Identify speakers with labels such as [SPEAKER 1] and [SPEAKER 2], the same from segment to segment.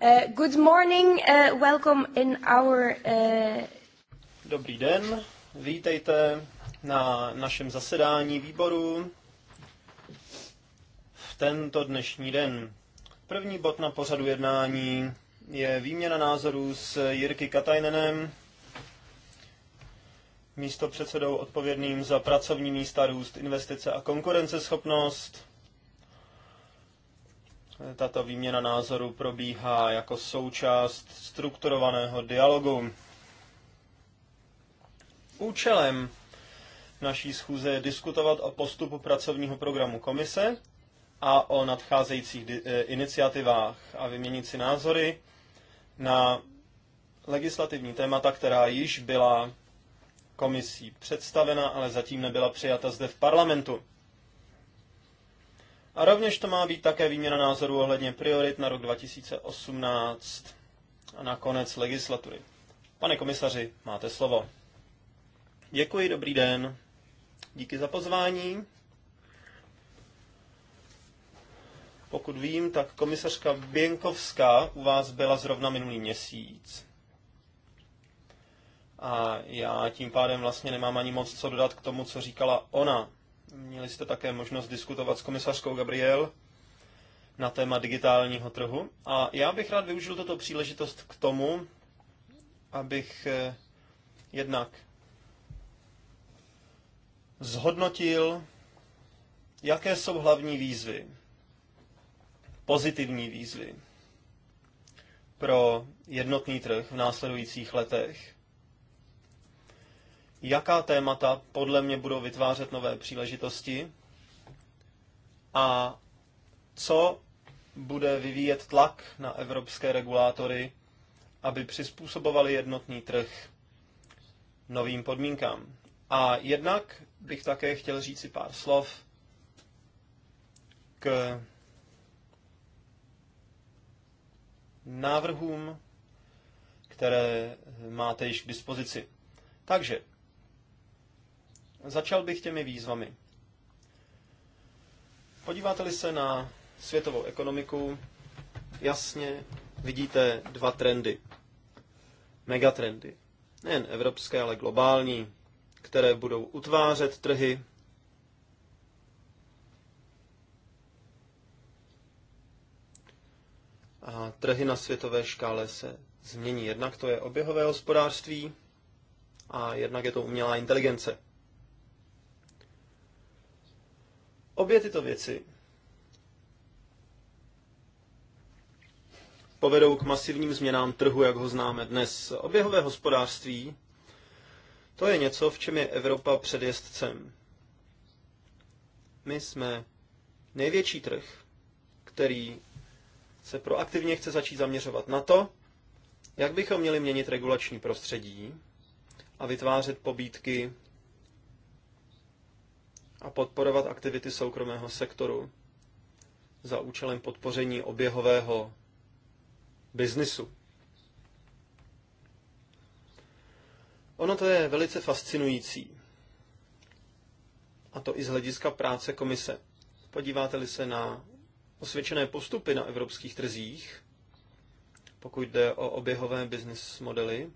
[SPEAKER 1] Eh, good morning, uh, welcome in our... Uh...
[SPEAKER 2] Dobrý den, vítejte na našem zasedání výboru v tento dnešní den. První bod na pořadu jednání je výměna názorů s Jirky Katajnenem, místo předsedou odpovědným za pracovní místa, růst, investice a konkurenceschopnost tato výměna názorů probíhá jako součást strukturovaného dialogu. Účelem naší schůze je diskutovat o postupu pracovního programu komise a o nadcházejících eh, iniciativách a vyměnit si názory na legislativní témata, která již byla komisí představena, ale zatím nebyla přijata zde v parlamentu. A rovněž to má být také výměna názorů ohledně priorit na rok 2018 a na konec legislatury. Pane komisaři, máte slovo. Děkuji, dobrý den. Díky za pozvání. Pokud vím, tak komisařka Běnkovská u vás byla zrovna minulý měsíc. A já tím pádem vlastně nemám ani moc co dodat k tomu, co říkala ona. Měli jste také možnost diskutovat s komisařkou Gabriel na téma digitálního trhu. A já bych rád využil tuto příležitost k tomu, abych eh, jednak zhodnotil, jaké jsou hlavní výzvy, pozitivní výzvy pro jednotný trh v následujících letech jaká témata podle mě budou vytvářet nové příležitosti a co bude vyvíjet tlak na evropské regulátory, aby přizpůsobovali jednotný trh novým podmínkám. A jednak bych také chtěl říci pár slov k návrhům, které máte již k dispozici. Takže Začal bych těmi výzvami. Podíváte-li se na světovou ekonomiku, jasně vidíte dva trendy. Megatrendy. Nejen evropské, ale globální, které budou utvářet trhy, A trhy na světové škále se změní. Jednak to je oběhové hospodářství a jednak je to umělá inteligence. Obě tyto věci povedou k masivním změnám trhu, jak ho známe dnes. Oběhové hospodářství to je něco, v čem je Evropa předjezdcem. My jsme největší trh, který se proaktivně chce začít zaměřovat na to, jak bychom měli měnit regulační prostředí a vytvářet pobídky a podporovat aktivity soukromého sektoru za účelem podpoření oběhového biznisu. Ono to je velice fascinující. A to i z hlediska práce komise. Podíváte-li se na osvědčené postupy na evropských trzích, pokud jde o oběhové business modely,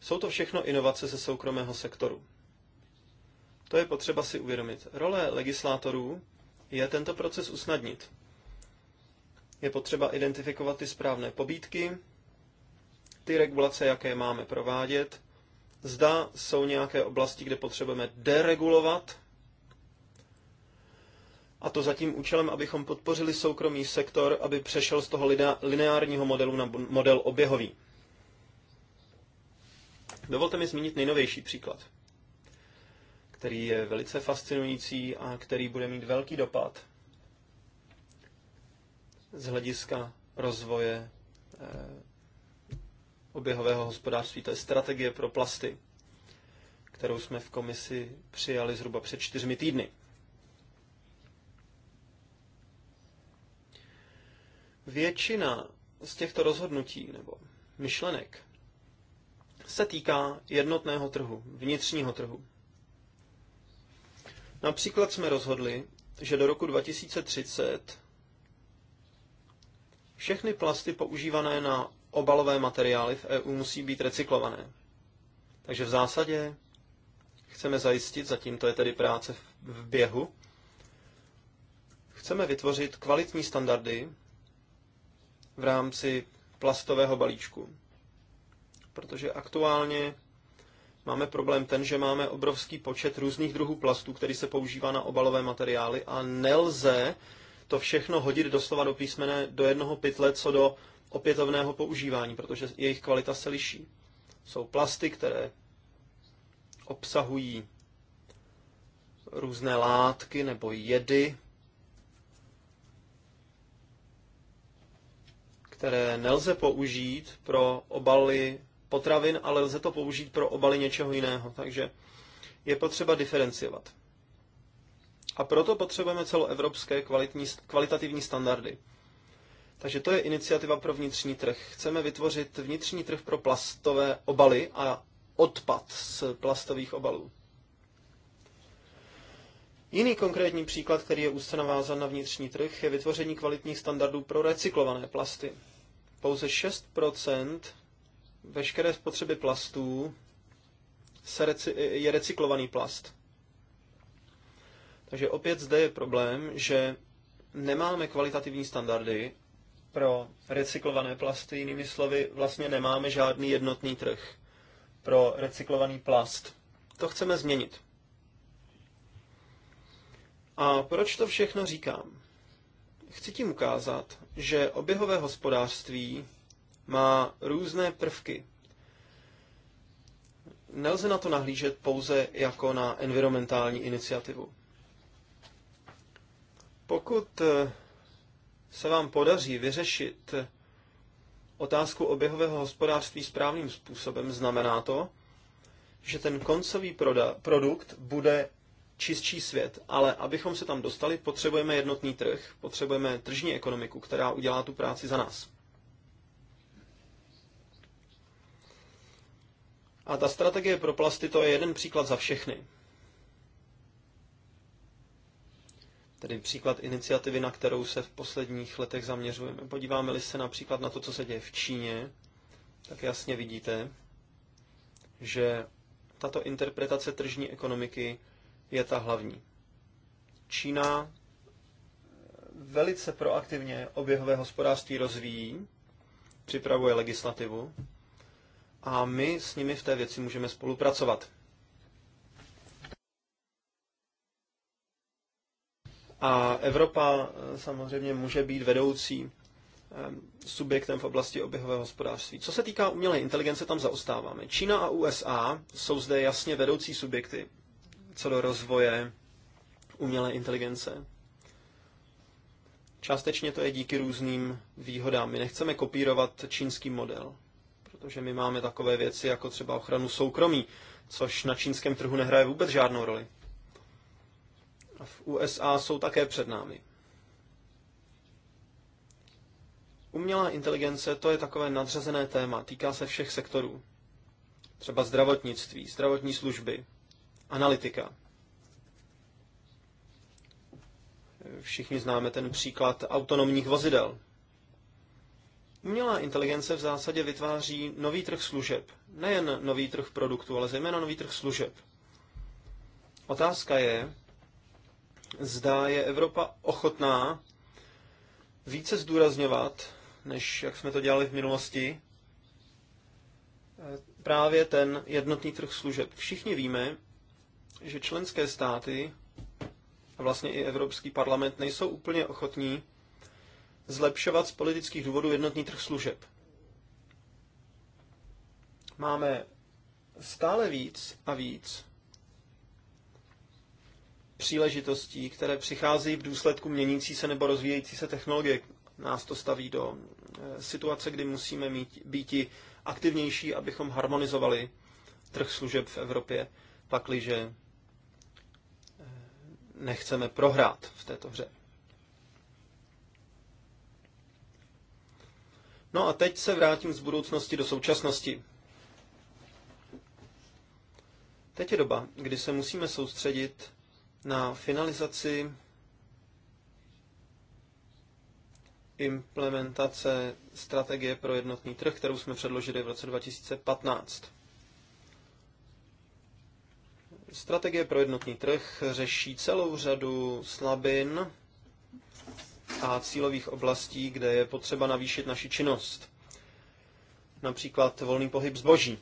[SPEAKER 2] jsou to všechno inovace ze soukromého sektoru. To je potřeba si uvědomit. Role legislátorů je tento proces usnadnit. Je potřeba identifikovat ty správné pobídky, ty regulace, jaké máme provádět, zda jsou nějaké oblasti, kde potřebujeme deregulovat, a to za tím účelem, abychom podpořili soukromý sektor, aby přešel z toho lineárního modelu na model oběhový. Dovolte mi zmínit nejnovější příklad který je velice fascinující a který bude mít velký dopad z hlediska rozvoje eh, oběhového hospodářství. To je strategie pro plasty, kterou jsme v komisi přijali zhruba před čtyřmi týdny. Většina z těchto rozhodnutí nebo myšlenek se týká jednotného trhu, vnitřního trhu. Například jsme rozhodli, že do roku 2030 všechny plasty používané na obalové materiály v EU musí být recyklované. Takže v zásadě chceme zajistit, zatím to je tedy práce v běhu, chceme vytvořit kvalitní standardy v rámci plastového balíčku. Protože aktuálně máme problém ten, že máme obrovský počet různých druhů plastů, který se používá na obalové materiály a nelze to všechno hodit doslova do písmene do jednoho pytle co do opětovného používání, protože jejich kvalita se liší. Jsou plasty, které obsahují různé látky nebo jedy, které nelze použít pro obaly potravin, ale lze to použít pro obaly něčeho jiného, takže je potřeba diferenciovat. A proto potřebujeme celoevropské kvalitní, kvalitativní standardy. Takže to je iniciativa pro vnitřní trh. Chceme vytvořit vnitřní trh pro plastové obaly a odpad z plastových obalů. Jiný konkrétní příklad, který je úzce navázan na vnitřní trh, je vytvoření kvalitních standardů pro recyklované plasty. Pouze 6 veškeré spotřeby plastů se reci, je recyklovaný plast. Takže opět zde je problém, že nemáme kvalitativní standardy pro recyklované plasty, jinými slovy, vlastně nemáme žádný jednotný trh pro recyklovaný plast. To chceme změnit. A proč to všechno říkám? Chci tím ukázat, že oběhové hospodářství má různé prvky. Nelze na to nahlížet pouze jako na environmentální iniciativu. Pokud eh, se vám podaří vyřešit otázku oběhového hospodářství správným způsobem, znamená to, že ten koncový produkt bude čistší svět, ale abychom se tam dostali, potřebujeme jednotný trh, potřebujeme tržní ekonomiku, která udělá tu práci za nás. A ta strategie pro plasty to je jeden příklad za všechny. Tedy příklad iniciativy, na kterou se v posledních letech zaměřujeme. Podíváme-li se například na to, co se děje v Číně, tak jasně vidíte, že tato interpretace tržní ekonomiky je ta hlavní. Čína velice proaktivně oběhové hospodářství rozvíjí, připravuje legislativu a my s nimi v té věci můžeme spolupracovat. A Evropa eh, samozřejmě může být vedoucí ehm, subjektem v oblasti oběhového hospodářství. Co se týká umělé inteligence, tam zaostáváme. Čína a USA jsou zde jasně vedoucí subjekty co do rozvoje umělé inteligence. Částečně to je díky různým výhodám. My nechceme kopírovat čínský model protože my máme takové věci jako třeba ochranu soukromí, což na čínském trhu nehraje vůbec žádnou roli. A v USA jsou také před námi. Umělá inteligence to je takové nadřazené téma, týká se všech sektorů. Třeba zdravotnictví, zdravotní služby, analytika. Všichni známe ten příklad autonomních vozidel, Umělá inteligence v zásadě vytváří nový trh služeb. Nejen nový trh produktů, ale zejména nový trh služeb. Otázka je, zda je Evropa ochotná více zdůrazňovat, než jak jsme to dělali v minulosti, právě ten jednotný trh služeb. Všichni víme, že členské státy a vlastně i Evropský parlament nejsou úplně ochotní zlepšovat z politických důvodů jednotný trh služeb. Máme stále víc a víc příležitostí, které přicházejí v důsledku měnící se nebo rozvíjející se technologie. Nás to staví do eh, situace, kdy musíme mít, být aktivnější, abychom harmonizovali trh služeb v Evropě, pakliže eh, nechceme prohrát v této hře. No a teď se vrátím z budoucnosti do současnosti. Teď je doba, kdy se musíme soustředit na finalizaci implementace strategie pro jednotný trh, kterou jsme předložili v roce 2015. Strategie pro jednotný trh řeší celou řadu slabin a cílových oblastí, kde je potřeba navýšit naši činnost. Například volný pohyb zboží.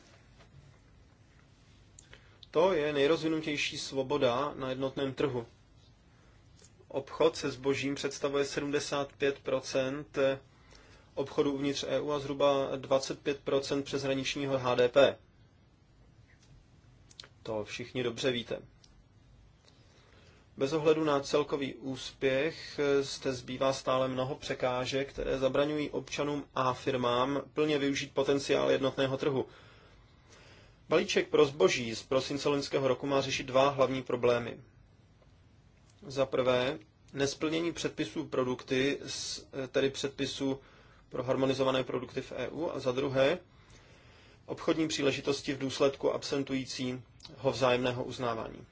[SPEAKER 2] To je nejrozvinutější svoboda na jednotném trhu. Obchod se zbožím představuje 75 obchodu uvnitř EU a zhruba 25 přeshraničního HDP. To všichni dobře víte. Bez ohledu na celkový úspěch eh, zde zbývá stále mnoho překážek, které zabraňují občanům a firmám plně využít potenciál jednotného trhu. Balíček pro zboží z prosince loňského roku má řešit dva hlavní problémy. Za prvé, nesplnění předpisů produkty, eh, tedy předpisů pro harmonizované produkty v EU, a za druhé, obchodní příležitosti v důsledku absentujícího vzájemného uznávání.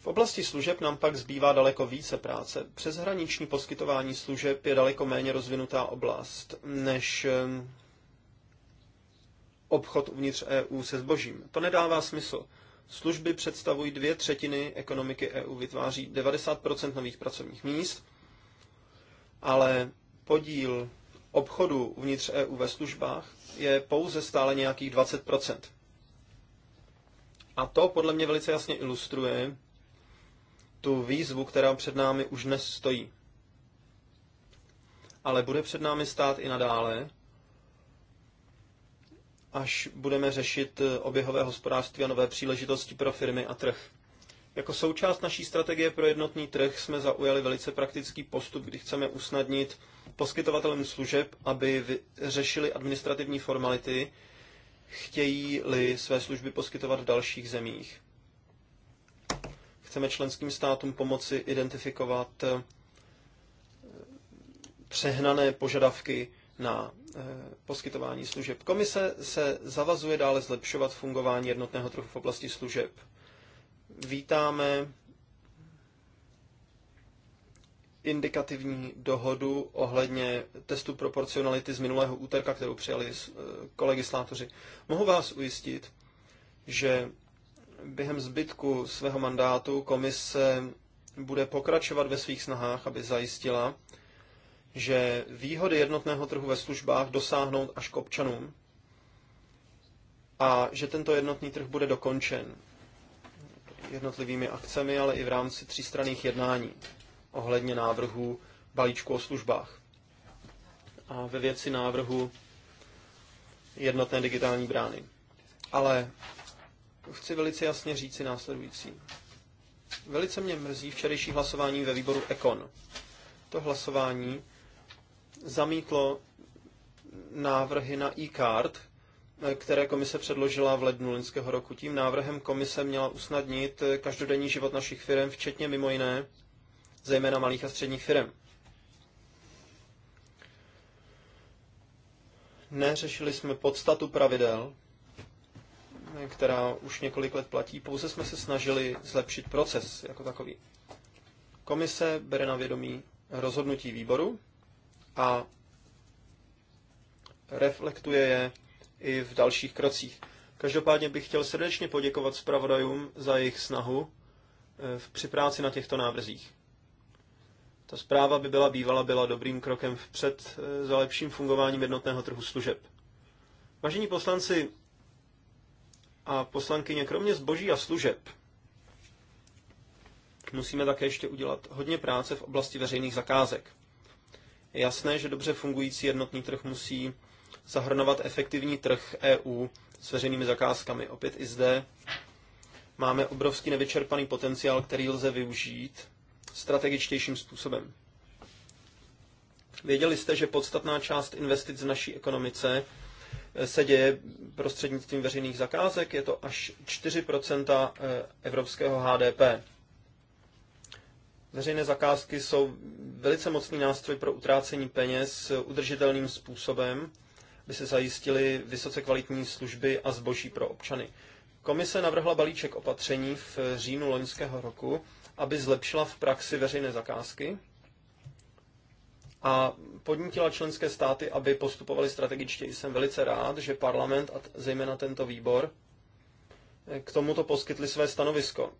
[SPEAKER 2] V oblasti služeb nám pak zbývá daleko více práce. Přeshraniční poskytování služeb je daleko méně rozvinutá oblast než obchod uvnitř EU se zbožím. To nedává smysl. Služby představují dvě třetiny ekonomiky EU, vytváří 90 nových pracovních míst, ale podíl obchodu uvnitř EU ve službách je pouze stále nějakých 20 A to podle mě velice jasně ilustruje, tu výzvu, která před námi už dnes stojí. Ale bude před námi stát i nadále, až budeme řešit eh, oběhové hospodářství a nové příležitosti pro firmy a trh. Jako součást naší strategie pro jednotný trh jsme zaujali velice praktický postup, kdy chceme usnadnit poskytovatelům služeb, aby řešili administrativní formality, chtějí-li své služby poskytovat v dalších zemích. Chceme členským státům pomoci identifikovat eh, přehnané požadavky na eh, poskytování služeb. Komise se zavazuje dále zlepšovat fungování jednotného trhu v oblasti služeb. Vítáme indikativní dohodu ohledně testu proporcionality z minulého úterka, kterou přijali eh, kolegislátoři. Mohu vás ujistit, že během zbytku svého mandátu komise bude pokračovat ve svých snahách, aby zajistila, že výhody jednotného trhu ve službách dosáhnou až k občanům a že tento jednotný trh bude dokončen jednotlivými akcemi, ale i v rámci třístranných jednání ohledně návrhu balíčku o službách a ve věci návrhu jednotné digitální brány. Ale chci velice jasně říci následující. Velice mě mrzí včerejší hlasování ve výboru Ekon. To hlasování zamítlo návrhy na e-card, které komise předložila v lednu loňského roku. Tím návrhem komise měla usnadnit každodenní život našich firm, včetně mimo jiné, zejména malých a středních firm. Neřešili jsme podstatu pravidel, která už několik let platí, pouze jsme se snažili zlepšit proces jako takový. Komise bere na vědomí rozhodnutí výboru a reflektuje je i v dalších krocích. Každopádně bych chtěl srdečně poděkovat zpravodajům za jejich snahu eh, při práci na těchto návrzích. Ta zpráva by byla bývala byla dobrým krokem vpřed eh, za lepším fungováním jednotného trhu služeb. Vážení poslanci, a poslankyně, kromě zboží a služeb, musíme také ještě udělat hodně práce v oblasti veřejných zakázek. Je jasné, že dobře fungující jednotný trh musí zahrnovat efektivní trh EU s veřejnými zakázkami. Opět i zde máme obrovský nevyčerpaný potenciál, který lze využít strategičtějším způsobem. Věděli jste, že podstatná část investic v naší ekonomice se děje prostřednictvím veřejných zakázek, je to až 4 eh, evropského HDP. Veřejné zakázky jsou velice mocný nástroj pro utrácení peněz udržitelným způsobem, aby se zajistily vysoce kvalitní služby a zboží pro občany. Komise navrhla balíček opatření v říjnu loňského roku, aby zlepšila v praxi veřejné zakázky a podnítila členské státy, aby postupovali strategičtě. Jsem velice rád, že parlament a zejména tento výbor eh, k tomuto poskytli své stanovisko.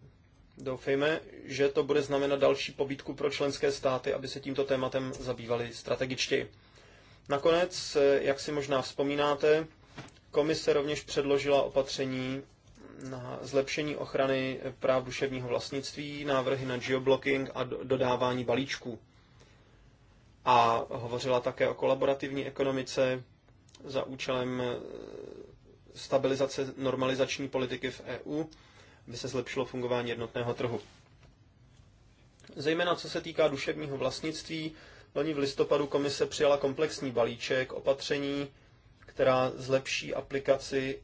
[SPEAKER 2] Doufejme, že to bude znamenat další pobídku pro členské státy, aby se tímto tématem zabývali strategičtěji. Nakonec, eh, jak si možná vzpomínáte, komise rovněž předložila opatření na zlepšení ochrany eh, práv duševního vlastnictví, návrhy na geoblocking a dodávání balíčků a hovořila také o kolaborativní ekonomice za účelem eh, stabilizace normalizační politiky v EU, aby se zlepšilo fungování jednotného trhu. Zejména co se týká duševního vlastnictví, loni v listopadu komise přijala komplexní balíček opatření, která zlepší aplikaci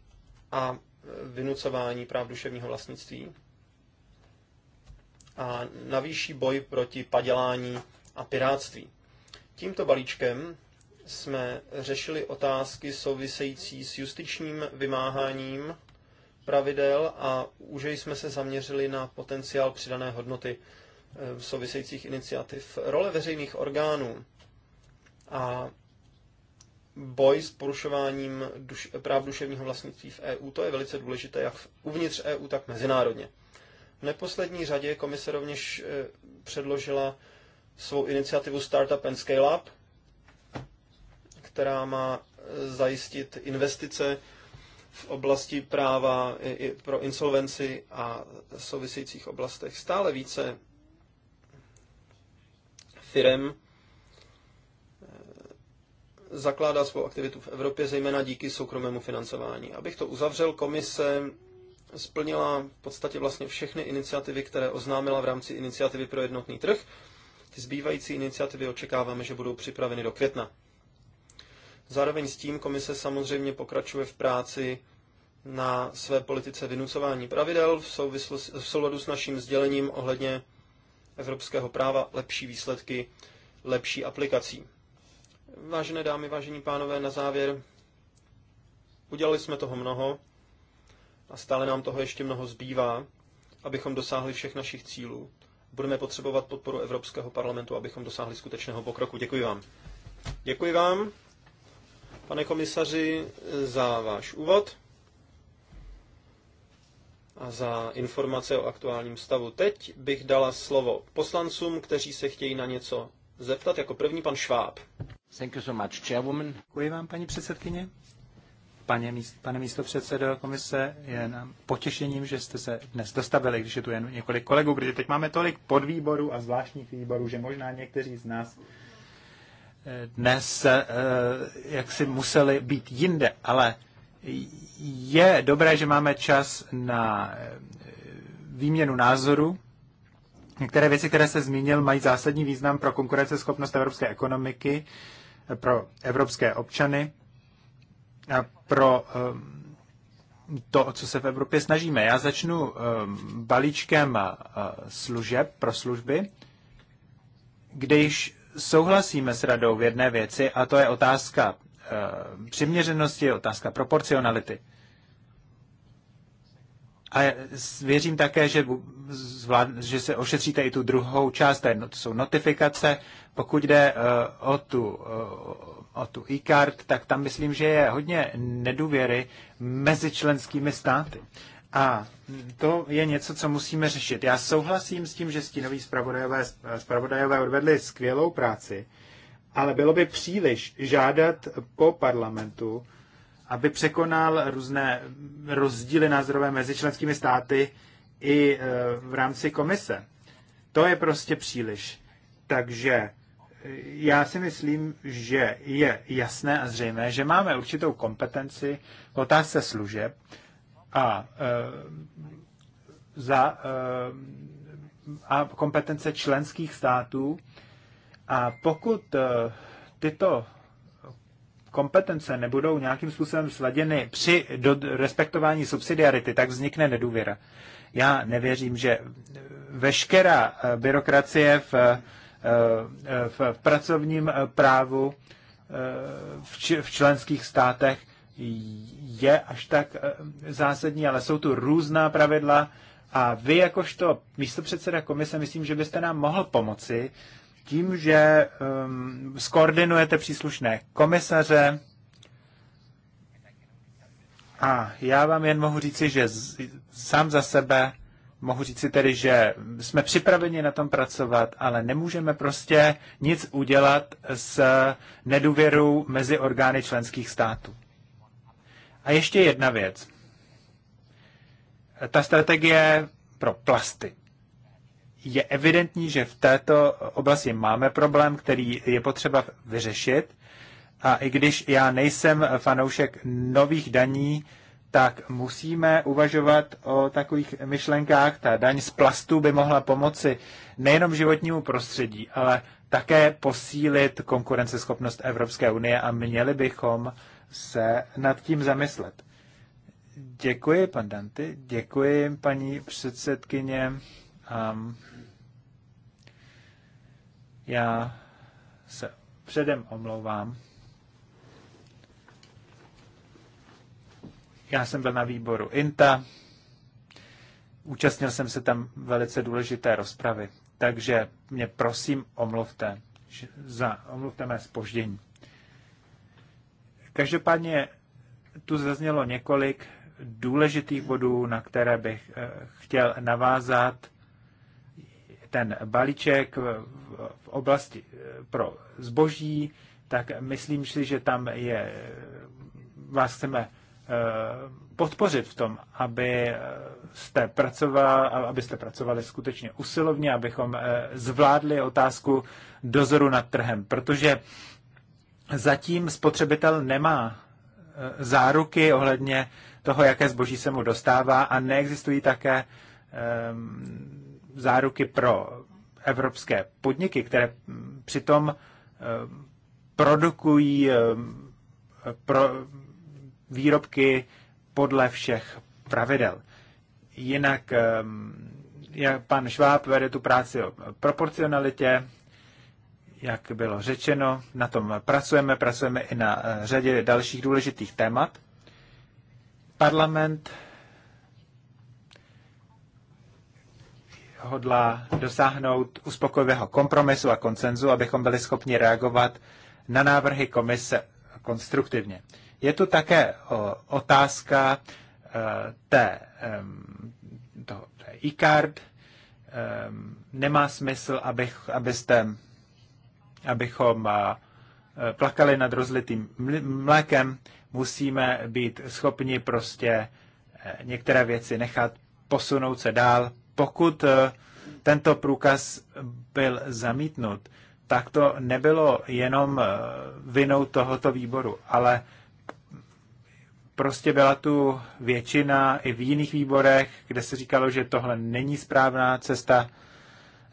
[SPEAKER 2] a eh, vynucování práv duševního vlastnictví a navýší boj proti padělání a piráctví. Tímto balíčkem jsme řešili otázky související s justičním vymáháním pravidel a už jsme se zaměřili na potenciál přidané hodnoty eh, souvisejících iniciativ. Role veřejných orgánů a boj s porušováním duš, práv duševního vlastnictví v EU, to je velice důležité jak uvnitř EU, tak mezinárodně. V neposlední řadě komise rovněž eh, předložila svou iniciativu Startup and Scale Up, která má eh, zajistit investice v oblasti práva i pro insolvenci a souvisejících oblastech. Stále více firem eh, zakládá svou aktivitu v Evropě, zejména díky soukromému financování. Abych to uzavřel, komise splnila v podstatě vlastně všechny iniciativy, které oznámila v rámci iniciativy pro jednotný trh Zbývající iniciativy očekáváme, že budou připraveny do května. Zároveň s tím komise samozřejmě pokračuje v práci na své politice vynucování pravidel v, souvislosti, v souladu s naším sdělením ohledně evropského práva lepší výsledky, lepší aplikací. Vážené dámy, vážení pánové, na závěr udělali jsme toho mnoho a stále nám toho ještě mnoho zbývá, abychom dosáhli všech našich cílů budeme potřebovat podporu Evropského parlamentu, abychom dosáhli skutečného pokroku. Děkuji vám. Děkuji vám, pane komisaři, za váš úvod a za informace o aktuálním stavu. Teď bych dala slovo poslancům, kteří se chtějí na něco zeptat. Jako první pan Šváb.
[SPEAKER 3] Thank you so much, chairwoman. Děkuji vám, paní předsedkyně. Pane, míst, pane místo předsedo komise, je nám potěšením, že jste se dnes dostavili, když je tu jen několik kolegů, protože teď máme tolik podvýborů a zvláštních výborů, že možná někteří z nás eh, dnes eh, jak si museli být jinde, ale je dobré, že máme čas na eh, výměnu názoru. Některé věci, které se zmínil, mají zásadní význam pro konkurenceschopnost evropské ekonomiky, pro evropské občany pro ehm, to, co se v Evropě snažíme. Já začnu ehm, balíčkem eh, služeb pro služby, kde již souhlasíme s radou v jedné věci, a to je otázka ehm, přiměřenosti, otázka proporcionality. A věřím také, že, zvlád, že se ošetříte i tu druhou část, to jsou notifikace. Pokud jde eh, o tu eh, o tu e-card, tak tam myslím, že je hodně nedůvěry mezi členskými státy. A to je něco, co musíme řešit. Já souhlasím s tím, že stínoví zpravodajové, zpravodajové odvedli skvělou práci, ale bylo by příliš žádat po parlamentu, aby překonal různé rozdíly názorové mezi členskými státy i e, v rámci komise. To je prostě příliš. Takže já si myslím, že je jasné a zřejmé, že máme určitou kompetenci v otázce služeb a, eh, za, eh, a kompetence členských států. A pokud eh, tyto kompetence nebudou nějakým způsobem sladěny při do, respektování subsidiarity, tak vznikne nedůvěra. Já nevěřím, že veškerá byrokracie v Eh, v pracovním eh, právu eh, v členských státech je až tak zásadní, ale jsou tu různá pravidla a vy jakožto místopředseda komise myslím, že byste nám mohl pomoci tím, že ehm, skoordinujete příslušné komisaře a já vám jen mohu říci, že sám za sebe mohu říci tedy, že jsme připraveni na tom pracovat, ale nemůžeme prostě nic udělat s nedůvěrou mezi orgány členských států. A ještě jedna věc. Ta strategie pro plasty. Je evidentní, že v této oblasti máme problém, který je potřeba vyřešit. A i když já nejsem fanoušek nových daní, tak musíme uvažovat o takových myšlenkách. Ta daň z plastu by mohla pomoci nejenom životnímu prostředí, ale také posílit konkurenceschopnost Evropské unie a měli bychom se nad tím zamyslet. Děkuji, pan Danty, děkuji, paní předsedkyně. Um, já se předem omlouvám. Já jsem byl na výboru INTA, účastnil jsem se tam velice důležité rozpravy, takže mě prosím omluvte za omluvte mé spoždění. Každopádně tu zaznělo několik důležitých bodů, na které bych eh, chtěl navázat ten balíček v oblasti eh, pro zboží, tak myslím si, že tam je, eh, vás chceme podpořit v tom, aby jste, pracoval, abyste pracovali skutečně usilovně, abychom eh, zvládli otázku dozoru nad trhem, protože zatím spotřebitel nemá eh, záruky ohledně toho, jaké zboží se mu dostává a neexistují také ehm, záruky pro evropské podniky, které mm, přitom eh, produkují pro, výrobky podle všech pravidel. Jinak jak pan Šváb vede tu práci o proporcionalitě, jak bylo řečeno, na tom pracujeme, pracujeme i na eh, řadě dalších důležitých témat. Parlament hodlá dosáhnout uspokojivého kompromisu a koncenzu, abychom byli schopni reagovat na návrhy komise konstruktivně. Je tu také otázka e, té, toho, té ICARD. Nemá smysl, abych, abyste, abychom e, plakali nad rozlitým mlékem. Musíme být schopni prostě e, některé věci nechat posunout se dál. Pokud tento průkaz byl zamítnut, tak to nebylo jenom vinou tohoto výboru, ale prostě byla tu většina i v jiných výborech, kde se říkalo, že tohle není správná cesta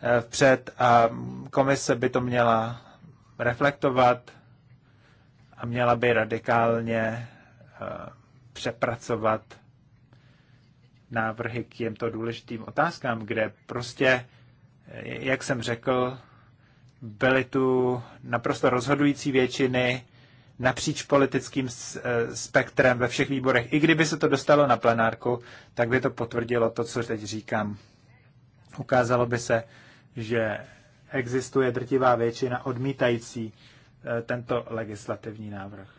[SPEAKER 3] eh, vpřed a komise by to měla reflektovat a měla by radikálně eh, přepracovat návrhy k těmto důležitým otázkám, kde prostě, eh, jak jsem řekl, byly tu naprosto rozhodující většiny napříč politickým eh, spektrem ve všech výborech. I kdyby se to dostalo na plenárku, tak by to potvrdilo to, co teď říkám. Ukázalo by se, že existuje drtivá většina odmítající eh, tento legislativní návrh.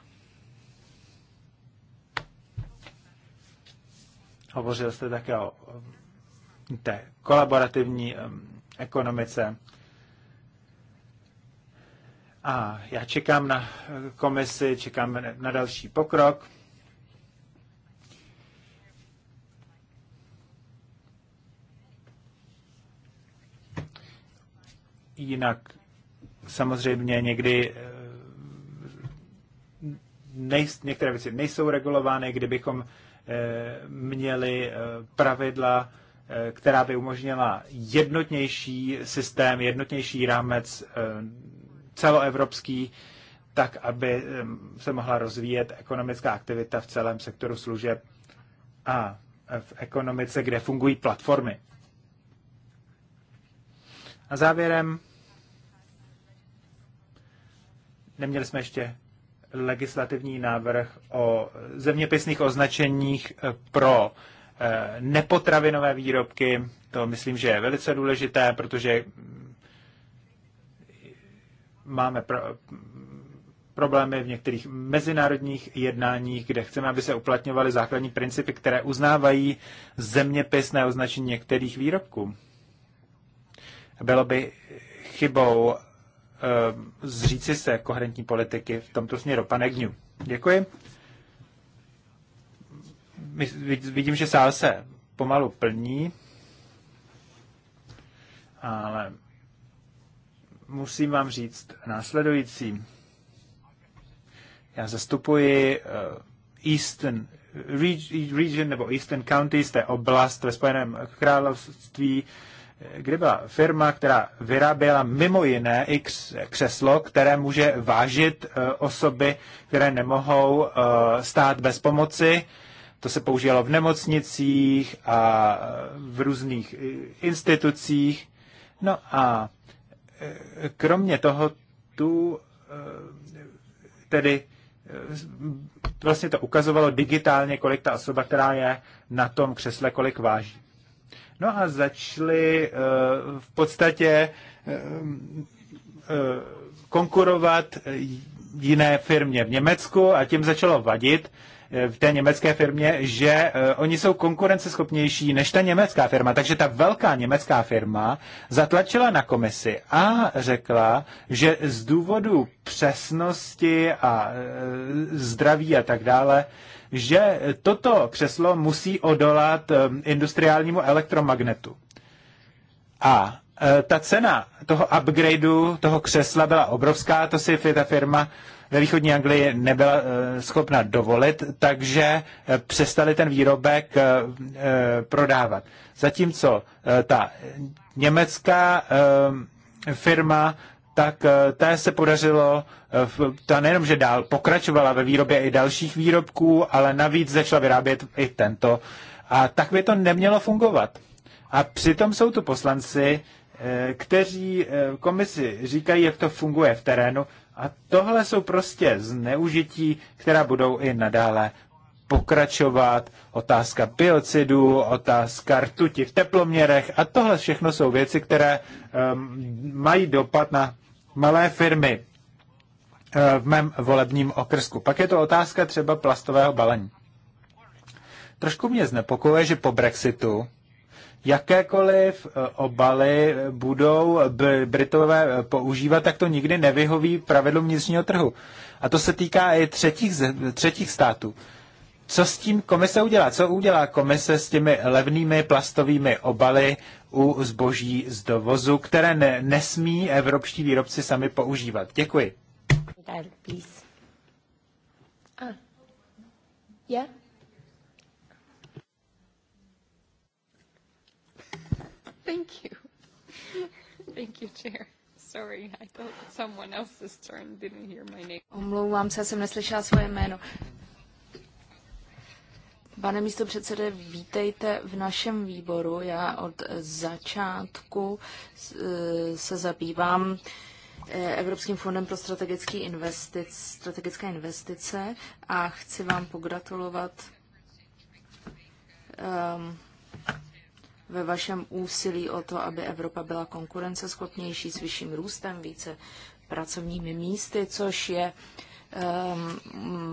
[SPEAKER 3] Hovořil jste také o té kolaborativní ekonomice. A já čekám na komisi, čekám na další pokrok. Jinak samozřejmě někdy eh, nej, některé věci nejsou regulovány, kdybychom eh, měli eh, pravidla, která by umožnila jednotnější systém, jednotnější rámec celoevropský, tak aby se mohla rozvíjet ekonomická aktivita v celém sektoru služeb a v ekonomice, kde fungují platformy. A závěrem, neměli jsme ještě legislativní návrh o zeměpisných označeních eh, pro eh, nepotravinové výrobky. To myslím, že je velice důležité, protože máme pro, problémy v některých mezinárodních jednáních, kde chceme, aby se uplatňovaly základní principy, které uznávají zeměpisné označení některých výrobků. Bylo by chybou eh, zříci se koherentní politiky v tomto směru. Pane Gňu, děkuji. Vidím, že sál se pomalu plní, ale musím vám říct následující. Já zastupuji eh, Eastern Region nebo Eastern County, to je oblast ve Spojeném království, eh, kde byla firma, která vyráběla mimo jiné i křeslo, které může vážit eh, osoby, které nemohou stát bez pomoci. To se používalo v nemocnicích a v různých institucích. No a kromě toho tu eh, tedy eh, vlastně to ukazovalo digitálně, kolik ta osoba, která je na tom křesle, kolik váží. No a začali eh, v podstatě konkurovat jiné firmě v Německu a tím začalo vadit, v té německé firmě, že e, oni jsou konkurenceschopnější než ta německá firma. Takže ta velká německá firma zatlačila na komisi a řekla, že z důvodu přesnosti a e, zdraví a tak dále, že toto křeslo musí odolat e, industriálnímu elektromagnetu. A Eh, ta cena toho upgradeu, toho křesla byla obrovská, to si ta firma ve východní Anglii nebyla eh, schopna dovolit, takže eh, přestali ten výrobek prodávat. Zatímco ta německá firma, tak té se podařilo, ta nejenom, že dál pokračovala ve výrobě i dalších výrobků, ale navíc začala vyrábět i tento. A tak by to nemělo fungovat. A přitom jsou tu poslanci, Eh, kteří eh, komisi říkají, jak to funguje v terénu. A tohle jsou prostě zneužití, která budou i nadále pokračovat. Otázka biocidů, otázka rtuti v teploměrech a tohle všechno jsou věci, které ehm, mají dopad na malé firmy eh, v mém volebním okrsku. Pak je to otázka třeba plastového balení. Trošku mě znepokojuje, že po Brexitu jakékoliv eh, obaly budou Britové eh, používat, tak to nikdy nevyhoví pravidlu vnitřního trhu. A to se týká i třetích, třetích států. Co s tím komise udělá? Co udělá komise s těmi levnými plastovými obaly u zboží z dovozu, které ne, nesmí evropští výrobci sami používat? Děkuji.
[SPEAKER 4] Ah. Yeah?
[SPEAKER 3] Thank you. Thank you, Chair. Sorry, I thought someone else's turn didn't hear my name. Omlouvám se, jsem neslyšela svoje jméno.
[SPEAKER 4] Pane místo předsede, vítejte v našem výboru. Já od začátku eh, se zabývám eh, Evropským fondem pro strategické investice, strategické investice a chci vám pogratulovat um, ve vašem úsilí o to, aby Evropa byla konkurenceschopnější s vyšším růstem, více pracovními místy, což je um,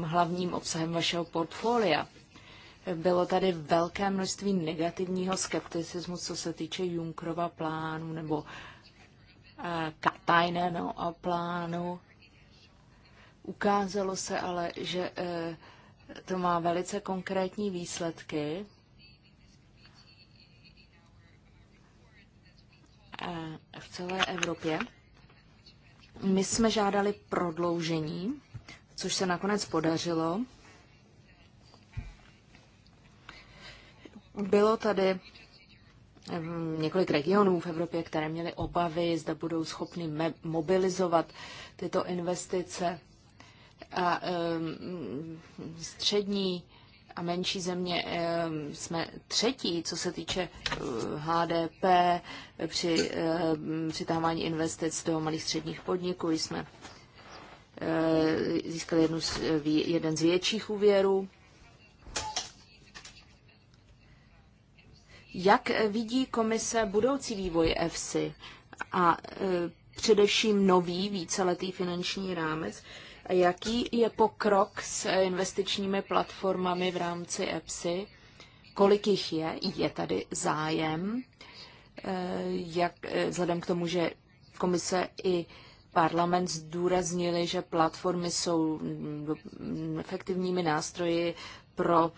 [SPEAKER 4] hlavním obsahem vašeho portfolia. Bylo tady velké množství negativního skepticismu, co se týče Junkrova plánu nebo uh, eh, a plánu. Ukázalo se ale, že uh, to má velice konkrétní výsledky v celé Evropě. My jsme žádali prodloužení, což se nakonec podařilo. Bylo tady eh, několik regionů v Evropě, které měly obavy, zda budou schopny mobilizovat tyto investice. A um, střední a menší země jsme třetí, co se týče HDP eh, při přitávání investic do malých středních podniků. Jsme eh, získali jednu z, jeden z větších úvěrů. Jak vidí komise budoucí vývoj EFSI a eh, především nový víceletý finanční rámec? Jaký je pokrok s investičními platformami v rámci EPSI? Kolik jich je? Je tady zájem? Eh, jak, eh, vzhledem k tomu, že komise i parlament zdůraznili, že platformy jsou mm, efektivními nástroji pro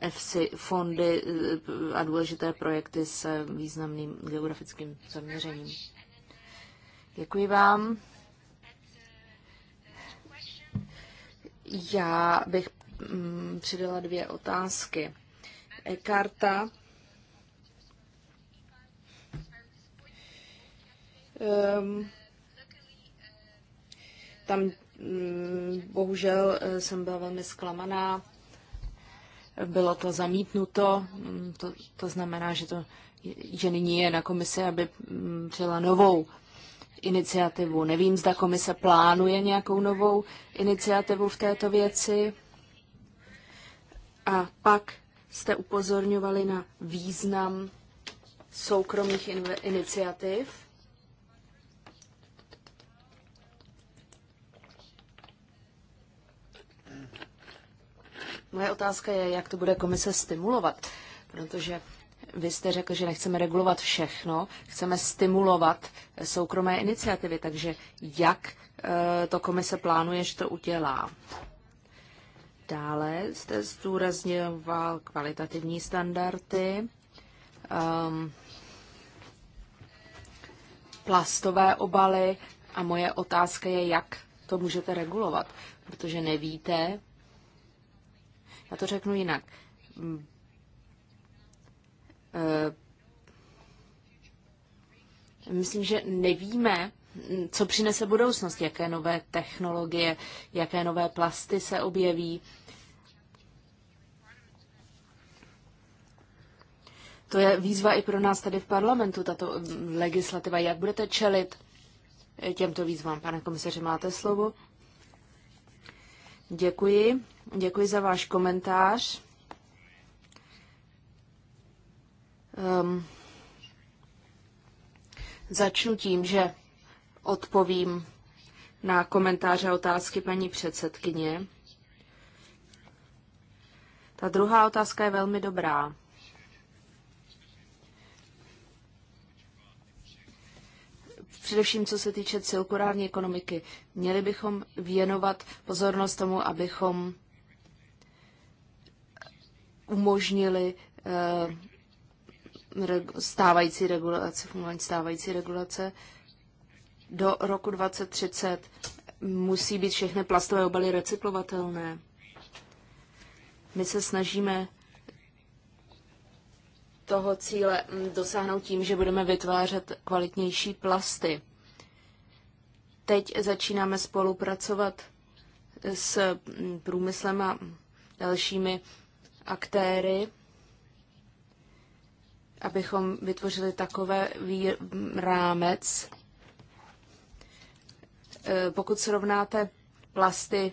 [SPEAKER 4] EFSI eh, fondy a důležité projekty s významným geografickým zaměřením. Děkuji vám. Já bych mm, přidala dvě otázky. E-karta. Um, tam mm, bohužel eh, jsem byla velmi zklamaná. Bylo to zamítnuto. Mm, to, to znamená, že to že nyní je na komisi, aby mm, přijela novou iniciativu. Nevím, zda komise plánuje nějakou novou iniciativu v této věci. A pak jste upozorňovali na význam soukromých iniciativ. Moje otázka je, jak to bude komise stimulovat, protože vy jste řekl, že nechceme regulovat všechno, chceme stimulovat soukromé iniciativy, takže jak eh, to komise plánuje, že to udělá? Dále jste zdůrazněval kvalitativní standardy, um, plastové obaly a moje otázka je, jak to můžete regulovat, protože nevíte, já to řeknu jinak, Eh, myslím, že nevíme, hm, co přinese budoucnost, jaké nové technologie, jaké nové plasty se objeví. To je výzva i pro nás tady v parlamentu, tato hm, legislativa. Jak budete čelit eh, těmto výzvám? Pane komisaře, máte slovo. Děkuji. Děkuji za váš komentář. Um, začnu tím, že odpovím na komentáře a otázky paní předsedkyně. Ta druhá otázka je velmi dobrá. Především co se týče cirkulární ekonomiky, měli bychom věnovat pozornost tomu, abychom umožnili eh, stávající regulace, fungování stávající regulace. Do roku 2030 musí být všechny plastové obaly recyklovatelné. My se snažíme toho cíle mm, dosáhnout tím, že budeme vytvářet kvalitnější plasty. Teď začínáme spolupracovat s mm, průmyslem a dalšími aktéry abychom vytvořili takové rámec. E, pokud srovnáte plasty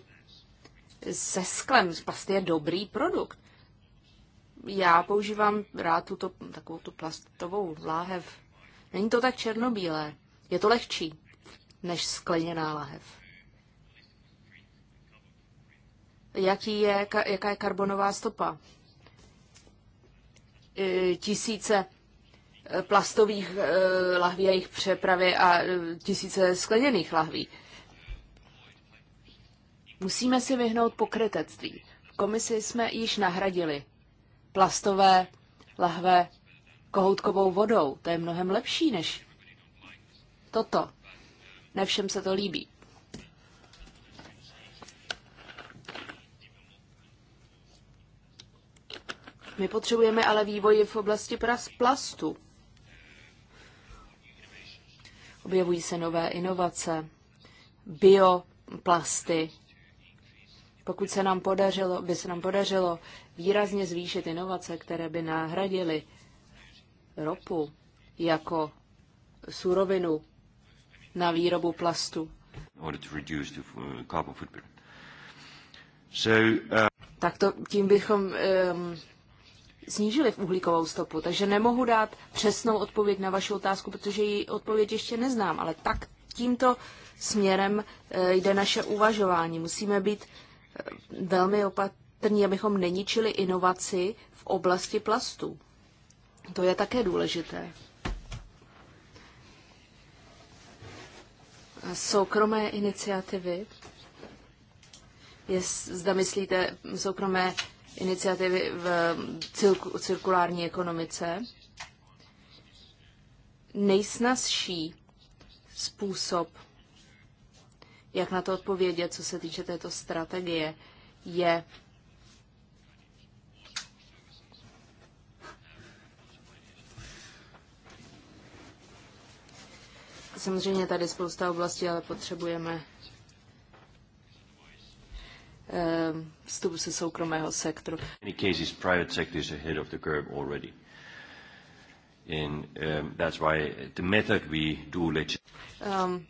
[SPEAKER 4] se sklem, plast je dobrý produkt. Já používám rád tuto, takovou tu plastovou láhev. Není to tak černobílé. Je to lehčí než skleněná láhev. Jaký je, jaká je karbonová stopa? E, tisíce e, plastových e, lahví a jejich přepravy a tisíce skleněných lahví. Musíme si vyhnout pokrytectví. V komisi jsme již nahradili plastové lahve kohoutkovou vodou. To je mnohem lepší než toto. Nevšem se to líbí. My potřebujeme ale vývoj v oblasti plastu. Objevují se nové inovace, bioplasty. Pokud se nám podařilo, by se nám podařilo výrazně zvýšit inovace, které by nahradily ropu jako surovinu na výrobu plastu.
[SPEAKER 2] Uh,
[SPEAKER 3] uh,
[SPEAKER 4] tak to, tím bychom um, snížili v uhlíkovou stopu, takže nemohu dát přesnou odpověď na vaši otázku, protože ji odpověď ještě neznám, ale tak tímto směrem eh, jde naše uvažování. Musíme být eh, velmi opatrní, abychom neničili inovaci v oblasti plastů. To je také důležité. Soukromé iniciativy, je, zda myslíte soukromé iniciativy v cirkulární ekonomice. Nejsnazší způsob, jak na to odpovědět, co se týče této strategie, je Samozřejmě tady spousta oblastí, ale potřebujeme Eh, vstup ze soukromého sektoru.
[SPEAKER 2] In cases, private sector is ahead of the curve already. And um, that's why the method we do
[SPEAKER 4] um,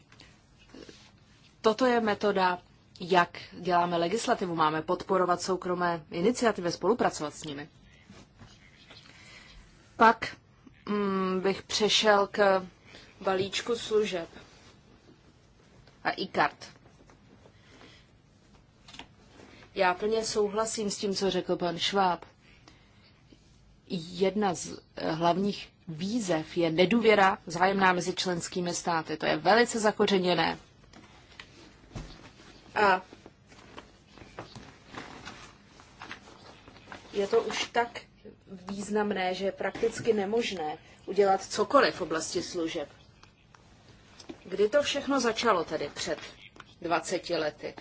[SPEAKER 4] toto je metoda, jak děláme legislativu. Máme podporovat soukromé iniciativy, spolupracovat s nimi. Pak mm, bych přešel k balíčku služeb a e-card. Já plně souhlasím s tím, co řekl pan Šváb. Jedna z eh, hlavních výzev je nedůvěra vzájemná mezi členskými státy. To je velice zakořeněné. A je to už tak významné, že je prakticky nemožné udělat cokoliv v oblasti služeb. Kdy to všechno začalo tedy před 20 lety?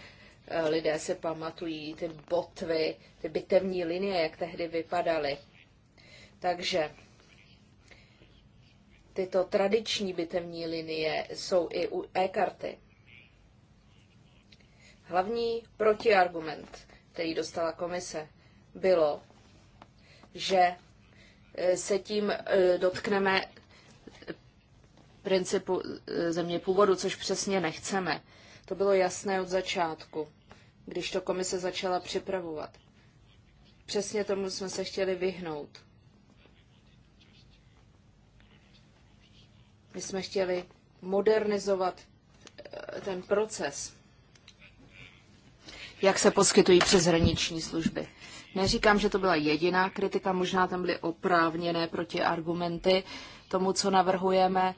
[SPEAKER 4] Eh, lidé se pamatují ty botvy, ty bitevní linie, jak tehdy vypadaly. Takže tyto tradiční bitevní linie jsou i u e-karty. Hlavní protiargument, který dostala komise, bylo, že eh, se tím eh, dotkneme principu země původu, což přesně nechceme. To bylo jasné od začátku, když to komise začala připravovat. Přesně tomu jsme se chtěli vyhnout. My jsme chtěli modernizovat eh, ten proces, jak se poskytují přeshraniční služby. Neříkám, že to byla jediná kritika, možná tam byly oprávněné protiargumenty tomu, co navrhujeme,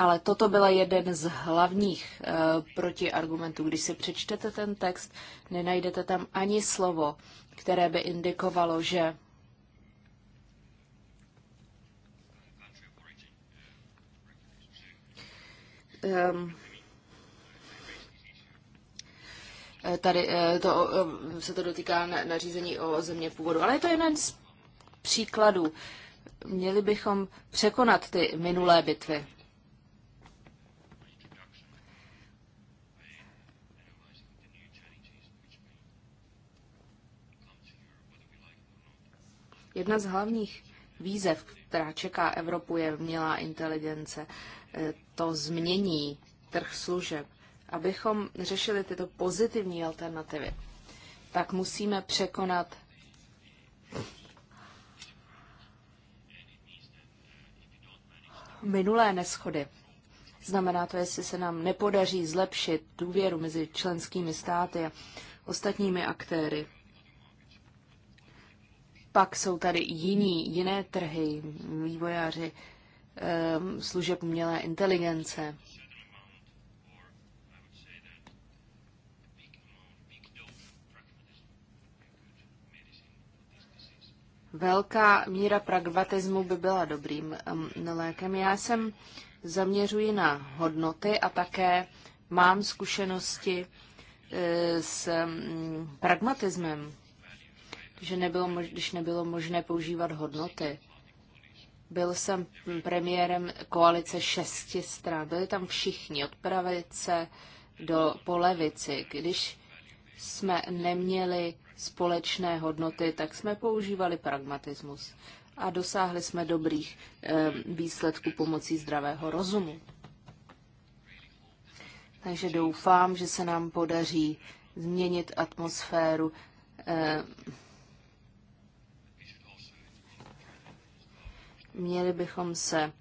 [SPEAKER 4] ale toto byl jeden z hlavních e, protiargumentů. Když si přečtete ten text, nenajdete tam ani slovo, které by indikovalo, že ehm, eh, tady eh, to, se to dotýká nařízení o země původu. Ale je to jeden z příkladů. Měli bychom překonat ty minulé bitvy. Jedna z hlavních výzev, která čeká Evropu, je umělá inteligence. Eh, to změní trh služeb. Abychom řešili tyto pozitivní alternativy, tak musíme překonat minulé neschody. Znamená to, jestli se nám nepodaří zlepšit důvěru mezi členskými státy a ostatními aktéry pak jsou tady jiní, jiné trhy, vývojáři eh, služeb umělé inteligence. Velká míra pragmatismu by byla dobrým lékem. Já jsem zaměřuji na hodnoty a také mám zkušenosti eh, s mm, pragmatismem že nebylo mož- když nebylo možné používat hodnoty. Byl jsem premiérem koalice šesti stran. Byli tam všichni, od pravice do polevici. Když jsme neměli společné hodnoty, tak jsme používali pragmatismus a dosáhli jsme dobrých e, výsledků pomocí zdravého rozumu. Takže doufám, že se nám podaří změnit atmosféru e, Měli bychom se eh,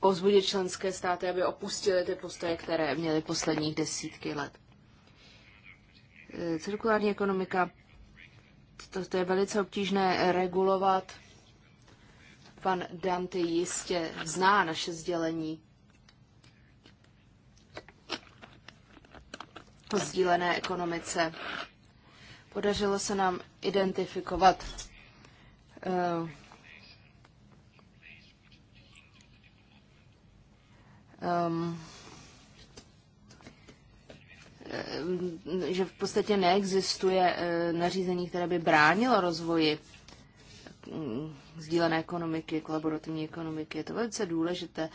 [SPEAKER 4] pozbudit členské státy, aby opustili ty postoje, které měly posledních desítky let. Eh, cirkulární ekonomika, to, to je velice obtížné regulovat. Pan Dante jistě zná naše sdělení. O sdílené ekonomice Podařilo se nám identifikovat um, že v podstatě neexistuje eh, nařízení, které by bránilo rozvoji mm, sdílené ekonomiky, kolaborativní ekonomiky. Je to velice důležité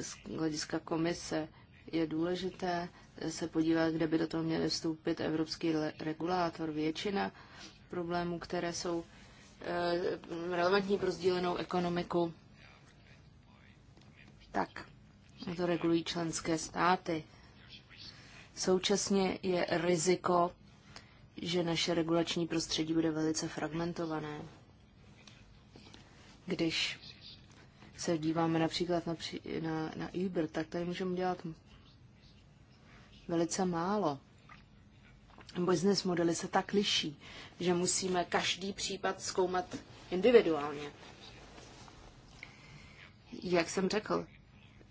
[SPEAKER 4] z hlediska komise. Je důležité se podívat, kde by do toho měl vstoupit evropský regulátor. Většina problémů, které jsou eh, relevantní pro sdílenou ekonomiku, tak to regulují členské státy. Současně je riziko, že naše regulační prostředí bude velice fragmentované. Když se díváme například na, na, na Uber, tak tady můžeme dělat velice málo. Business modely se tak liší, že musíme každý případ zkoumat individuálně. Jak jsem řekl,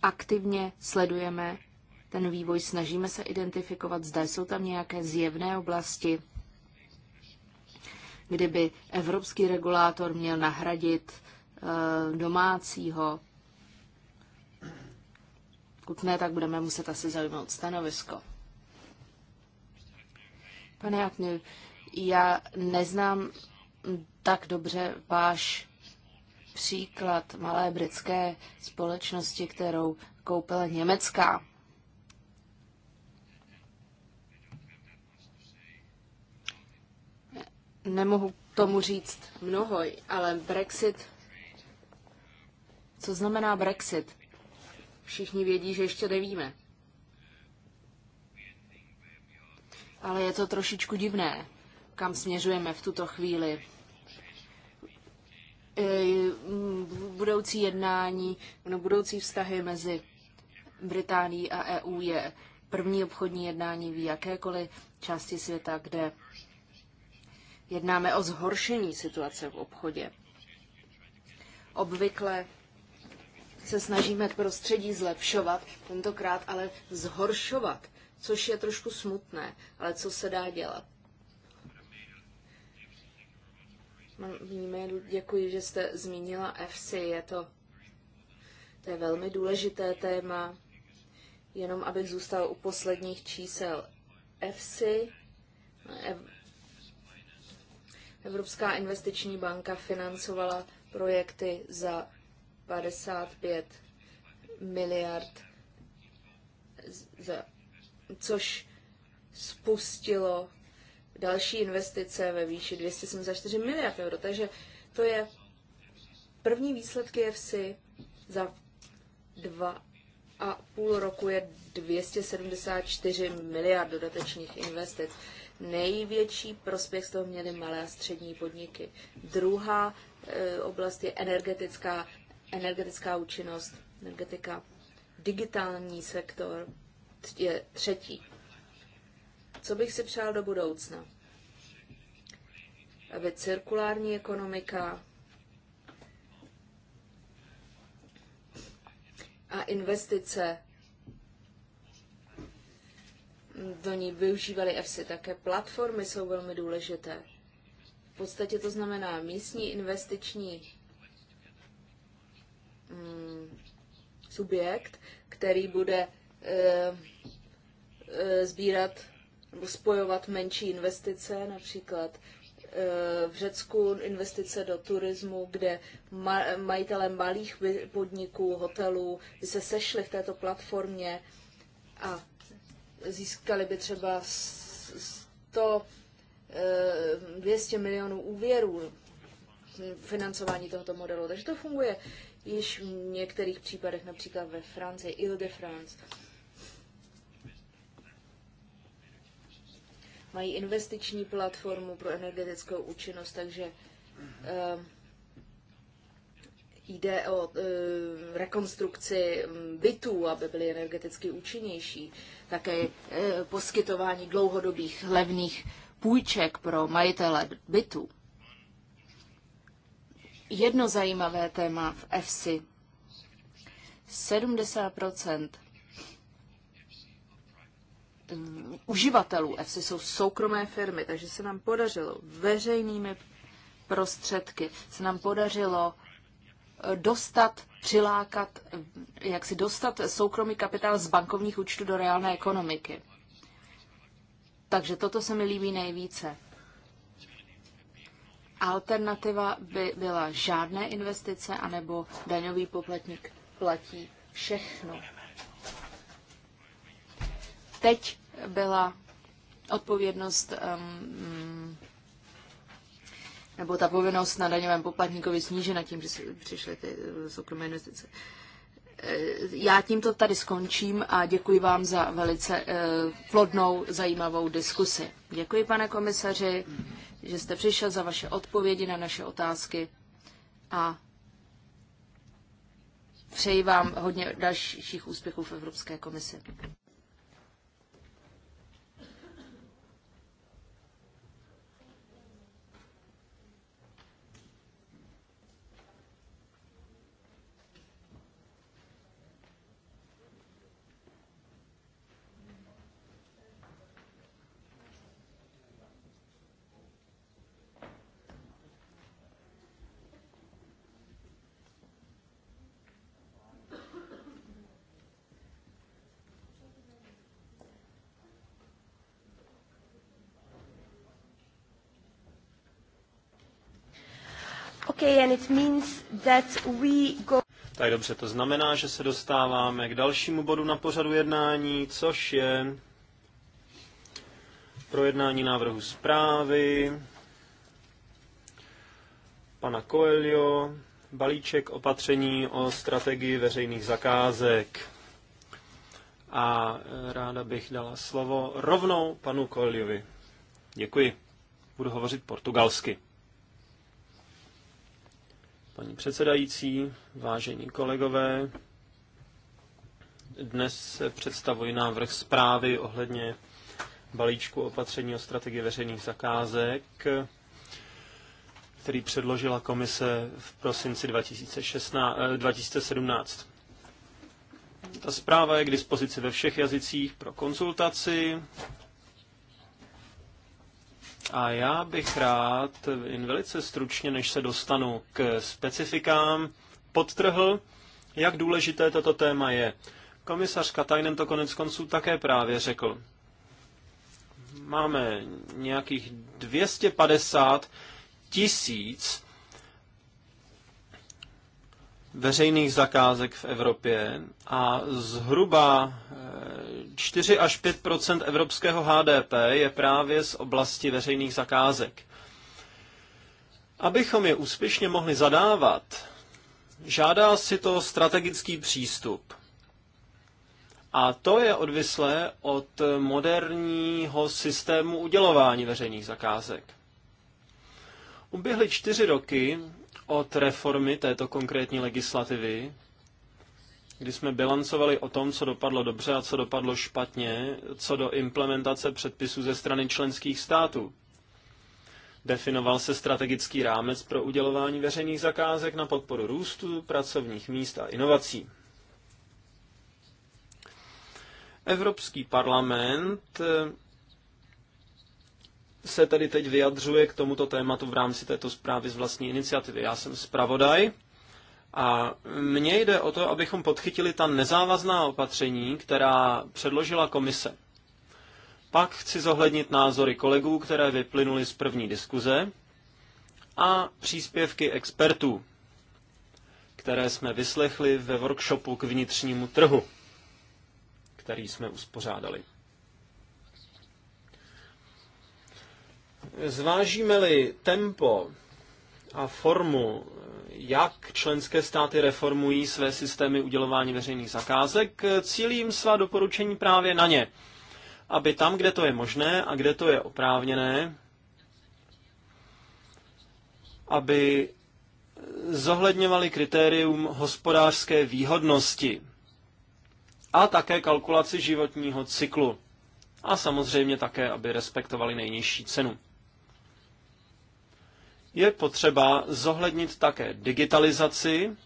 [SPEAKER 4] aktivně sledujeme ten vývoj, snažíme se identifikovat, zda jsou tam nějaké zjevné oblasti, kdyby evropský regulátor měl nahradit eh, domácího. Pokud ne, tak budeme muset asi zaujmout stanovisko. Pane Jakny, já neznám tak dobře váš příklad malé britské společnosti, kterou koupila německá. Nemohu tomu říct mnoho, ale Brexit. Co znamená Brexit? Všichni vědí, že ještě nevíme. ale je to trošičku divné, kam směřujeme v tuto chvíli. E, budoucí jednání, no budoucí vztahy mezi Británií a EU je první obchodní jednání v jakékoliv části světa, kde jednáme o zhoršení situace v obchodě. Obvykle se snažíme prostředí zlepšovat, tentokrát ale zhoršovat což je trošku smutné, ale co se dá dělat? Víme, děkuji, že jste zmínila FC, je to, to je velmi důležité téma, jenom abych zůstal u posledních čísel. FC, no, Ev, Evropská investiční banka financovala projekty za 55 miliard za což spustilo další investice ve výši 274 miliard euro. Takže to je první výsledky EFSI za dva a půl roku je 274 miliard dodatečných investic. Největší prospěch z toho měly malé a střední podniky. Druhá e, oblast je energetická, energetická účinnost, energetika, digitální sektor, je třetí. Co bych si přál do budoucna? Aby cirkulární ekonomika a investice do ní využívali EFSI. Také platformy jsou velmi důležité. V podstatě to znamená místní investiční mm, subjekt, který bude Eh, sbírat nebo spojovat menší investice, například eh, v Řecku investice do turismu, kde majitelé malých podniků, hotelů by se sešli v této platformě a získali by třeba 100, 200 eh, milionů úvěrů financování tohoto modelu. Takže to funguje již v některých případech, například ve Francii, Ile de France mají investiční platformu pro energetickou účinnost, takže um, jde o eh, rekonstrukci mm, bytů, aby byly energeticky účinnější, také eh, poskytování dlouhodobých levných půjček pro majitele bytů. Jedno zajímavé téma v EFSI. 70 Mm, uživatelů EFSI jsou soukromé firmy, takže se nám podařilo veřejnými prostředky, se nám podařilo eh, dostat, přilákat, eh, jak si dostat soukromý kapitál z bankovních účtů do reálné ekonomiky. Takže toto se mi líbí nejvíce. Alternativa by byla žádné investice, anebo daňový poplatník platí všechno. Teď byla odpovědnost um, nebo ta povinnost na daňovém poplatníkovi snížena tím, že přišly ty eh, soukromé investice. Eh, já tímto tady skončím a děkuji vám za velice eh, plodnou, zajímavou diskusi. Děkuji, pane komisaři, že jste přišel za vaše odpovědi na naše otázky a přeji vám hodně dalších úspěchů v Evropské komisi.
[SPEAKER 1] and it means
[SPEAKER 4] that we go...
[SPEAKER 2] Tak dobře, to znamená, že se dostáváme k dalšímu bodu na pořadu jednání, což je projednání návrhu zprávy pana Coelho, balíček opatření o strategii veřejných zakázek. A e, ráda bych dala slovo rovnou panu Coelhovi. Děkuji. Budu hovořit portugalsky paní předsedající, vážení kolegové. Dnes se představuji návrh zprávy ohledně balíčku opatření o strategii veřejných zakázek, který předložila komise v prosinci 2016, 2017. Eh, Ta zpráva je k dispozici ve všech jazycích pro konzultaci a já bych rád jen velice stručně, než se dostanu k specifikám, podtrhl, jak důležité toto téma je. Komisař Katajnen to konec konců také právě řekl. Máme nějakých 250 tisíc veřejných zakázek v Evropě a zhruba 4 eh, až 5 evropského HDP je právě z oblasti veřejných zakázek. Abychom je úspěšně mohli zadávat, žádá si to strategický přístup. A to je odvislé od moderního systému udělování veřejných zakázek. Uběhly čtyři roky od reformy této konkrétní legislativy, kdy jsme bilancovali o tom, co dopadlo dobře a co dopadlo špatně, co do implementace předpisů ze strany členských států. Definoval se strategický rámec pro udělování veřejných zakázek na podporu růstu, pracovních míst a inovací. Evropský parlament se tedy teď vyjadřuje k tomuto tématu v rámci této zprávy z vlastní iniciativy. Já jsem zpravodaj a mně jde o to, abychom podchytili ta nezávazná opatření, která předložila komise. Pak chci zohlednit názory kolegů, které vyplynuly z první diskuze a příspěvky expertů, které jsme vyslechli ve workshopu k vnitřnímu trhu, který jsme uspořádali. Zvážíme-li tempo a formu, jak členské státy reformují své systémy udělování veřejných zakázek, cílím svá doporučení právě na ně, aby tam, kde to je možné a kde to je oprávněné, aby zohledňovali kritérium hospodářské výhodnosti a také kalkulaci životního cyklu. A samozřejmě také, aby respektovali nejnižší cenu. Je potřeba zohlednit také digitalizaci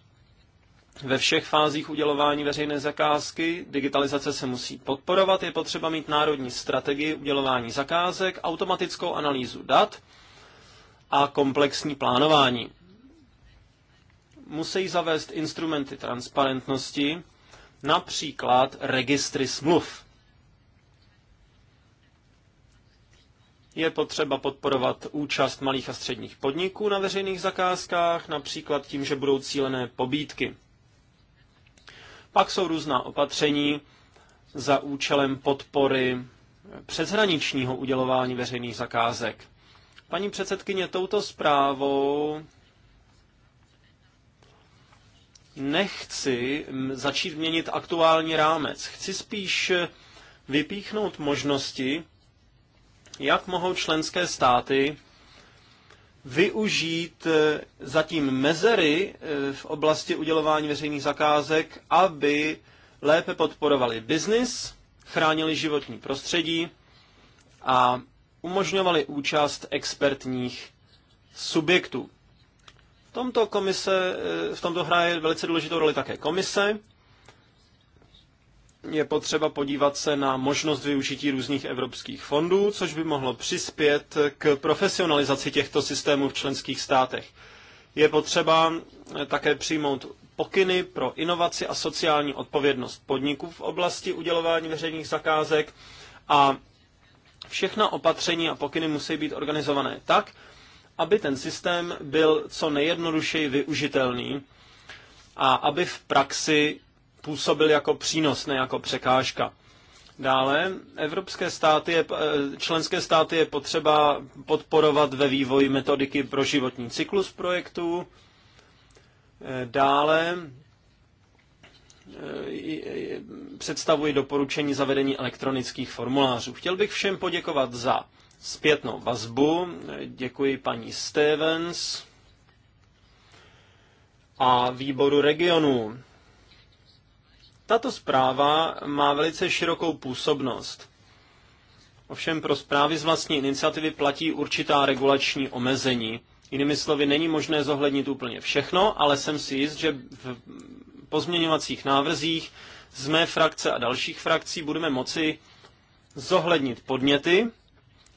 [SPEAKER 2] ve všech fázích udělování veřejné zakázky. Digitalizace se musí podporovat, je potřeba mít národní strategii udělování zakázek, automatickou analýzu dat a komplexní plánování. Musí zavést instrumenty transparentnosti, například registry smluv. Je potřeba podporovat účast malých a středních podniků na veřejných zakázkách, například tím, že budou cílené pobídky. Pak jsou různá opatření za účelem podpory přeshraničního udělování veřejných zakázek. Paní předsedkyně, touto zprávou nechci začít měnit aktuální rámec. Chci spíš vypíchnout možnosti, jak mohou členské státy využít eh, zatím mezery eh, v oblasti udělování veřejných zakázek, aby lépe podporovali biznis, chránili životní prostředí a umožňovali účast expertních subjektů. V tomto, komise, eh, v tomto hraje velice důležitou roli také komise, je potřeba podívat se na možnost využití různých evropských fondů, což by mohlo přispět k profesionalizaci těchto systémů v členských státech. Je potřeba eh, také přijmout pokyny pro inovaci a sociální odpovědnost podniků v oblasti udělování veřejných zakázek a všechna opatření a pokyny musí být organizované tak, aby ten systém byl co nejjednodušeji využitelný a aby v praxi působil jako přínos, ne jako překážka. Dále, evropské státy je, eh, členské státy je potřeba podporovat ve vývoji metodiky pro životní cyklus projektů. Eh, dále eh, představuji doporučení zavedení elektronických formulářů. Chtěl bych všem poděkovat za zpětnou vazbu. Děkuji paní Stevens a výboru regionu. Tato zpráva má velice širokou působnost. Ovšem pro zprávy z vlastní iniciativy platí určitá regulační omezení. Jinými slovy, není možné zohlednit úplně všechno, ale jsem si jist, že v pozměňovacích návrzích z mé frakce a dalších frakcí budeme moci zohlednit podněty,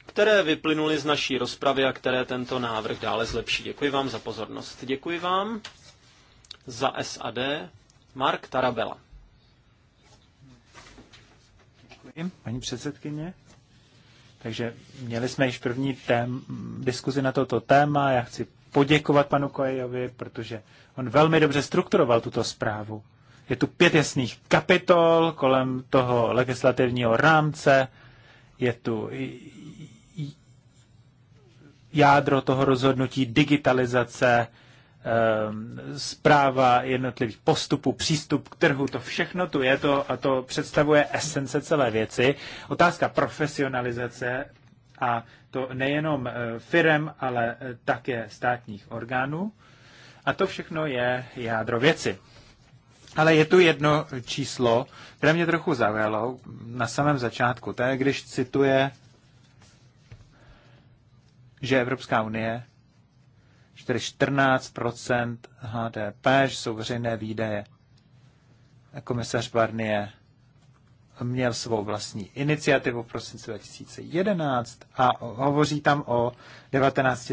[SPEAKER 2] které vyplynuly z naší rozpravy a které tento návrh dále zlepší. Děkuji vám za pozornost. Děkuji vám za SAD Mark Tarabela.
[SPEAKER 3] Děkuji, paní předsedkyně. Takže měli jsme již první tém, diskuzi na toto téma. Já chci poděkovat panu Kojejovi, protože on velmi dobře strukturoval tuto zprávu. Je tu pět jasných kapitol kolem toho legislativního rámce, je tu jádro toho rozhodnutí digitalizace, Ehm, zpráva jednotlivých postupů, přístup k trhu, to všechno tu je to a to představuje esence celé věci. Otázka profesionalizace a to nejenom eh, firem, ale eh, také státních orgánů. A to všechno je jádro věci. Ale je tu jedno číslo, které mě trochu zavělo na samém začátku. To je, když cituje, že Evropská unie tedy 14 HDP, že jsou veřejné výdaje. Komisař Barnier měl svou vlastní iniciativu v prosinci 2011 a hovoří tam o 19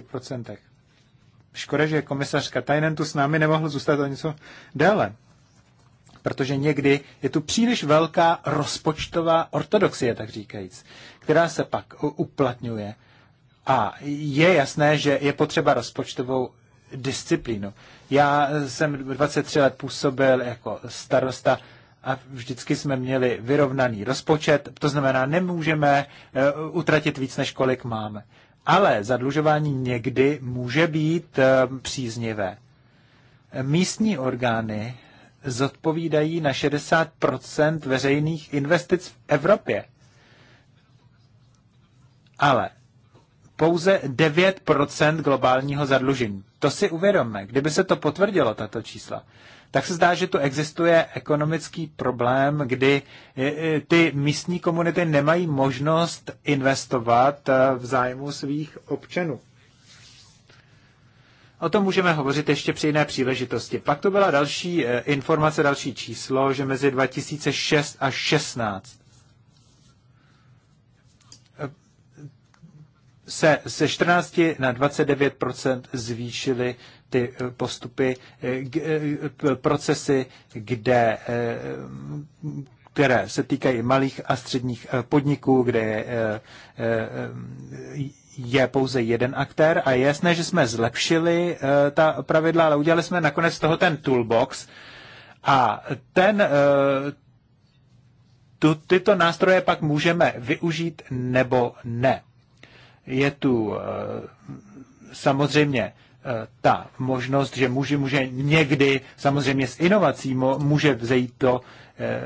[SPEAKER 3] Škoda, že komisařka Tajnen tu s námi nemohl zůstat o něco déle, protože někdy je tu příliš velká rozpočtová ortodoxie, tak říkajíc, která se pak uplatňuje a je jasné, že je potřeba rozpočtovou disciplínu. Já jsem 23 let působil jako starosta a vždycky jsme měli vyrovnaný rozpočet, to znamená, nemůžeme e, utratit víc, než kolik máme. Ale zadlužování někdy může být e, příznivé. Místní orgány zodpovídají na 60 veřejných investic v Evropě. Ale pouze 9% globálního zadlužení. To si uvědomme. Kdyby se to potvrdilo, tato čísla, tak se zdá, že tu existuje ekonomický problém, kdy eh, eh, ty místní komunity nemají možnost investovat eh, v zájmu svých občanů. O tom můžeme hovořit ještě při jiné příležitosti. Pak to byla další informace, další číslo, že mezi 2006 a 16 se ze 14 na 29 zvýšily ty eh, postupy, eh, eh, procesy, kde, které se týkají malých a středních podniků, kde je, je pouze jeden aktér a je jasné, že jsme zlepšili ta pravidla, ale udělali jsme nakonec z toho ten toolbox a ten, tu, tyto nástroje pak můžeme využít nebo ne je tu eh, samozřejmě eh, ta možnost, že muži může někdy, samozřejmě s inovací může vzejít to, eh,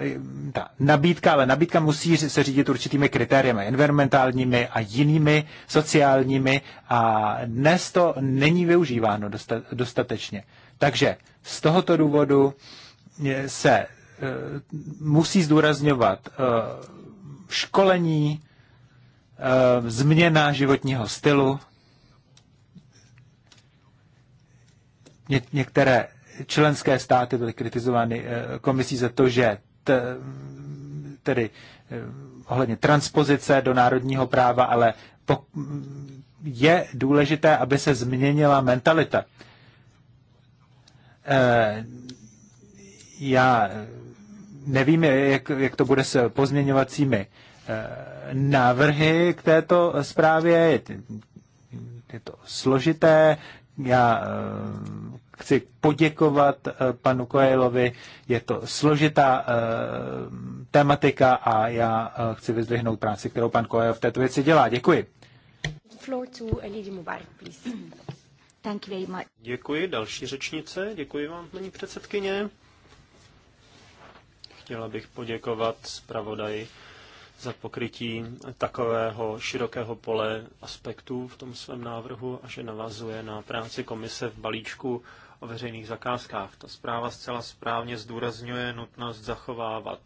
[SPEAKER 3] ta nabídka, ale nabídka musí se řídit určitými kritériemi, environmentálními a jinými, sociálními a dnes to není využíváno dostatečně. Takže z tohoto důvodu se musí zdůrazňovat školení, Eh, změna životního stylu. Ně- některé členské státy byly kritizovány eh, komisí za to, že t- tedy eh, ohledně transpozice do národního práva, ale po- mm, je důležité, aby se změnila mentalita. Já nevím, jak, jak to bude s pozměňovacími návrhy k této zprávě. Je to složité. Já eh, chci poděkovat eh, panu Koelovi. Je to složitá eh, tematika a já chci vyzdvihnout práci, kterou pan Koel v této věci dělá. Děkuji.
[SPEAKER 4] Floor to Mubarak, please. Thank you very much.
[SPEAKER 2] Děkuji. Další řečnice. Děkuji vám, paní předsedkyně. Chtěla bych poděkovat zpravodaji za pokrytí takového širokého pole aspektů v tom svém návrhu a že navazuje na práci komise v balíčku o veřejných zakázkách. Ta zpráva zcela správně zdůrazňuje nutnost zachovávat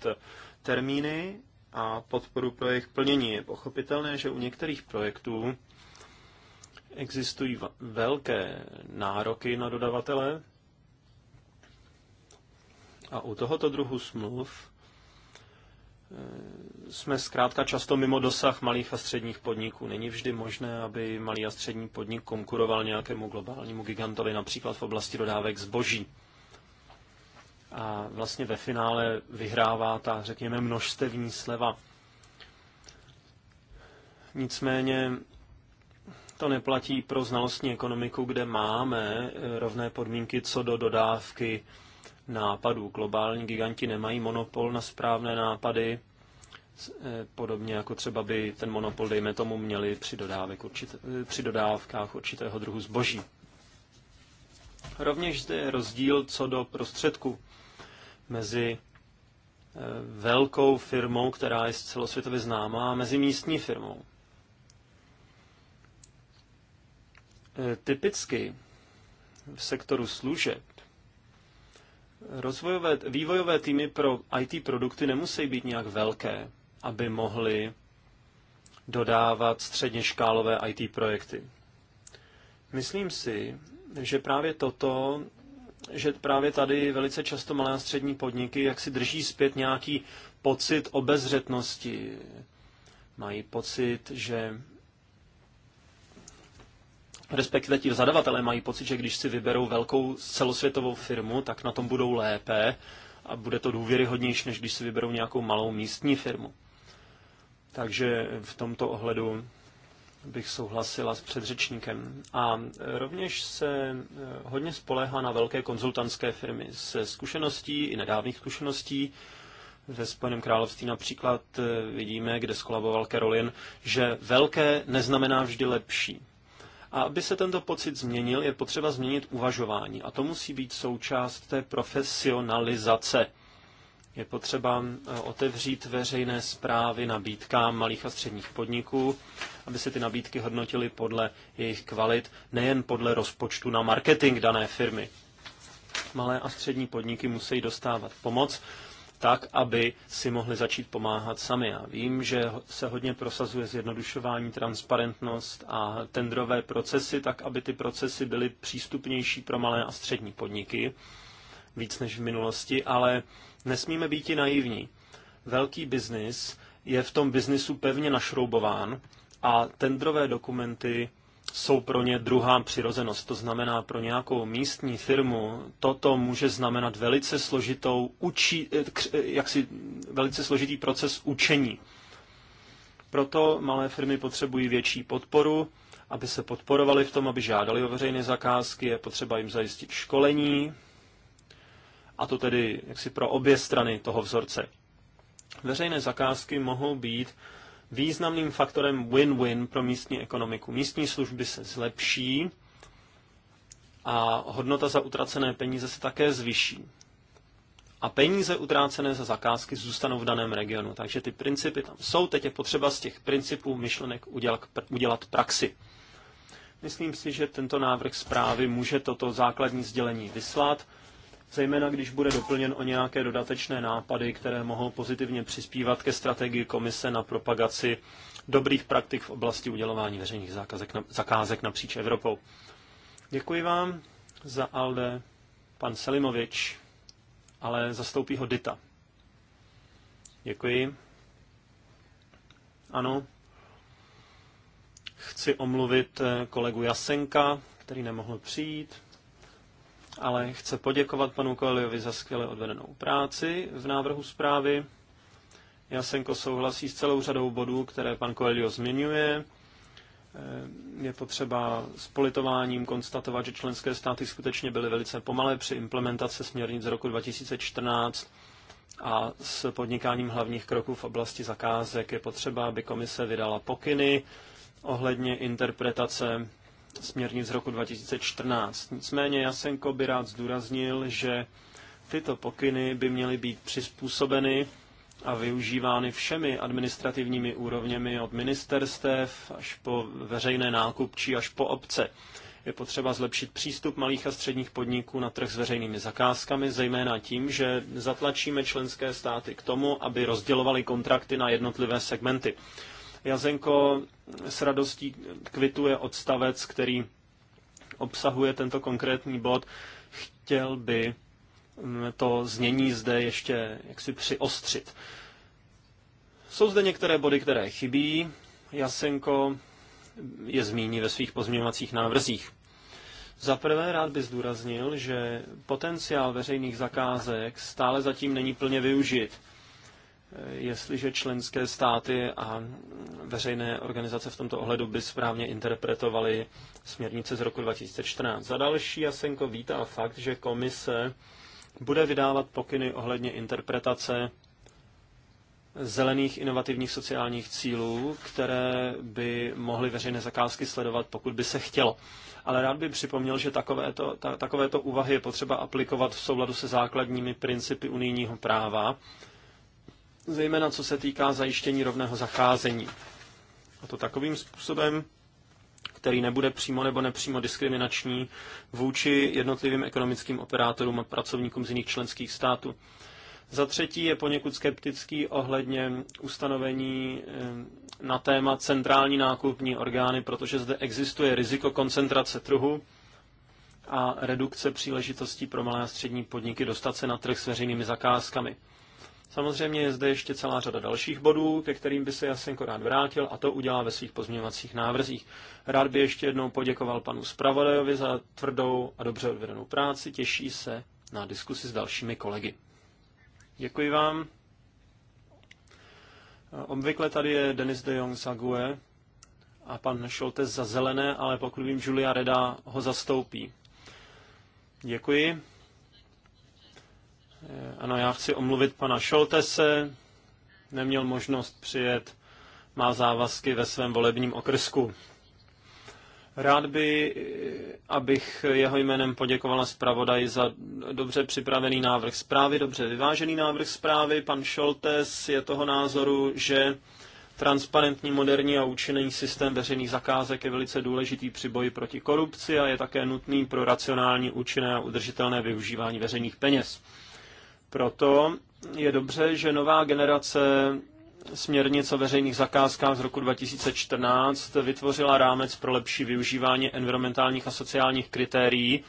[SPEAKER 2] termíny a podporu pro jejich plnění. Je pochopitelné, že u některých projektů existují velké nároky na dodavatele a u tohoto druhu smluv jsme zkrátka často mimo dosah malých a středních podniků. Není vždy možné, aby malý a střední podnik konkuroval nějakému globálnímu gigantovi, například v oblasti dodávek zboží. A vlastně ve finále vyhrává ta, řekněme, množstevní sleva. Nicméně to neplatí pro znalostní ekonomiku, kde máme rovné podmínky co do dodávky nápadů. Globální giganti nemají monopol na správné nápady, eh, podobně jako třeba by ten monopol, dejme tomu, měli při, dodávek určité, eh, při dodávkách určitého druhu zboží. Rovněž zde je rozdíl co do prostředku mezi eh, velkou firmou, která je celosvětově známá, a mezi místní firmou. Typicky v sektoru služeb Rozvojové, vývojové týmy pro IT produkty nemusí být nějak velké, aby mohly dodávat středně škálové IT projekty. Myslím si, že právě toto, že právě tady velice často malé a střední podniky jak si drží zpět nějaký pocit obezřetnosti. Mají pocit, že respektive ti zadavatelé mají pocit, že když si vyberou velkou celosvětovou firmu, tak na tom budou lépe a bude to důvěryhodnější, než když si vyberou nějakou malou místní firmu. Takže v tomto ohledu bych souhlasila s předřečníkem. A rovněž se eh, hodně spoléhá na velké konzultantské firmy. Se zkušeností i nedávných zkušeností ve Spojeném království například eh, vidíme, kde skolaboval Karolin, že velké neznamená vždy lepší. A aby se tento pocit změnil, je potřeba změnit uvažování. A to musí být součást té profesionalizace. Je potřeba eh, otevřít veřejné zprávy nabídkám malých a středních podniků, aby se ty nabídky hodnotily podle jejich kvalit, nejen podle rozpočtu na marketing dané firmy. Malé a střední podniky musí dostávat pomoc tak, aby si mohli začít pomáhat sami. Já vím, že se hodně prosazuje zjednodušování, transparentnost a tendrové procesy, tak, aby ty procesy byly přístupnější pro malé a střední podniky, víc než v minulosti, ale nesmíme být i naivní. Velký biznis je v tom biznisu pevně našroubován a tendrové dokumenty jsou pro ně druhá přirozenost. To znamená, pro nějakou místní firmu toto může znamenat velice složitou uči, eh, eh, jaksi, velice složitý proces učení. Proto malé firmy potřebují větší podporu, aby se podporovali v tom, aby žádali o veřejné zakázky, je potřeba jim zajistit školení, a to tedy jaksi pro obě strany toho vzorce. Veřejné zakázky mohou být významným faktorem win-win pro místní ekonomiku. Místní služby se zlepší a hodnota za utracené peníze se také zvyší. A peníze utrácené za zakázky zůstanou v daném regionu. Takže ty principy tam jsou. Teď je potřeba z těch principů myšlenek udělat praxi. Myslím si, že tento návrh zprávy může toto základní sdělení vyslat zejména když bude doplněn o nějaké dodatečné nápady, které mohou pozitivně přispívat ke strategii komise na propagaci dobrých praktik v oblasti udělování veřejných zakázek, na, zakázek napříč Evropou. Děkuji vám za Alde, pan Selimovič, ale zastoupí ho Dita. Děkuji. Ano. Chci omluvit eh, kolegu Jasenka, který nemohl přijít ale chce poděkovat panu Koeliovi za skvěle odvedenou práci v návrhu zprávy. Jasenko souhlasí s celou řadou bodů, které pan Koelio zmiňuje. Eh, je potřeba s politováním konstatovat, že členské státy skutečně byly velice pomalé při implementaci směrnic z roku 2014 a s podnikáním hlavních kroků v oblasti zakázek je potřeba, aby komise vydala pokyny ohledně interpretace směrnic roku 2014. Nicméně Jasenko by rád zdůraznil, že tyto pokyny by měly být přizpůsobeny a využívány všemi administrativními úrovněmi od ministerstev až po veřejné nákupčí až po obce. Je potřeba zlepšit přístup malých a středních podniků na trh s veřejnými zakázkami, zejména tím, že zatlačíme členské státy k tomu, aby rozdělovali kontrakty na jednotlivé segmenty. Jazenko s radostí kvituje odstavec, který obsahuje tento konkrétní bod. Chtěl by mm, to znění zde ještě jaksi přiostřit. Jsou zde některé body, které chybí. Jasenko je zmíní ve svých pozměňovacích návrzích. Za prvé rád bych zdůraznil, že potenciál veřejných zakázek stále zatím není plně využit jestliže členské státy a veřejné organizace v tomto ohledu by správně interpretovaly směrnice z roku 2014. Za další Jasenko vítá fakt, že komise bude vydávat pokyny ohledně interpretace zelených inovativních sociálních cílů, které by mohly veřejné zakázky sledovat, pokud by se chtělo. Ale rád bych připomněl, že takovéto, ta, takovéto úvahy je potřeba aplikovat v souladu se základními principy unijního práva, zejména co se týká zajištění rovného zacházení. A to takovým způsobem, který nebude přímo nebo nepřímo diskriminační vůči jednotlivým ekonomickým operátorům a pracovníkům z jiných členských států. Za třetí je poněkud skeptický ohledně ustanovení eh, na téma centrální nákupní orgány, protože zde existuje riziko koncentrace trhu a redukce příležitostí pro malé a střední podniky dostat se na trh s veřejnými zakázkami. Samozřejmě je zde ještě celá řada dalších bodů, ke kterým by se Jasenko rád vrátil a to udělá ve svých pozměňovacích návrzích. Rád by ještě jednou poděkoval panu zpravodajovi za tvrdou a dobře odvedenou práci, těší se na diskusi s dalšími kolegy. Děkuji vám. Obvykle tady je Denis de Jong Sague a pan Šoltes za zelené, ale pokud vím, Julia Reda ho zastoupí. Děkuji. Ano, já chci omluvit pana Šoltese. Neměl možnost přijet, má závazky ve svém volebním okrsku. Rád by, abych jeho jménem poděkovala zpravodaji za dobře připravený návrh zprávy, dobře vyvážený návrh zprávy. Pan Šoltes je toho názoru, že transparentní, moderní a účinný systém veřejných zakázek je velice důležitý při boji proti korupci a je také nutný pro racionální, účinné a udržitelné využívání veřejných peněz. Proto je dobře, že nová generace směrnic o veřejných zakázkách z roku 2014 vytvořila rámec pro lepší využívání environmentálních a sociálních kritérií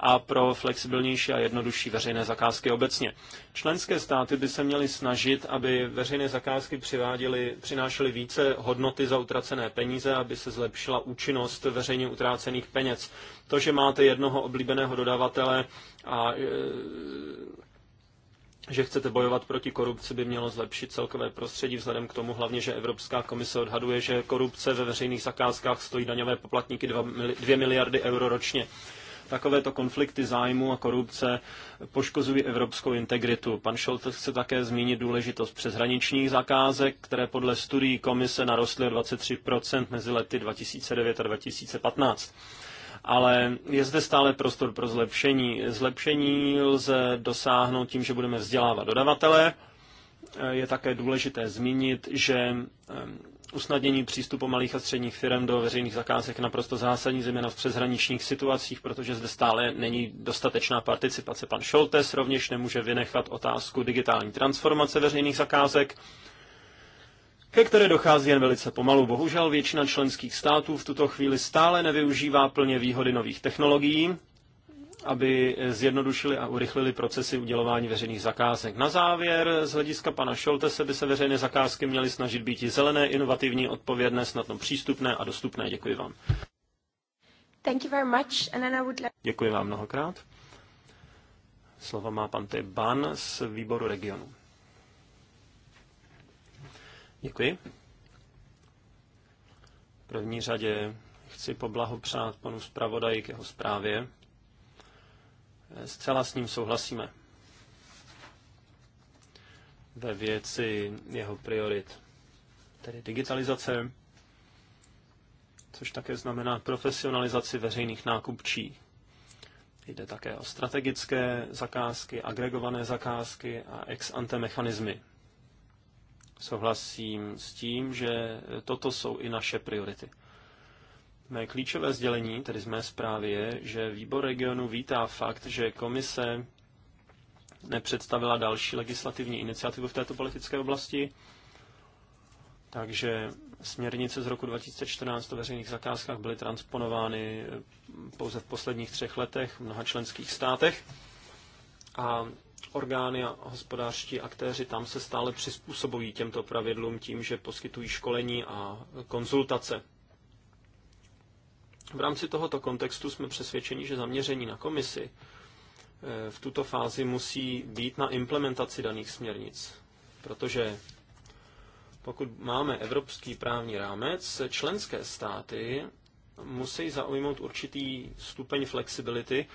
[SPEAKER 2] a pro flexibilnější a jednodušší veřejné zakázky obecně. Členské státy by se měly snažit, aby veřejné zakázky přinášely více hodnoty za utracené peníze, aby se zlepšila účinnost veřejně utrácených peněz. To, že máte jednoho oblíbeného dodavatele a e, že chcete bojovat proti korupci, by mělo zlepšit celkové prostředí, vzhledem k tomu hlavně, že Evropská komise odhaduje, že korupce ve veřejných zakázkách stojí daňové poplatníky 2 miliardy euro ročně. Takovéto konflikty zájmu a korupce poškozují evropskou integritu. Pan Scholz chce také zmínit důležitost přeshraničních zakázek, které podle studií komise narostly o 23% mezi lety 2009 a 2015 ale je zde stále prostor pro zlepšení. Zlepšení lze dosáhnout tím, že budeme vzdělávat dodavatele. Eh, je také důležité zmínit, že eh, usnadnění přístupu malých a středních firm do veřejných zakázek naprosto zásadní, zejména v přeshraničních situacích, protože zde stále není dostatečná participace. Pan Šoltes rovněž nemůže vynechat otázku digitální transformace veřejných zakázek ke které dochází jen velice pomalu. Bohužel většina členských států v tuto chvíli stále nevyužívá plně výhody nových technologií, aby zjednodušili a urychlili procesy udělování veřejných zakázek. Na závěr, z hlediska pana Šolte se by se veřejné zakázky měly snažit být i zelené, inovativní, odpovědné, snadno přístupné a dostupné. Děkuji vám. Thank you very much. And then I would like... Děkuji vám mnohokrát. Slovo má pan Tejban z výboru regionu. Děkuji. V první řadě chci poblahopřát panu zpravodaji k jeho zprávě. Zcela s ním souhlasíme ve věci jeho priorit, tedy digitalizace, což také znamená profesionalizaci veřejných nákupčí. Jde také o strategické zakázky, agregované zakázky a ex ante mechanismy souhlasím s tím, že toto jsou i naše priority. Mé klíčové sdělení, tedy z mé zprávy, je, že výbor regionu vítá fakt, že komise nepředstavila další legislativní iniciativu v této politické oblasti, takže směrnice z roku 2014 o veřejných zakázkách byly transponovány pouze v posledních třech letech v mnoha členských státech. A orgány a hospodářští aktéři tam se stále přizpůsobují těmto pravidlům tím, že poskytují školení a konzultace. V rámci tohoto kontextu jsme přesvědčeni, že zaměření na komisi eh, v tuto fázi musí být na implementaci daných směrnic, protože pokud máme evropský právní rámec, členské státy musí zaujmout určitý stupeň flexibility,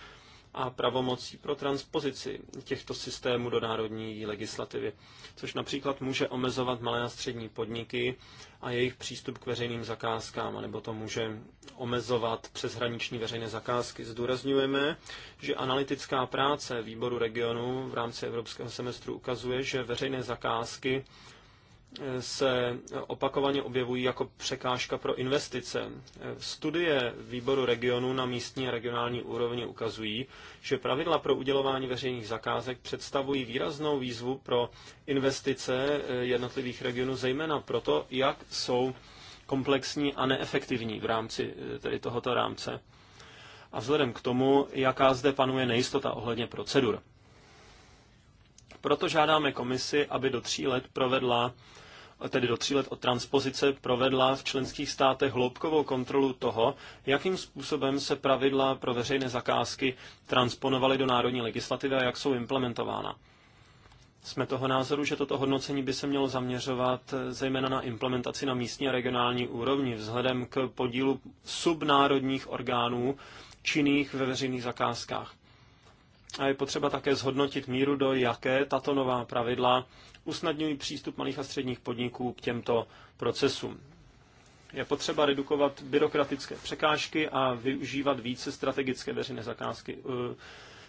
[SPEAKER 2] a pravomocí pro transpozici těchto systémů do národní legislativy, což například může omezovat malé a střední podniky a jejich přístup k veřejným zakázkám, nebo to může omezovat přeshraniční veřejné zakázky. Zdůrazňujeme, že analytická práce výboru regionu v rámci evropského semestru ukazuje, že veřejné zakázky se opakovaně objevují jako překážka pro investice. Studie výboru regionu na místní a regionální úrovni ukazují, že pravidla pro udělování veřejných zakázek představují výraznou výzvu pro investice jednotlivých regionů, zejména proto, jak jsou komplexní a neefektivní v rámci tedy tohoto rámce. A vzhledem k tomu, jaká zde panuje nejistota ohledně procedur. Proto žádáme komisi, aby do tří let provedla tedy do tří let od transpozice, provedla v členských státech hloubkovou kontrolu toho, jakým způsobem se pravidla pro veřejné zakázky transponovaly do národní legislativy a jak jsou implementována. Jsme toho názoru, že toto hodnocení by se mělo zaměřovat eh, zejména na implementaci na místní a regionální úrovni vzhledem k podílu subnárodních orgánů činných ve veřejných zakázkách. A je potřeba také zhodnotit míru, do jaké tato nová pravidla usnadňují přístup malých a středních podniků k těmto procesům. Je potřeba redukovat byrokratické překážky a využívat více strategické veřejné zakázky. E,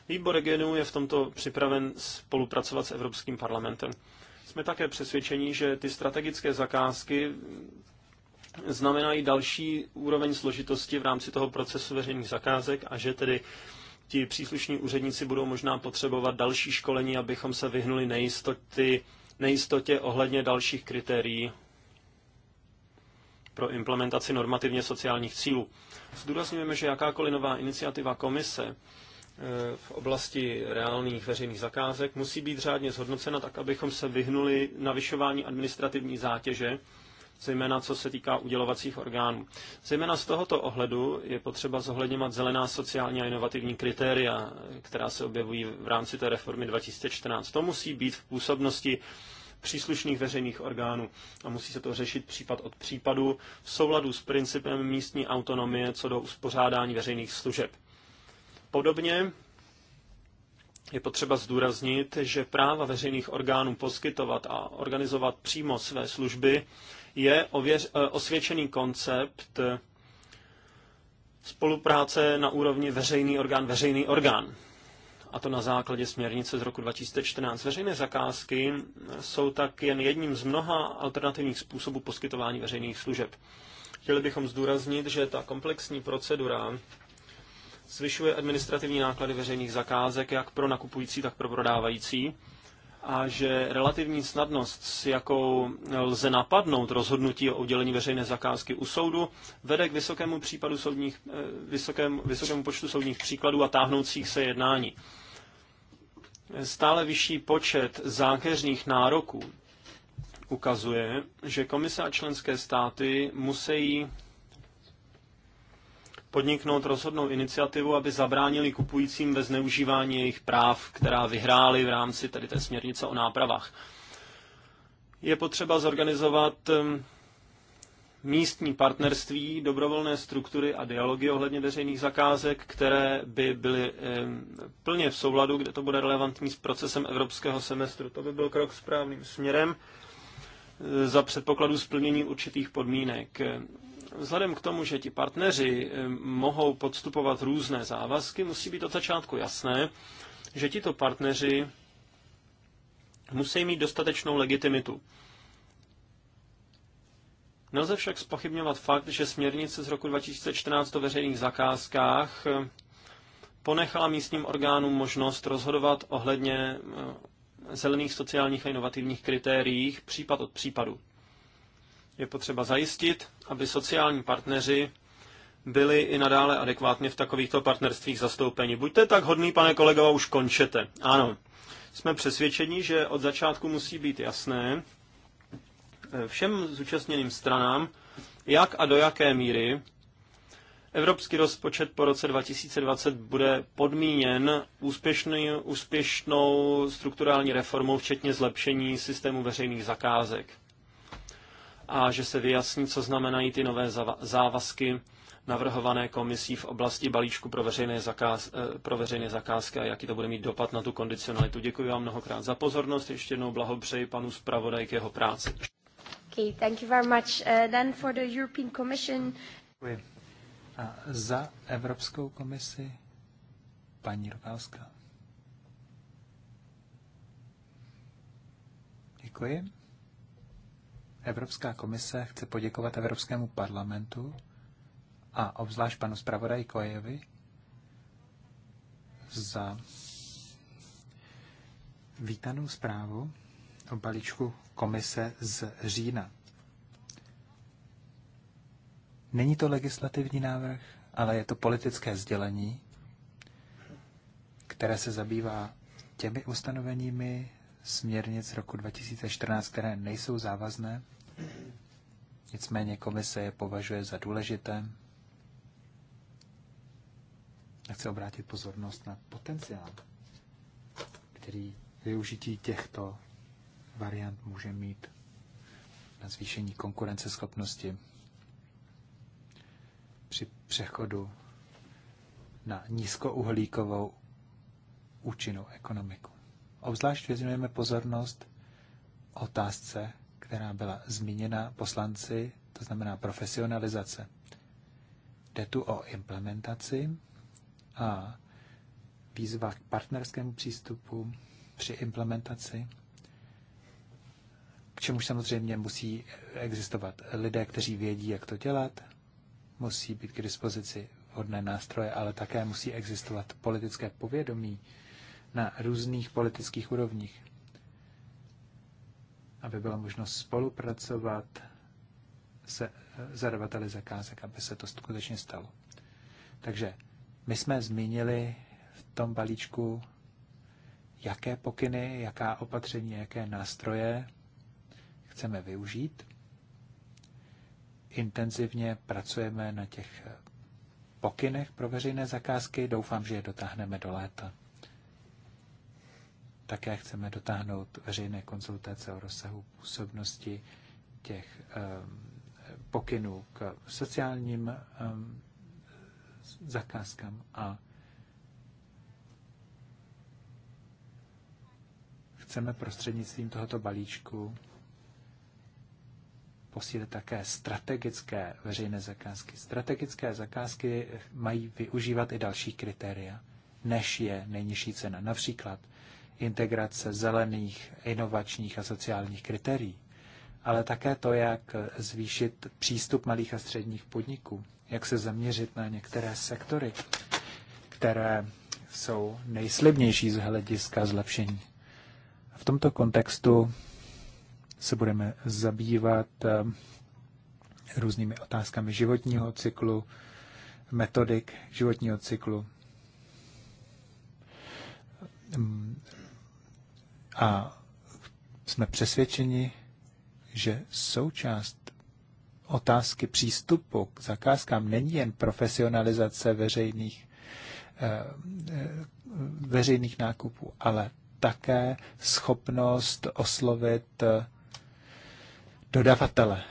[SPEAKER 2] Výbor regionů je v tomto připraven spolupracovat s Evropským parlamentem. Jsme také přesvědčeni, že ty strategické zakázky znamenají další úroveň složitosti v rámci toho procesu veřejných zakázek a že tedy ti příslušní úředníci budou možná potřebovat další školení, abychom se vyhnuli nejistoty, nejistotě ohledně dalších kritérií pro implementaci normativně sociálních cílů. Zdůrazňujeme, že jakákoliv nová iniciativa komise eh, v oblasti reálných veřejných zakázek musí být řádně zhodnocena tak, abychom se vyhnuli navyšování administrativní zátěže zejména co se týká udělovacích orgánů. Zejména z tohoto ohledu je potřeba zohledňovat zelená sociální a inovativní kritéria, která se objevují v rámci té reformy 2014. To musí být v působnosti příslušných veřejných orgánů a musí se to řešit případ od případu v souladu s principem místní autonomie co do uspořádání veřejných služeb. Podobně je potřeba zdůraznit, že práva veřejných orgánů poskytovat a organizovat přímo své služby je ověř, eh, osvědčený koncept eh, spolupráce na úrovni veřejný orgán, veřejný orgán. A to na základě směrnice z roku 2014. Veřejné zakázky eh, jsou tak jen jedním z mnoha alternativních způsobů poskytování veřejných služeb. Chtěli bychom zdůraznit, že ta komplexní procedura zvyšuje administrativní náklady veřejných zakázek jak pro nakupující, tak pro prodávající a že relativní snadnost, s jakou lze napadnout rozhodnutí o udělení veřejné zakázky u soudu, vede k vysokému, případu soudních, eh, vysokém, vysokému počtu soudních příkladů a táhnoucích se jednání. Stále vyšší počet zákeřních nároků ukazuje, že komise a členské státy musí podniknout rozhodnou iniciativu, aby zabránili kupujícím ve zneužívání jejich práv, která vyhráli v rámci tady té směrnice o nápravách. Je potřeba zorganizovat um, místní partnerství, dobrovolné struktury a dialogy ohledně veřejných zakázek, které by byly um, plně v souladu, kde to bude relevantní s procesem evropského semestru. To by byl krok správným směrem uh, za předpokladu splnění určitých podmínek. Vzhledem k tomu, že ti partneři mohou podstupovat různé závazky, musí být od začátku jasné, že tito partneři musí mít dostatečnou legitimitu. Nelze však spochybňovat fakt, že směrnice z roku 2014 o veřejných zakázkách ponechala místním orgánům možnost rozhodovat ohledně zelených sociálních a inovativních kritériích případ od případu. Je potřeba zajistit, aby sociální partneři byli i nadále adekvátně v takovýchto partnerstvích zastoupeni. Buďte tak hodný, pane kolego, a už končete. Ano, jsme přesvědčeni, že od začátku musí být jasné eh, všem zúčastněným stranám, jak a do jaké míry evropský rozpočet po roce 2020 bude podmíněn úspěšný, úspěšnou strukturální reformou, včetně zlepšení systému veřejných zakázek a že se vyjasní, co znamenají ty nové závazky navrhované komisí v oblasti balíčku pro veřejné, zakáz, eh, pro veřejné zakázky a jaký to bude mít dopad na tu kondicionalitu. Děkuji vám mnohokrát za pozornost, ještě jednou blahopřeji panu zpravodaj k jeho práci.
[SPEAKER 4] Okay, thank you very much. Uh, then for the European Commission.
[SPEAKER 3] Děkuji. A za Evropskou komisi paní Rokalska. Děkuji. Evropská komise chce poděkovat Evropskému parlamentu a obzvlášť panu zpravodaji Kojevi za vítanou zprávu o balíčku komise z října. Není to legislativní návrh, ale je to politické sdělení, které se zabývá těmi ustanoveními směrnic roku 2014, které nejsou závazné Nicméně komise je považuje za důležité a chce obrátit pozornost na potenciál, který využití těchto variant může mít na zvýšení konkurenceschopnosti při přechodu na nízkouhlíkovou účinnou ekonomiku. Obzvlášť věnujeme pozornost otázce která byla zmíněna poslanci, to znamená profesionalizace. Jde tu o implementaci a výzva k partnerskému přístupu při implementaci, k čemuž samozřejmě musí existovat lidé, kteří vědí, jak to dělat, musí být k dispozici vhodné nástroje, ale také musí existovat politické povědomí na různých politických úrovních aby byla možnost spolupracovat se eh, zadavateli zakázek, aby se to skutečně stalo. Takže my jsme zmínili v tom balíčku, jaké pokyny, jaká opatření, jaké nástroje chceme využít. Intenzivně pracujeme na těch eh, pokynech pro veřejné zakázky. Doufám, že je dotáhneme do léta. Také chceme dotáhnout veřejné konzultace o rozsahu působnosti těch ehm, pokynů k sociálním ehm, zakázkám a chceme prostřednictvím tohoto balíčku posílit také strategické veřejné zakázky. Strategické zakázky mají využívat i další kritéria, než je nejnižší cena. Například integrace zelených, inovačních a sociálních kritérií, ale také to, jak zvýšit přístup malých a středních podniků, jak se zaměřit na některé sektory, které jsou nejslibnější z hlediska zlepšení. V tomto kontextu se budeme zabývat eh, různými otázkami životního cyklu, metodik životního cyklu, a jsme přesvědčeni, že součást otázky přístupu k zakázkám není jen profesionalizace veřejných, eh, eh, veřejných nákupů, ale také schopnost oslovit eh, dodavatele.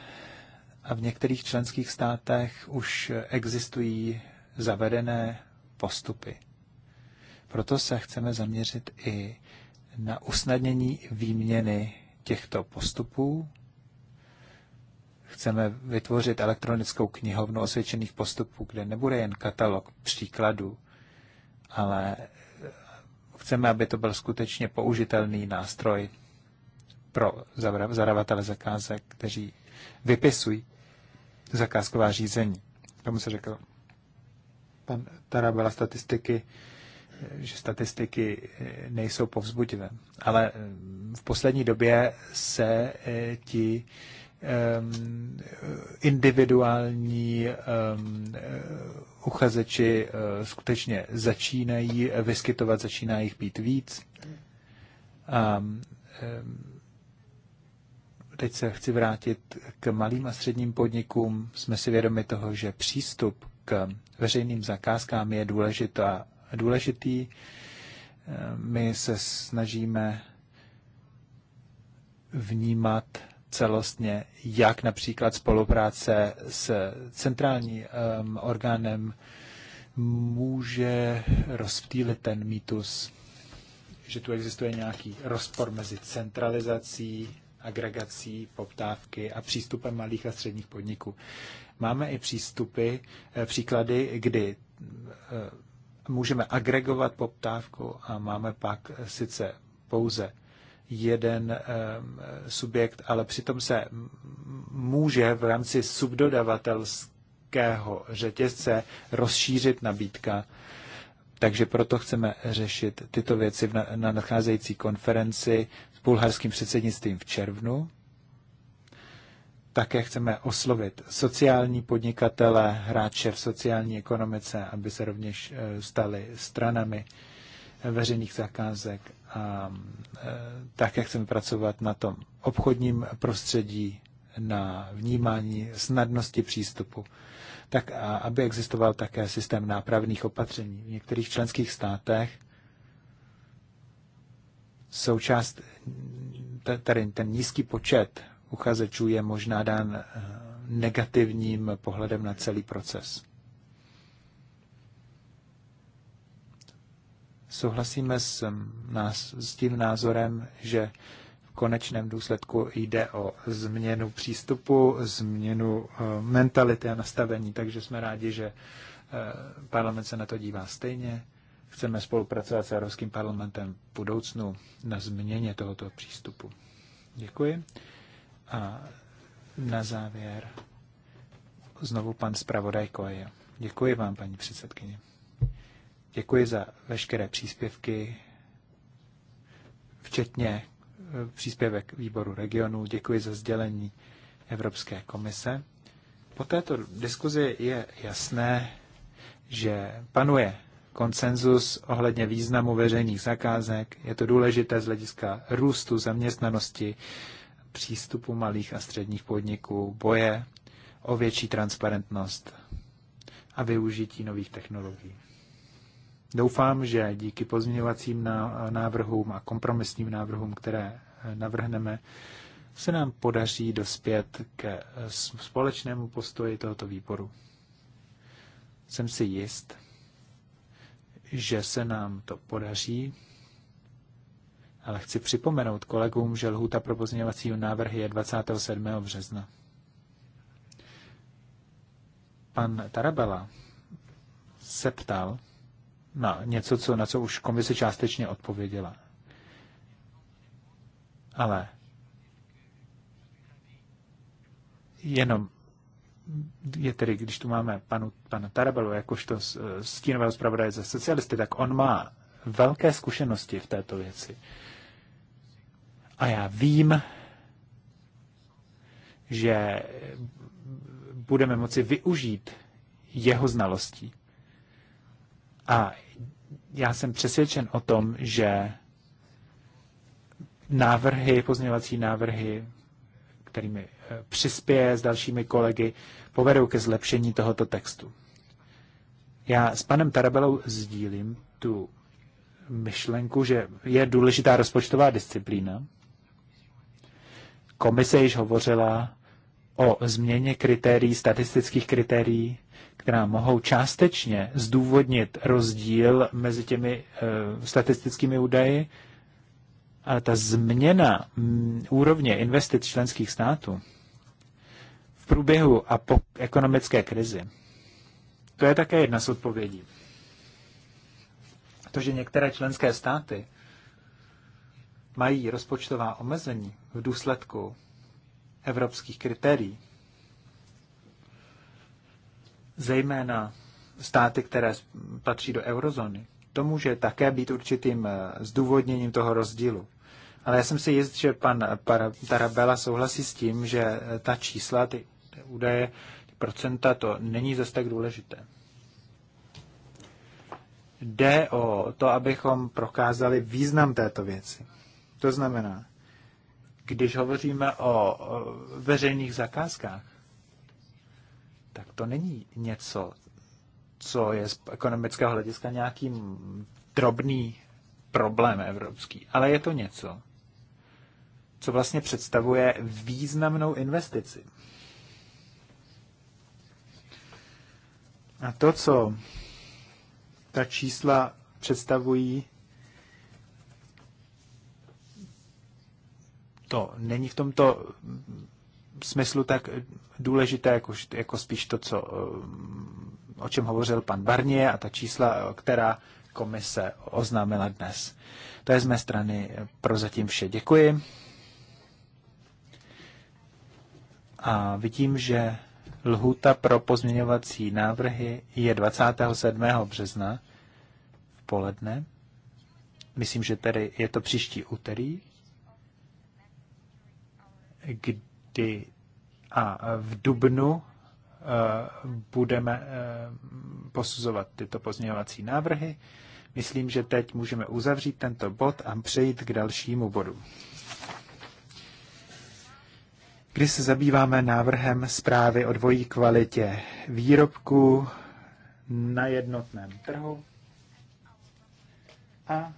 [SPEAKER 3] A v některých členských státech už existují zavedené postupy. Proto se chceme zaměřit i na usnadnění výměny těchto postupů. Chceme vytvořit elektronickou knihovnu osvědčených postupů, kde nebude jen katalog příkladů, ale chceme, aby to byl skutečně použitelný nástroj pro zadavatele zakázek, kteří vypisují zakázková řízení. Tomu se řekl pan Tarabela statistiky že statistiky eh, nejsou povzbudivé. Ale eh, v poslední době se eh, ti individuální uchazeči skutečně začínají vyskytovat, začíná jich být víc. A teď se chci vrátit k malým a středním podnikům. Jsme si vědomi toho, že přístup k veřejným zakázkám je důležitá důležitý. Eh, my se snažíme vnímat celostně, jak například spolupráce s centrálním ehm, orgánem může rozptýlit ten mýtus, že tu existuje nějaký rozpor mezi centralizací, agregací, poptávky a přístupem malých a středních podniků. Máme i přístupy, eh, příklady, kdy eh, můžeme agregovat poptávku a máme pak sice pouze jeden eh, subjekt, ale přitom se může v rámci subdodavatelského řetězce rozšířit nabídka. Takže proto chceme řešit tyto věci na nadcházející konferenci s bulharským předsednictvím v červnu. Také chceme oslovit sociální podnikatele, hráče v sociální ekonomice, aby se rovněž eh, stali stranami eh, veřejných zakázek a eh, také chceme pracovat na tom obchodním prostředí, na vnímání snadnosti přístupu, tak aby existoval také systém nápravných opatření. V některých členských státech součást, tady ten nízký počet uchazečů je možná dán eh, negativním pohledem na celý proces. Souhlasíme s, nás, s tím názorem, že v konečném důsledku jde o změnu přístupu, změnu eh, mentality a nastavení, takže jsme rádi, že eh, parlament se na to dívá stejně. Chceme spolupracovat s Evropským parlamentem v budoucnu na změně tohoto přístupu. Děkuji. A na závěr znovu pan zpravodaj Koje. Děkuji vám, paní předsedkyně. Děkuji za veškeré příspěvky, včetně eh, příspěvek výboru regionu. Děkuji za sdělení Evropské komise. Po této diskuzi je jasné, že panuje konsenzus ohledně významu veřejných zakázek. Je to důležité z hlediska růstu zaměstnanosti, přístupu malých a středních podniků, boje o větší transparentnost a využití nových technologií. Doufám, že díky pozměňovacím návrhům a kompromisním návrhům, které navrhneme, se nám podaří dospět ke společnému postoji tohoto výboru. Jsem si jist, že se nám to podaří ale chci připomenout kolegům, že lhůta pro pozměňovacího návrhy je 27. března. Pan Tarabela se ptal na něco, co, na co už komise částečně odpověděla. Ale jenom je tedy, když tu máme panu, pana Tarabelu jakožto eh, stínového zpravodaje za socialisty, tak on má velké zkušenosti v této věci. A já vím, že budeme moci využít jeho znalostí. A já jsem přesvědčen o tom, že návrhy, pozměňovací návrhy, kterými eh, přispěje s dalšími kolegy, povedou ke zlepšení tohoto textu. Já s panem Tarabelou sdílím tu myšlenku, že je důležitá rozpočtová disciplína, Komise již hovořila o změně kritérií, statistických kritérií, která mohou částečně zdůvodnit rozdíl mezi těmi e, statistickými údaji, ale ta změna m, mm, úrovně investic členských států v průběhu a po ekonomické krizi, to je také jedna z odpovědí. To, že některé členské státy mají rozpočtová omezení v důsledku evropských kritérií, zejména státy, které patří do eurozóny, to může také být určitým eh, zdůvodněním toho rozdílu. Ale já jsem si jist, že pan Tarabela souhlasí s tím, že eh, ta čísla, ty, ty údaje, ty procenta, to není zase tak důležité. Jde o to, abychom prokázali význam této věci. To znamená, když hovoříme o veřejných zakázkách, tak to není něco, co je z ekonomického hlediska nějaký drobný problém evropský, ale je to něco, co vlastně představuje významnou investici. A to, co ta čísla představují, to není v tomto smyslu tak důležité, jako, jako spíš to, co, eh, o čem hovořil pan Barnier a ta čísla, která komise oznámila dnes. To je z mé strany pro zatím vše. Děkuji. A vidím, že lhuta pro pozměňovací návrhy je 27. března v poledne. Myslím, že tedy je to příští úterý kdy a v Dubnu eh, budeme eh, posuzovat tyto pozměňovací návrhy. Myslím, že teď můžeme uzavřít tento bod a přejít k dalšímu bodu, kdy se zabýváme návrhem zprávy o dvojí kvalitě výrobků na jednotném trhu. A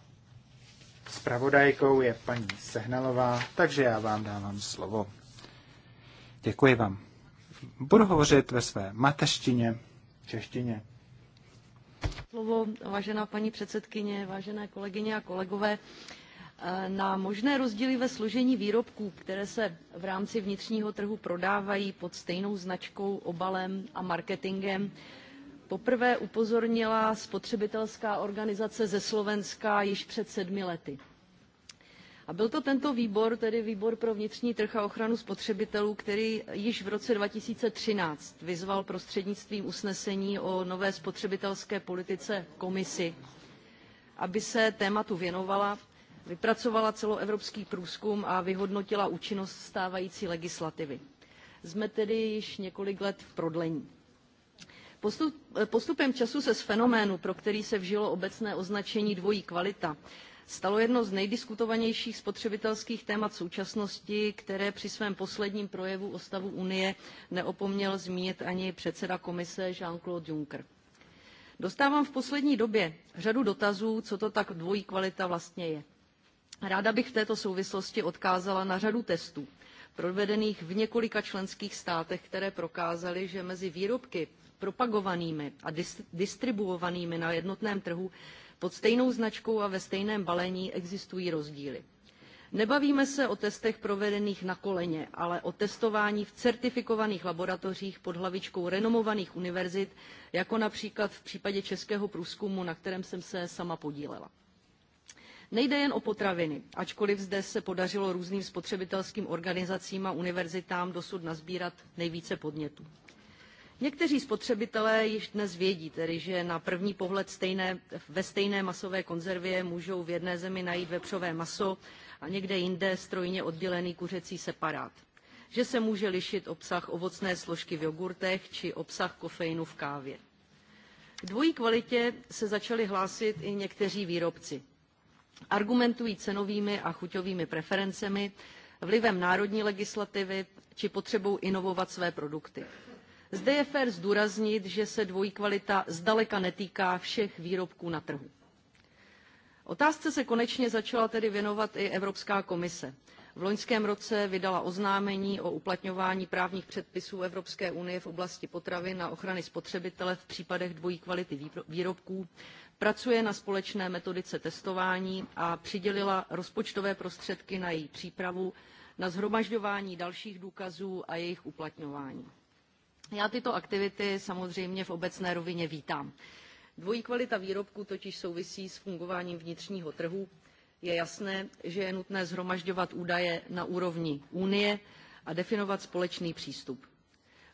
[SPEAKER 3] Spravodajkou je paní Sehnalová, takže já vám dávám slovo. Děkuji vám. Budu hovořit ve své mateřštině, češtině.
[SPEAKER 5] Slovo, vážená paní předsedkyně, vážené kolegyně a kolegové. Na možné rozdíly ve složení výrobků, které se v rámci vnitřního trhu prodávají pod stejnou značkou, obalem a marketingem, Poprvé upozornila spotřebitelská organizace ze Slovenska již před sedmi lety. A byl to tento výbor, tedy výbor pro vnitřní trh a ochranu spotřebitelů, který již v roce 2013 vyzval prostřednictvím usnesení o nové spotřebitelské politice komisi, aby se tématu věnovala, vypracovala celoevropský průzkum a vyhodnotila účinnost stávající legislativy. Jsme tedy již několik let v prodlení. Eh, postupem času se z fenoménu, pro který se vžilo obecné označení dvojí kvalita, stalo jedno z nejdiskutovanějších spotřebitelských témat současnosti, které při svém posledním projevu o stavu Unie neopomněl zmínit ani předseda komise Jean-Claude Juncker. Dostávám v poslední době řadu dotazů, co to tak dvojí kvalita vlastně je. Ráda bych v této souvislosti odkázala na řadu testů, provedených v několika členských státech, které prokázaly, že mezi výrobky propagovanými a dis distribuovanými na jednotném trhu pod stejnou značkou a ve stejném balení existují rozdíly. Nebavíme se o testech provedených na koleně, ale o testování v certifikovaných laboratořích pod hlavičkou renomovaných univerzit, jako například v případě českého průzkumu, na kterém jsem se sama podílela. Nejde jen o potraviny, ačkoliv zde se podařilo různým spotřebitelským organizacím a univerzitám dosud nazbírat nejvíce podnětů. Někteří spotřebitelé již dnes vědí tedy, že na první pohled stejné, ve stejné masové konzervě můžou v jedné zemi najít vepřové maso a někde jinde strojně oddělený kuřecí separát. Že se může lišit obsah ovocné složky v jogurtech či obsah kofeinu v kávě. K dvojí kvalitě se začali hlásit i někteří výrobci. Argumentují cenovými a chuťovými preferencemi, vlivem národní legislativy či potřebou inovovat své produkty. Zde je fér zdůraznit, že se dvojí kvalita zdaleka netýká všech výrobků na trhu. Otázce se konečně začala tedy věnovat i Evropská komise. V loňském roce vydala oznámení o uplatňování právních předpisů Evropské unie v oblasti potravin a ochrany spotřebitele v případech dvojí kvality výrobků, pracuje na společné metodice testování a přidělila rozpočtové prostředky na její přípravu, na zhromažďování dalších důkazů a jejich uplatňování. Já tyto aktivity samozřejmě v obecné rovině vítám. Dvojí kvalita výrobku totiž souvisí s fungováním vnitřního trhu. Je jasné, že je nutné zhromažďovat údaje na úrovni Unie a definovat společný přístup.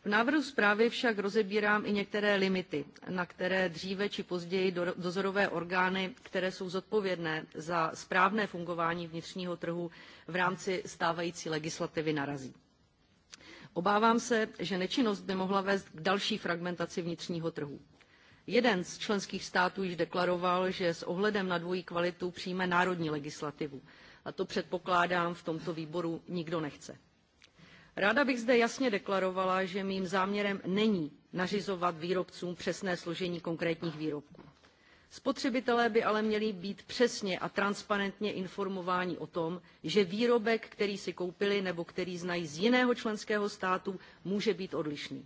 [SPEAKER 5] V návrhu zprávy však rozebírám i některé limity, na které dříve či později dozorové orgány, které jsou zodpovědné za správné fungování vnitřního trhu v rámci stávající legislativy narazí Obávám se, že nečinnost by mohla vést k další fragmentaci vnitřního trhu. Jeden z členských států již deklaroval, že s ohledem na dvojí kvalitu přijme národní legislativu. A to předpokládám v tomto výboru nikdo nechce. Ráda bych zde jasně deklarovala, že mým záměrem není nařizovat výrobcům přesné složení konkrétních výrobků. Spotřebitelé by ale měli být přesně a transparentně informováni o tom, že výrobek, který si koupili nebo který znají z jiného členského státu, může být odlišný.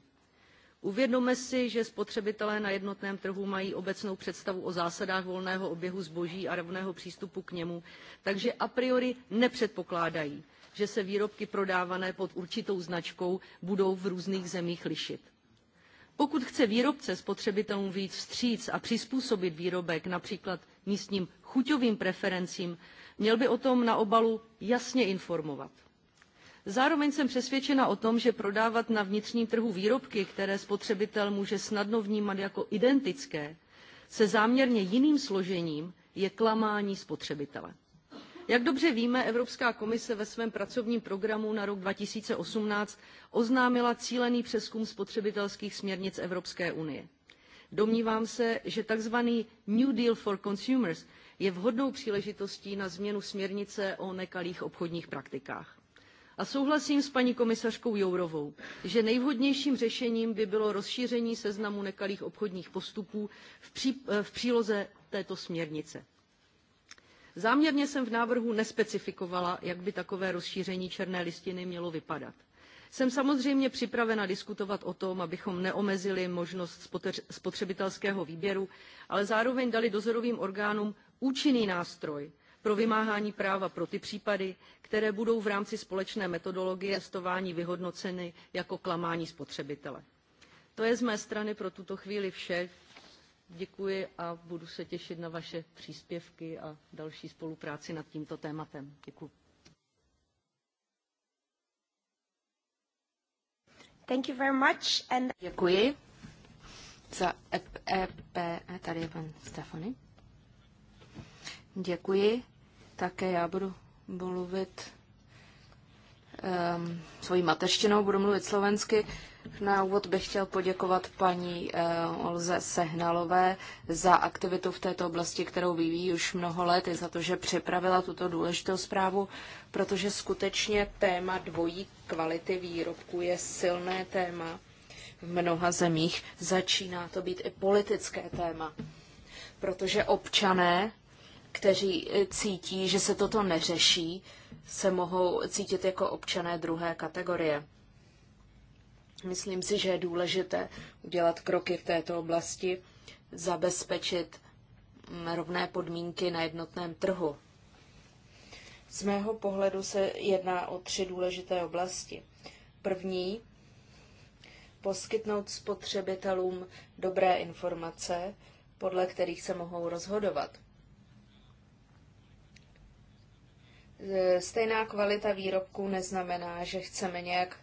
[SPEAKER 5] Uvědomme si, že spotřebitelé na jednotném trhu mají obecnou představu o zásadách volného oběhu zboží a rovného přístupu k němu, takže a priori nepředpokládají, že se výrobky prodávané pod určitou značkou budou v různých zemích lišit. Pokud chce výrobce spotřebitelům víc vstříc a přizpůsobit výrobek například místním chuťovým preferencím, měl by o tom na obalu jasně informovat. Zároveň jsem přesvědčena o tom, že prodávat na vnitřním trhu výrobky, které spotřebitel může snadno vnímat jako identické, se záměrně jiným složením je klamání spotřebitele. Jak dobře víme, Evropská komise ve svém pracovním programu na rok 2018 oznámila cílený přeskum spotřebitelských směrnic Evropské unie. Domnívám se, že tzv. New Deal for Consumers je vhodnou příležitostí na změnu směrnice o nekalých obchodních praktikách. A souhlasím s paní komisařkou Jourovou, že nejvhodnějším řešením by bylo rozšíření seznamu nekalých obchodních postupů v příloze této směrnice. Záměrně jsem v návrhu nespecifikovala, jak by takové rozšíření černé listiny mělo vypadat. Jsem samozřejmě připravena diskutovat o tom, abychom neomezili možnost spotřebitelského výběru, ale zároveň dali dozorovým orgánům účinný nástroj pro vymáhání práva pro ty případy, které budou v rámci společné metodologie testování vyhodnoceny jako klamání spotřebitele. To je z mé strany pro tuto chvíli vše děkuji a budu se těšit na vaše příspěvky a další spolupráci nad tímto tématem. Děkuji.
[SPEAKER 4] Thank you very much and... Děkuji. Za EP, e tady je pan Stefany. Děkuji. Také já budu mluvit um, svojí mateřštinou, budu mluvit slovensky. Na úvod bych chtěl poděkovat paní uh, Olze Sehnalové za aktivitu v této oblasti, kterou vyvíjí už mnoho let, i za to, že připravila tuto důležitou zprávu, protože skutečně téma dvojí kvality výrobků je silné téma v mnoha zemích. Začíná to být i politické téma, protože občané kteří e, cítí, že se toto neřeší, se mohou cítit jako občané druhé kategorie. Myslím si, že je důležité udělat kroky v této oblasti, zabezpečit mm, rovné podmínky na jednotném trhu. Z mého pohledu se jedná o tři důležité oblasti. První, poskytnout spotřebitelům dobré informace, podle kterých se mohou rozhodovat. E, stejná kvalita výrobků neznamená, že chceme nějak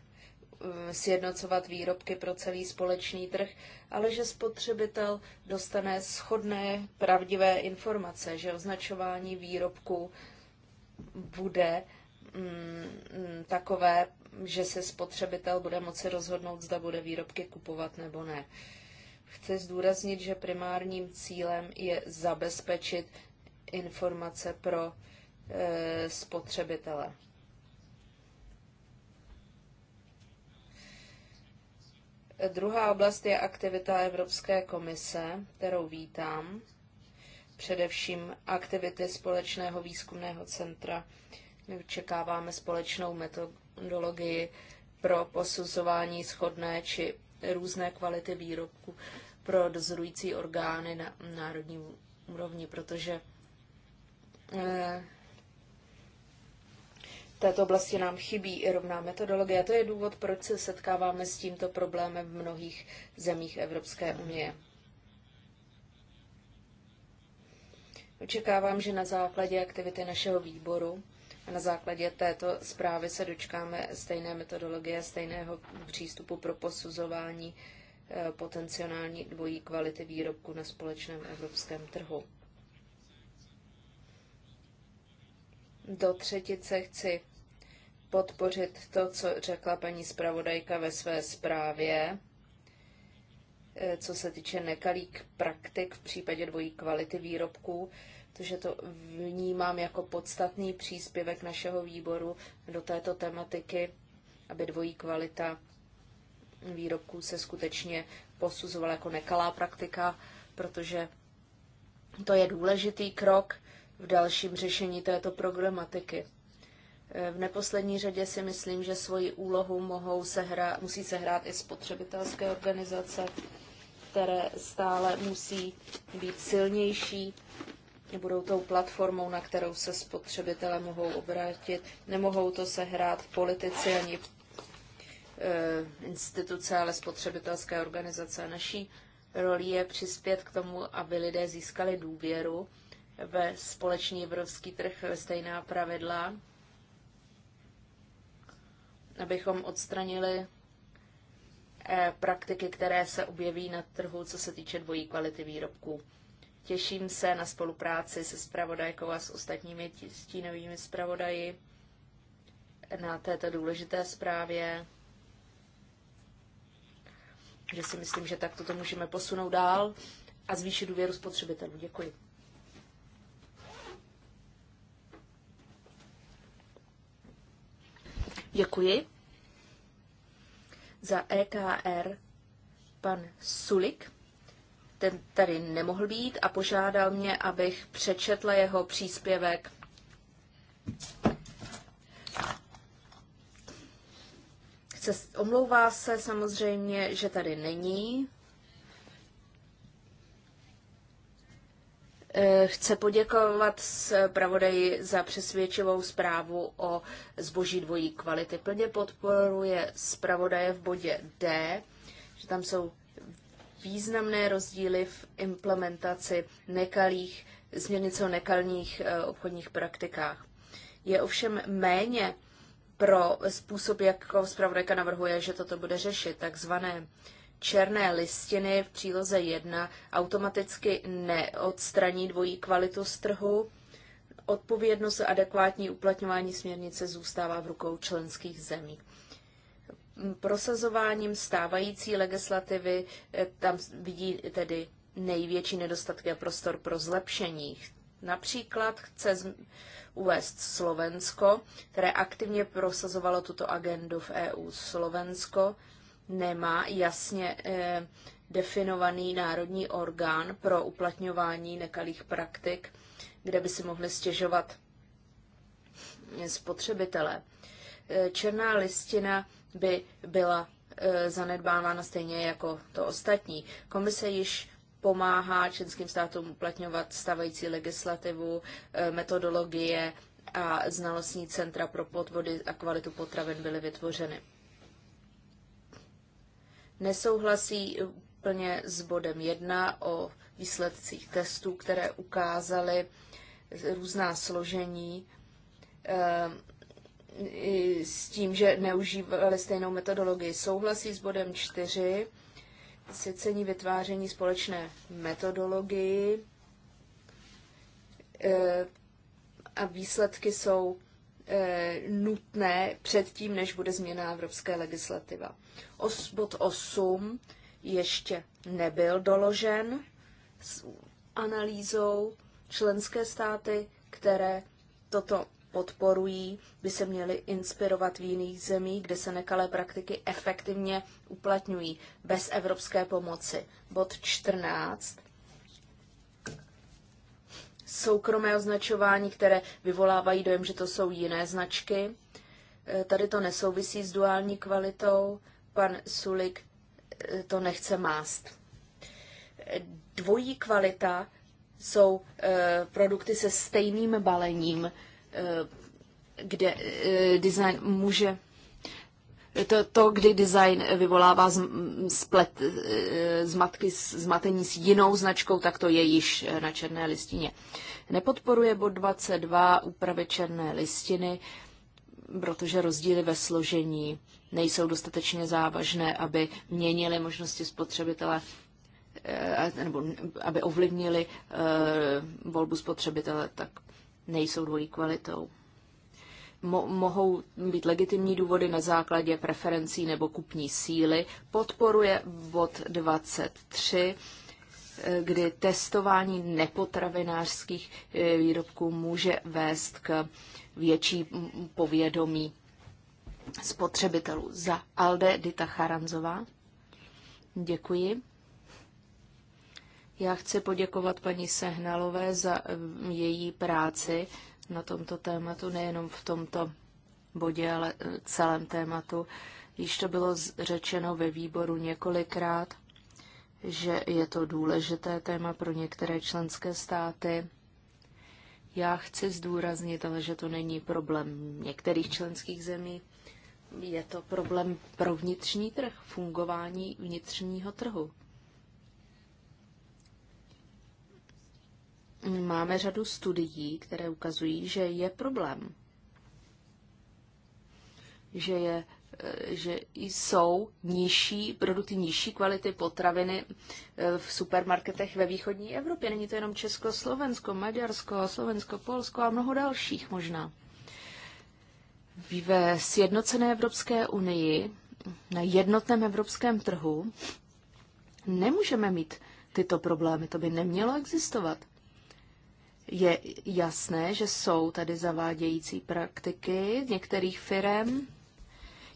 [SPEAKER 4] e, sjednocovat výrobky pro celý společný trh, ale že spotřebitel dostane shodné pravdivé informace, že označování výrobků bude mm, takové, že se spotřebitel bude moci rozhodnout, zda bude výrobky kupovat nebo ne. Chci zdůraznit, že primárním cílem je zabezpečit informace pro Eh, spotřebitele. Druhá oblast je aktivita Evropské komise, kterou vítám, především aktivity Společného výzkumného centra. Očekáváme společnou metodologii pro posuzování shodné či různé kvality výrobku pro dozorující orgány na národní úrovni, protože eh, této oblasti nám chybí i rovná metodologie. A to je důvod, proč se setkáváme s tímto problémem v mnohých zemích Evropské unie. Očekávám, že na základě aktivity našeho výboru a na základě této zprávy se dočkáme stejné metodologie, stejného přístupu pro posuzování eh, potenciální dvojí kvality výrobku na společném evropském trhu. Do třetice chci podpořit to, co řekla paní zpravodajka ve své zprávě, eh, co se týče nekalých praktik v případě dvojí kvality výrobků, protože to vnímám jako podstatný příspěvek našeho výboru do této tematiky, aby dvojí kvalita výrobků se skutečně posuzovala jako nekalá praktika, protože to je důležitý krok v dalším řešení této problematiky. V neposlední řadě si myslím, že svoji úlohu mohou sehrát, musí sehrát i spotřebitelské organizace, které stále musí být silnější, budou tou platformou, na kterou se spotřebitele mohou obrátit. Nemohou to sehrát politici ani e, instituce, ale spotřebitelské organizace. Naší roli je přispět k tomu, aby lidé získali důvěru ve společný evropský trh, ve stejná pravidla abychom odstranili eh, praktiky, které se objeví na trhu, co se týče dvojí kvality výrobků. Těším se na spolupráci se spravodajkou a s ostatními stínovými spravodaji na této důležité zprávě, že si myslím, že takto to můžeme posunout dál a zvýšit důvěru spotřebitelů. Děkuji. Děkuji. Za EKR pan Sulik, ten tady nemohl být a požádal mě, abych přečetla jeho příspěvek. Chce, omlouvá se samozřejmě, že tady není, Eh, chce poděkovat zpravodaji za přesvědčivou zprávu o zboží dvojí kvality. Plně podporuje zpravodaje v bodě D, že tam jsou významné rozdíly v implementaci nekalých, změnice o nekalých eh, obchodních praktikách. Je ovšem méně pro způsob, jak zpravodajka navrhuje, že toto bude řešit, takzvané černé listiny v příloze 1 automaticky neodstraní dvojí kvalitu z trhu. Odpovědnost za adekvátní uplatňování směrnice zůstává v rukou členských zemí. Prosazováním stávající legislativy eh, tam vidí tedy největší nedostatky a prostor pro zlepšení. Například chce uvést Slovensko, které aktivně prosazovalo tuto agendu v EU. Slovensko nemá jasně eh, definovaný národní orgán pro uplatňování nekalých praktik, kde by si mohli stěžovat spotřebitelé. Eh, černá listina by byla eh, zanedbávána stejně jako to ostatní. Komise již pomáhá členským státům uplatňovat stavající legislativu, metodologie a znalostní centra pro podvody a kvalitu potravin byly vytvořeny nesouhlasí úplně s bodem 1 o výsledcích testů, které ukázaly různá složení eh, s tím, že neužívali stejnou metodologii. Souhlasí s bodem 4, si cení vytváření společné metodologii eh, a výsledky jsou eh, nutné předtím, než bude změna evropské legislativa. Os, bod 8 ještě nebyl doložen s analýzou členské státy, které toto podporují, by se měly inspirovat v jiných zemích, kde se nekalé praktiky efektivně uplatňují bez evropské pomoci. Bod 14. Soukromé označování, které vyvolávají dojem, že to jsou jiné značky. E, tady to nesouvisí s duální kvalitou, pan Sulik eh, to nechce mást. Dvojí kvalita jsou eh, produkty se stejným balením, eh, kde design může to, to, kdy design vyvolává splet, z, zmatení s jinou značkou, tak to je již na černé listině. Nepodporuje bod 22 úpravy černé listiny, protože rozdíly ve složení nejsou dostatečně závažné, aby měnily možnosti spotřebitele eh, nebo aby ovlivnili eh, volbu spotřebitele, tak nejsou dvojí kvalitou. Mo- mohou být legitimní důvody na základě preferencí nebo kupní síly. Podporuje bod 23, eh, kdy testování nepotravinářských výrobků může vést k větší povědomí spotřebitelů. Za Alde Dita Charanzová. Děkuji. Já chci poděkovat paní Sehnalové za eh, její práci na tomto tématu, nejenom v tomto bodě, ale eh, celém tématu. Již to bylo řečeno ve výboru několikrát, že je to důležité téma pro některé členské státy. Já chci zdůraznit, ale že to není problém některých členských zemí je to problém pro vnitřní trh, fungování vnitřního trhu. Máme řadu studií, které ukazují, že je problém. Že, je, eh, že jsou nižší, produkty nižší kvality potraviny eh, v supermarketech ve východní Evropě. Není to jenom Česko, Slovensko, Maďarsko, Slovensko, Polsko a mnoho dalších možná ve sjednocené Evropské unii, na jednotném evropském trhu, nemůžeme mít tyto problémy. To by nemělo existovat. Je jasné, že jsou tady zavádějící praktiky některých firm.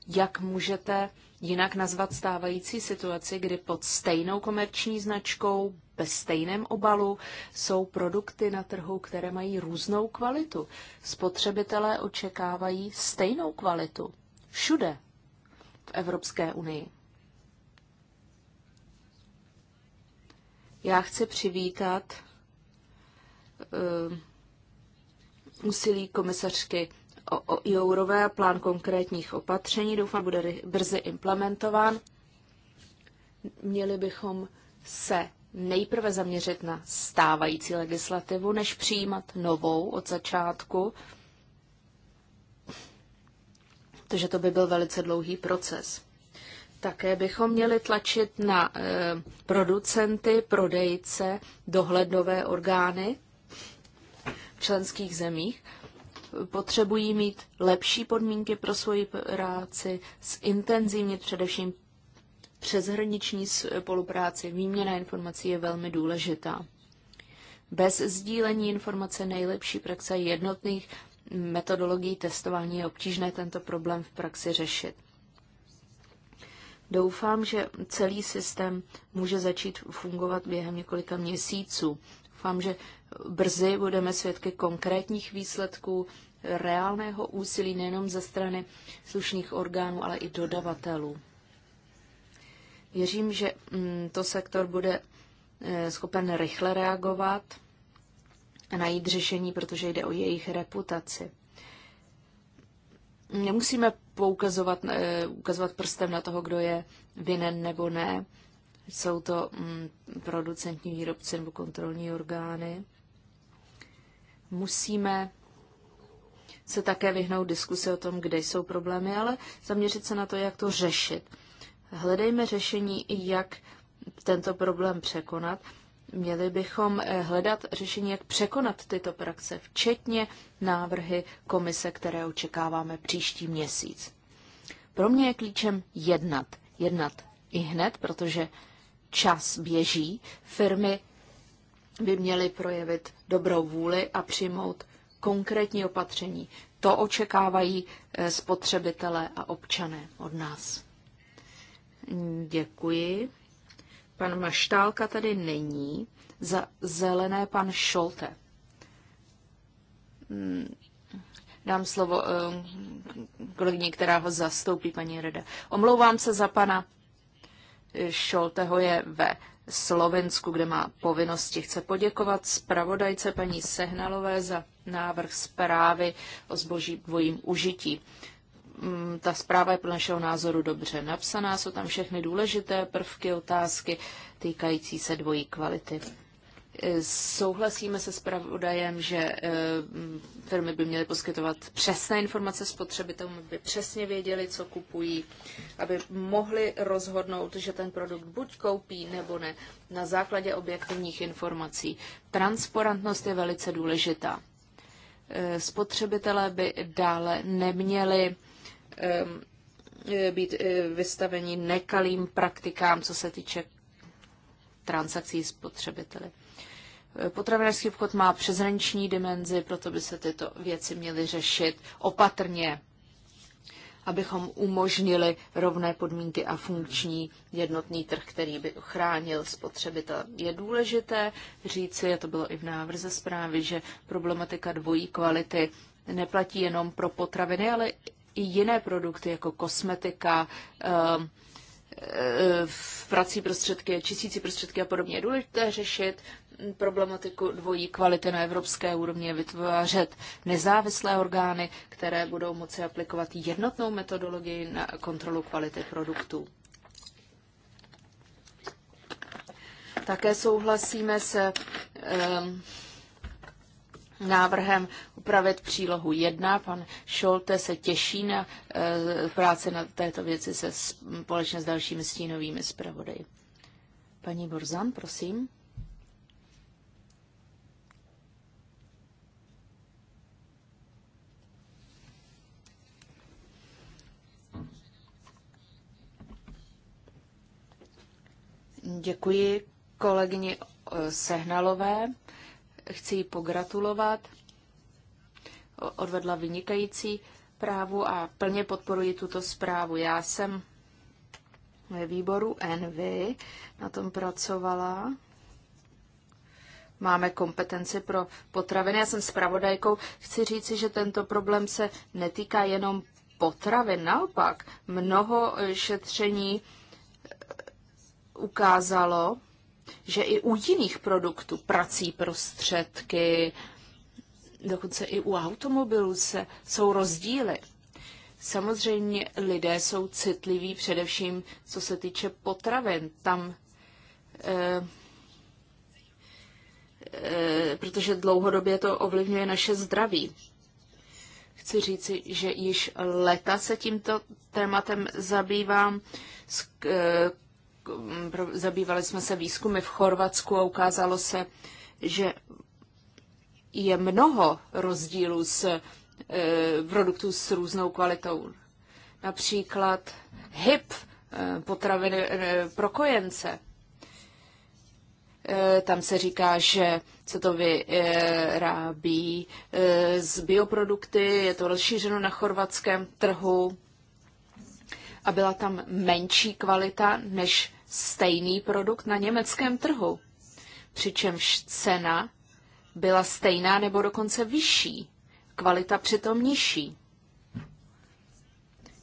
[SPEAKER 4] Jak můžete jinak nazvat stávající situaci, kdy pod stejnou komerční značkou ve stejném obalu jsou produkty na trhu, které mají různou kvalitu. Spotřebitelé očekávají stejnou kvalitu všude v Evropské unii. Já chci přivítat uh, úsilí komisařky o, o Jourové a plán konkrétních opatření. Doufám, bude brzy implementován. Měli bychom se nejprve zaměřit na stávající legislativu, než přijímat novou od začátku, protože to by byl velice dlouhý proces. Také bychom měli tlačit na eh, producenty, prodejce, dohledové orgány v členských zemích. Potřebují mít lepší podmínky pro svoji práci, zintenzivnit především přeshraniční spolupráci, výměna informací je velmi důležitá. Bez sdílení informace nejlepší praxe jednotných metodologií testování je obtížné tento problém v praxi řešit. Doufám, že celý systém může začít fungovat během několika měsíců. Doufám, že brzy budeme svědky konkrétních výsledků reálného úsilí nejenom ze strany slušných orgánů, ale i dodavatelů. Věřím, že mm, to sektor bude eh, schopen rychle reagovat a najít řešení, protože jde o jejich reputaci. Nemusíme poukazovat, eh, ukazovat prstem na toho, kdo je vinen nebo ne. Jsou to mm, producentní výrobci nebo kontrolní orgány. Musíme se také vyhnout diskuse o tom, kde jsou problémy, ale zaměřit se na to, jak to řešit. Hledejme řešení, jak tento problém překonat. Měli bychom eh, hledat řešení, jak překonat tyto praxe, včetně návrhy komise, které očekáváme příští měsíc. Pro mě je klíčem jednat. Jednat i hned, protože čas běží. Firmy by měly projevit dobrou vůli a přijmout konkrétní opatření. To očekávají eh, spotřebitelé a občané od nás. Děkuji. Pan Maštálka tady není. Za zelené pan Šolte. Hmm. Dám slovo um, kolegyni, která ho zastoupí, paní Reda. Omlouvám se za pana Šolteho je ve Slovensku, kde má povinnosti. Chce poděkovat zpravodajce paní Sehnalové za návrh zprávy o zboží dvojím užití. Mm, ta zpráva je pro našeho názoru dobře napsaná, jsou tam všechny důležité prvky, otázky týkající se dvojí kvality. E, souhlasíme se pravodajem, že e, mm, firmy by měly poskytovat přesné informace spotřebitelům, aby přesně věděli, co kupují, aby mohli rozhodnout, že ten produkt buď koupí nebo ne, na základě objektivních informací. Transparentnost je velice důležitá. E, spotřebitelé by dále neměli Um, e, být e, vystaveni nekalým praktikám, co se týče transakcí spotřebiteli. Potravinářský obchod má přezranční dimenzi, proto by se tyto věci měly řešit opatrně, abychom umožnili rovné podmínky a funkční jednotný trh, který by ochránil spotřebitele. Je důležité říci, a to bylo i v návrze zprávy, že problematika dvojí kvality neplatí jenom pro potraviny, ale i jiné produkty, jako kosmetika, ehm, eh, prací prostředky, čistící prostředky a podobně. Je důležité řešit problematiku dvojí kvality na evropské úrovni, vytvářet nezávislé orgány, které budou moci aplikovat jednotnou metodologii na kontrolu kvality produktů. Také souhlasíme se um, návrhem upravit přílohu 1. Pan Šolte se těší na e, práci na této věci se společně s dalšími stínovými zpravodaji. Paní Borzan, prosím. Děkuji kolegyni eh, Sehnalové Chci jí pogratulovat. Odvedla vynikající právu a plně podporuji tuto zprávu. Já jsem ve výboru Envy na tom pracovala. Máme kompetence pro potraviny. Já jsem zpravodajkou. Chci říci, že tento problém se netýká jenom potravin. Naopak, mnoho šetření ukázalo, že i u jiných produktů, prací prostředky, dokonce i u automobilů se, jsou rozdíly. Samozřejmě lidé jsou citliví především, co se týče potravin. Tam e, e, protože dlouhodobě to ovlivňuje naše zdraví. Chci říci, že již leta se tímto tématem zabývám. Eh, zabývali jsme se výzkumy v Chorvatsku a ukázalo se, že je mnoho rozdílů s e, produktů s různou kvalitou. Například HIP, e, potraviny e, pro kojence. tam se říká, že se to vyrábí z bioprodukty, je to rozšířeno na chorvatském trhu a byla tam menší kvalita než stejný produkt na německém trhu, přičemž cena byla stejná nebo dokonce vyšší, kvalita přitom nižší.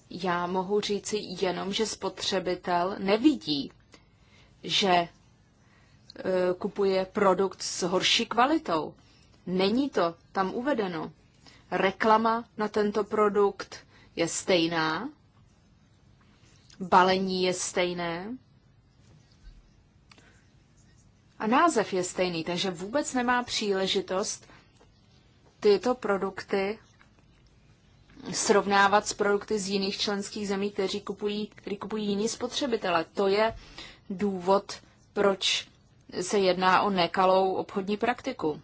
[SPEAKER 4] Já mohu říci jenom, že spotřebitel nevidí, že e, kupuje produkt s horší kvalitou. Není to tam uvedeno. Reklama na tento produkt je stejná, balení je stejné. A název je stejný, takže vůbec nemá příležitost tyto produkty srovnávat s produkty z jiných členských zemí, kteří kupují, který kupují jiní spotřebitele. To je důvod, proč se jedná o nekalou obchodní praktiku.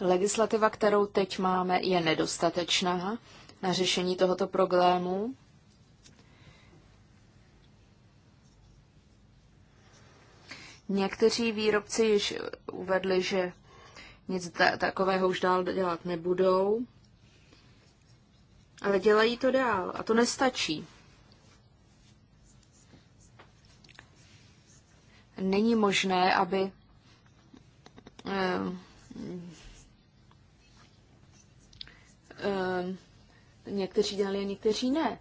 [SPEAKER 4] Legislativa, kterou teď máme, je nedostatečná na řešení tohoto problému. Někteří výrobci již uvedli, že nic ta- takového už dál dělat nebudou, ale dělají to dál a to nestačí. Není možné, aby um, um, někteří dělali a někteří ne.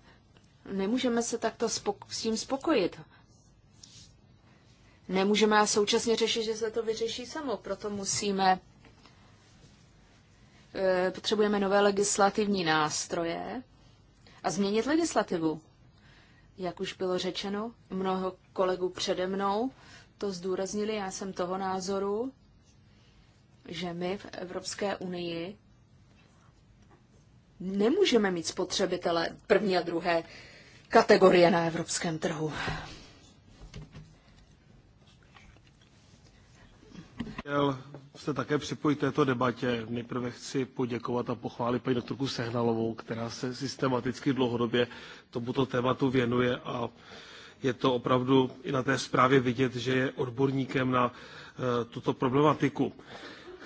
[SPEAKER 4] Nemůžeme se takto spok- s tím spokojit nemůžeme současně řešit, že se to vyřeší samo. Proto musíme, eh, potřebujeme nové legislativní nástroje a změnit legislativu. Jak už bylo řečeno, mnoho kolegů přede mnou to zdůraznili, já jsem toho názoru, že my v Evropské unii nemůžeme mít spotřebitele první a druhé kategorie na evropském trhu.
[SPEAKER 1] Chtěl se také připojit této debatě. Nejprve chci poděkovat a pochválit paní doktorku Sehnalovou, která se systematicky dlouhodobě tomuto tématu věnuje a je to opravdu i na té zprávě vidět, že je odborníkem na eh, tuto problematiku.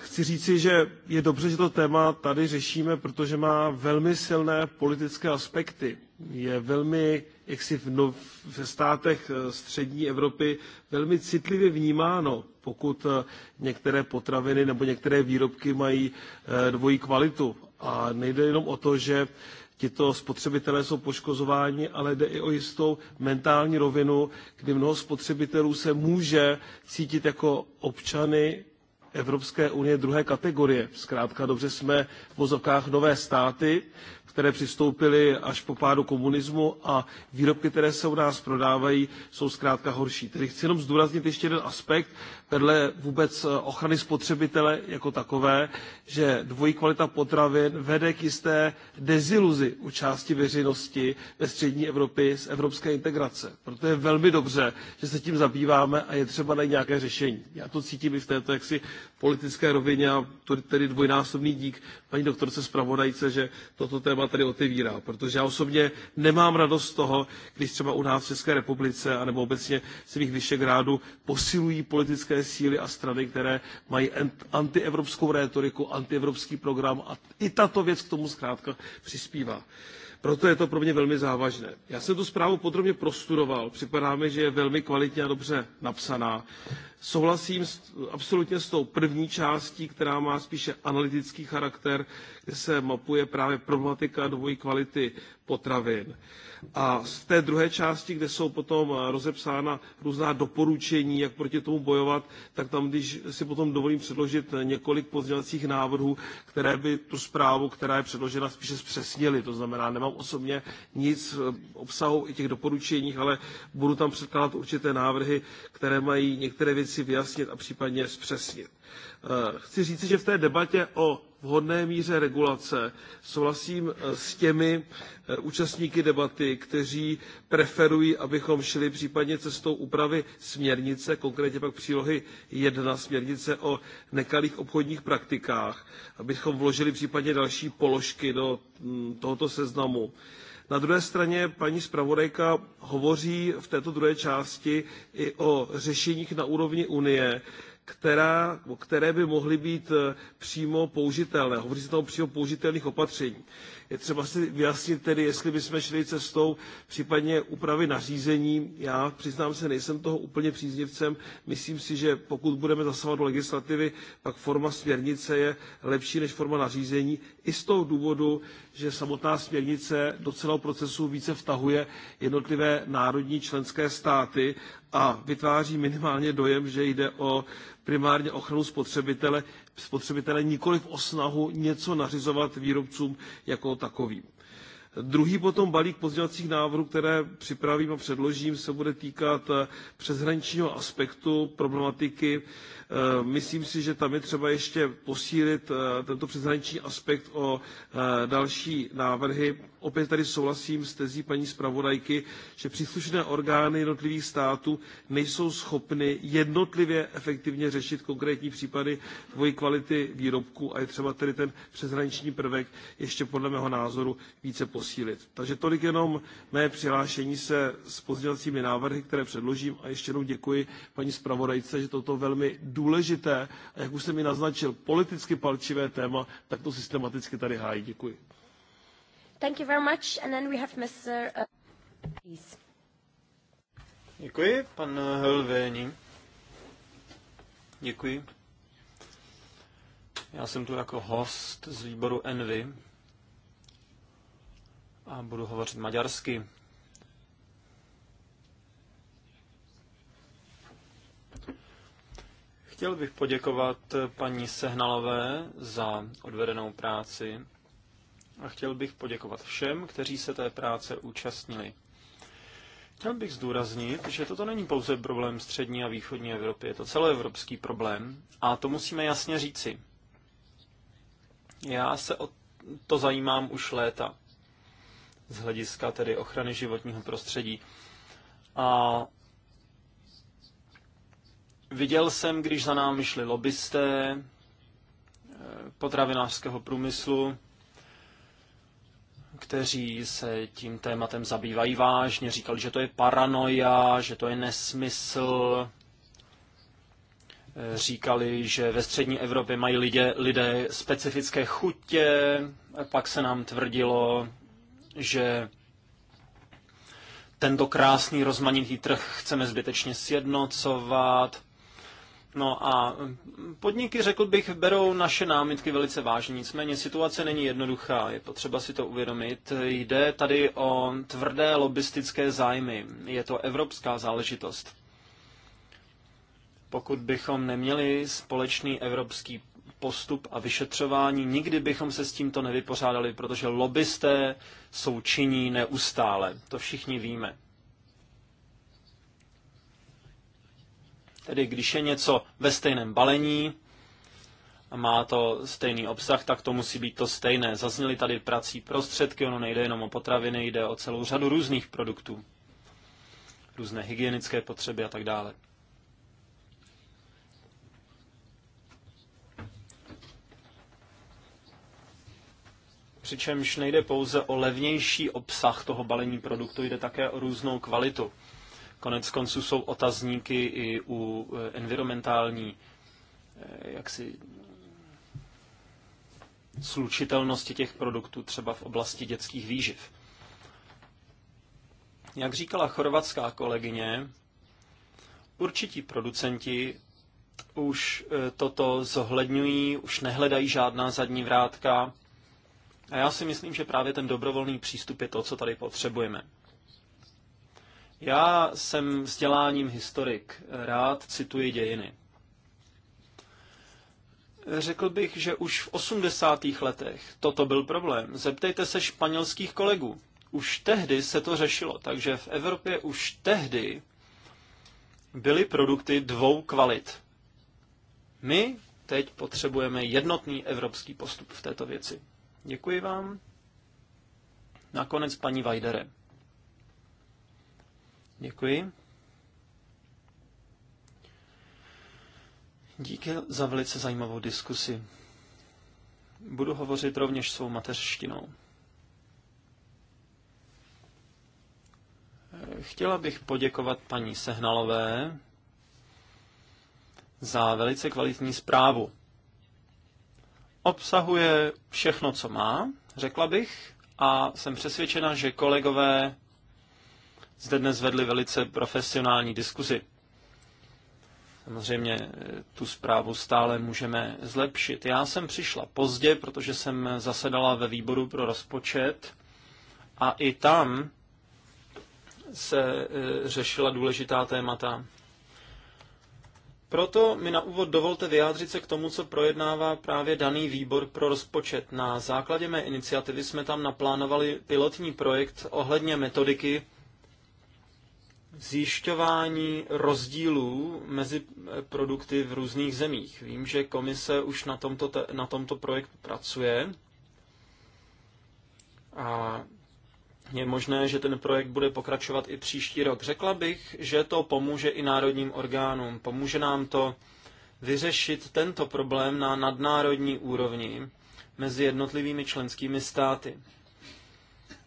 [SPEAKER 1] Chci říci, že je dobře, že to téma tady řešíme, protože má velmi silné politické aspekty. Je velmi, jak si v, no, ve státech eh, střední Evropy, velmi citlivě vnímáno pokud eh, některé potraviny nebo některé výrobky mají eh, dvojí kvalitu. A nejde jenom o to, že tito spotřebitelé jsou poškozováni, ale jde i o jistou mentální rovinu, kdy mnoho spotřebitelů se může cítit jako občany Evropské unie druhé kategorie. Zkrátka dobře jsme v vozovkách nové státy, které přistoupily až po pádu komunismu a výrobky, které se u nás prodávají, jsou zkrátka horší. Tedy chci jenom zdůraznit ještě jeden aspekt vedle vůbec eh, ochrany spotřebitele jako takové, že dvojí kvalita potravin vede k jisté deziluzi u části veřejnosti ve střední Evropě z evropské integrace. Proto je velmi dobře, že se tím zabýváme a je třeba najít nějaké řešení. Já to cítím i v této jaksi politické rovině a tedy dvojnásobný dík paní doktorce zpravodajce, že toto téma téma tady otevírá, protože já osobně nemám radost z toho, když třeba u nás v České republice nebo obecně v zemích Vyšegrádu posilují politické síly a strany, které mají antievropskou rétoriku, antievropský program a i tato věc k tomu zkrátka přispívá. Proto je to pro mě velmi závažné. Já jsem tu zprávu podrobně prostudoval, připadá mi, že je velmi kvalitně a dobře napsaná. Souhlasím s, absolutně s tou první částí, která má spíše analytický charakter, kde se mapuje právě problematika dvojí kvality potravin. A z té druhé části, kde jsou potom eh, rozepsána různá doporučení, jak proti tomu bojovat, tak tam, když si potom dovolím předložit eh, několik pozdělacích návrhů, které by tu zprávu, která je předložena, spíše zpřesnily. To znamená, nemám osobně nic obsahu i těch doporučeních, ale budu tam předkládat určité návrhy, které mají některé věci věci vyjasnit a případně zpřesnit. Eh, chci říci, že v té debatě o vhodné míře regulace souhlasím eh, s těmi eh, účastníky debaty, kteří preferují, abychom šli případně cestou úpravy směrnice, konkrétně pak přílohy 1 směrnice o nekalých obchodních praktikách, abychom vložili případně další položky do mm, tohoto seznamu. Na druhé straně paní zpravodajka hovoří v této druhé části i o řešeních na úrovni Unie, která, které by mohly být eh, přímo použitelné. Hovoří se tam o přímo použitelných opatřeních. Je třeba si vyjasnit tedy, jestli bychom šli cestou případně úpravy nařízení. Já přiznám se, nejsem toho úplně příznivcem. Myslím si, že pokud budeme zasahovat do legislativy, pak forma směrnice je lepší než forma nařízení. I z toho důvodu, že samotná směrnice do celého procesu více vtahuje jednotlivé národní členské státy a vytváří minimálně dojem, že jde o primárně ochranu spotřebitele, spotřebitele, nikoliv o snahu něco nařizovat výrobcům jako takovým. Druhý potom balík pozdělacích návrhů, které připravím a předložím, se bude týkat eh, přeshraničního aspektu problematiky Eh, myslím si, že tam je třeba ještě posílit eh, tento přeshraniční aspekt o eh, další návrhy. Opět tady souhlasím s tezí paní zpravodajky, že příslušné orgány jednotlivých států nejsou schopny jednotlivě efektivně řešit konkrétní případy dvojí kvality výrobků a je třeba tedy ten přeshraniční prvek ještě podle mého názoru více posílit. Takže tolik jenom mé přihlášení se s pozdělacími návrhy, které předložím a ještě jednou děkuji paní zpravodajce, že toto velmi důležité důležité a jak už jsem i naznačil, politicky palčivé téma, tak to systematicky tady hájí. Děkuji.
[SPEAKER 2] Thank you very much. And then we have Mr. Please. Uh, Děkuji, pan Helvéni. Děkuji. Já jsem tu jako host z výboru Envy a budu hovořit maďarsky. Chtěl bych poděkovat paní Sehnalové za odvedenou práci a chtěl bych poděkovat všem, kteří se té práce účastnili. Chtěl bych zdůraznit, že toto není pouze problém střední a východní Evropy, je to celoevropský problém a to musíme jasně říci. Já se o to zajímám už léta z hlediska tedy ochrany životního prostředí. A Viděl jsem, když za námi šli lobbysté eh, potravinářského průmyslu, kteří se tím tématem zabývají vážně, říkali, že to je paranoia, že to je nesmysl, eh, říkali, že ve střední Evropě mají lidé, lidé specifické chutě, pak se nám tvrdilo, že tento krásný rozmanitý trh chceme zbytečně sjednocovat, No a hm, podniky, řekl bych, berou naše námitky velice vážně, nicméně situace není jednoduchá, je potřeba si to uvědomit. Jde tady o tvrdé lobbystické zájmy, je to evropská záležitost. Pokud bychom neměli společný evropský postup a vyšetřování, nikdy bychom se s tímto nevypořádali, protože lobbysté jsou činí neustále, to všichni víme. Tedy když je něco ve stejném balení a má to stejný obsah, tak to musí být to stejné. Zazněly tady prací prostředky, ono nejde jenom o potraviny, jde o celou řadu různých produktů. Různé hygienické potřeby a tak dále. Přičemž nejde pouze o levnější obsah toho balení produktu, jde také o různou kvalitu. Konec konců jsou otazníky i u eh, environmentální eh, jaksi slučitelnosti těch produktů třeba v oblasti dětských výživ. Jak říkala chorvatská kolegyně, určití producenti už eh, toto zohledňují, už nehledají žádná zadní vrátka. A já si myslím, že právě ten dobrovolný přístup je to, co tady potřebujeme. Já jsem vzděláním historik, rád cituji dějiny. Řekl bych, že už v 80. letech toto byl problém. Zeptejte se španělských kolegů. Už tehdy se to řešilo, takže v Evropě už tehdy byly produkty dvou kvalit. My teď potřebujeme jednotný evropský postup v této věci. Děkuji vám. Nakonec paní Vajdere. Děkuji. Díky za velice zajímavou diskusi. Budu hovořit rovněž svou mateřštinou. Chtěla bych poděkovat paní Sehnalové za velice kvalitní zprávu. Obsahuje všechno, co má, řekla bych, a jsem přesvědčena, že kolegové zde dnes vedli velice profesionální diskuzi. Samozřejmě eh, tu zprávu stále můžeme zlepšit. Já jsem přišla pozdě, protože jsem zasedala ve výboru pro rozpočet a i tam se eh, řešila důležitá témata. Proto mi na úvod dovolte vyjádřit se k tomu, co projednává právě daný výbor pro rozpočet. Na základě mé iniciativy jsme tam naplánovali pilotní projekt ohledně metodiky zjišťování rozdílů mezi eh, produkty v různých zemích. Vím, že komise už na tomto, te, na tomto projektu pracuje a je možné, že ten projekt bude pokračovat i příští rok. Řekla bych, že to pomůže i národním orgánům. Pomůže nám to vyřešit tento problém na nadnárodní úrovni mezi jednotlivými členskými státy.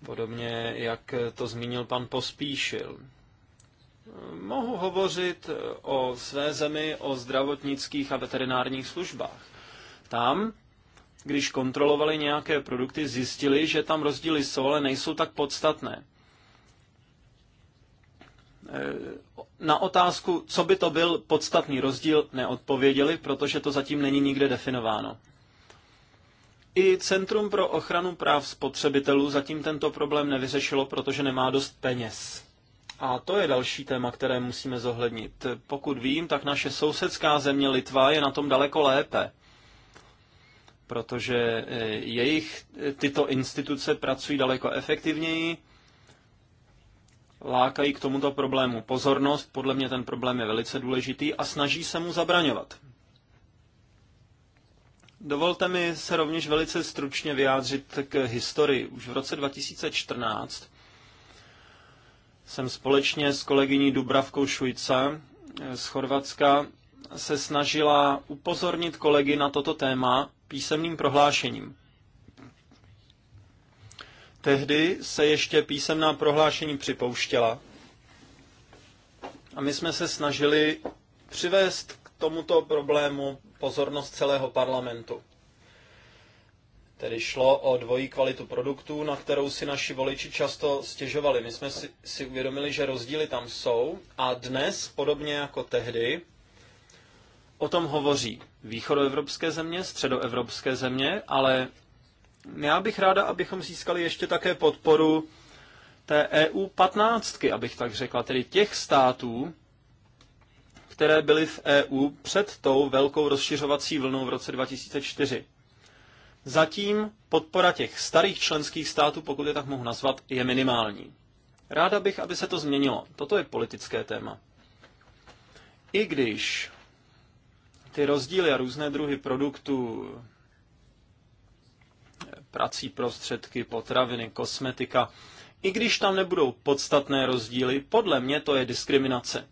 [SPEAKER 2] Podobně, jak to zmínil pan Pospíšil. Mohu hovořit o své zemi, o zdravotnických a veterinárních službách. Tam, když kontrolovali nějaké produkty, zjistili, že tam rozdíly jsou, ale nejsou tak podstatné. E, na otázku, co by to byl podstatný rozdíl, neodpověděli, protože to zatím není nikde definováno. I Centrum pro ochranu práv spotřebitelů zatím tento problém nevyřešilo, protože nemá dost peněz. A to je další téma, které musíme zohlednit. Pokud vím, tak naše sousedská země Litva je na tom daleko lépe, protože e, jejich e, tyto instituce pracují daleko efektivněji, lákají k tomuto problému pozornost, podle mě ten problém je velice důležitý a snaží se mu zabraňovat. Dovolte mi se rovněž velice stručně vyjádřit k historii. Už v roce 2014 jsem společně s kolegyní Dubravkou Šujce eh, z Chorvatska se snažila upozornit kolegy na toto téma písemným prohlášením. Tehdy se ještě písemná prohlášení připouštěla a my jsme se snažili přivést k tomuto problému pozornost celého parlamentu. Tedy šlo o dvojí kvalitu produktů, na kterou si naši voliči často stěžovali. My jsme si, si uvědomili, že rozdíly tam jsou a dnes, podobně jako tehdy, o tom hovoří východoevropské země, středoevropské země, ale já bych ráda, abychom získali ještě také podporu té EU patnáctky, abych tak řekla, tedy těch států, které byly v EU před tou velkou rozšiřovací vlnou v roce 2004. Zatím podpora těch starých členských států, pokud je tak mohu nazvat, je minimální. Ráda bych, aby se to změnilo. Toto je politické téma. I když ty rozdíly a různé druhy produktů, prací prostředky, potraviny, kosmetika, i když tam nebudou podstatné rozdíly, podle mě to je diskriminace.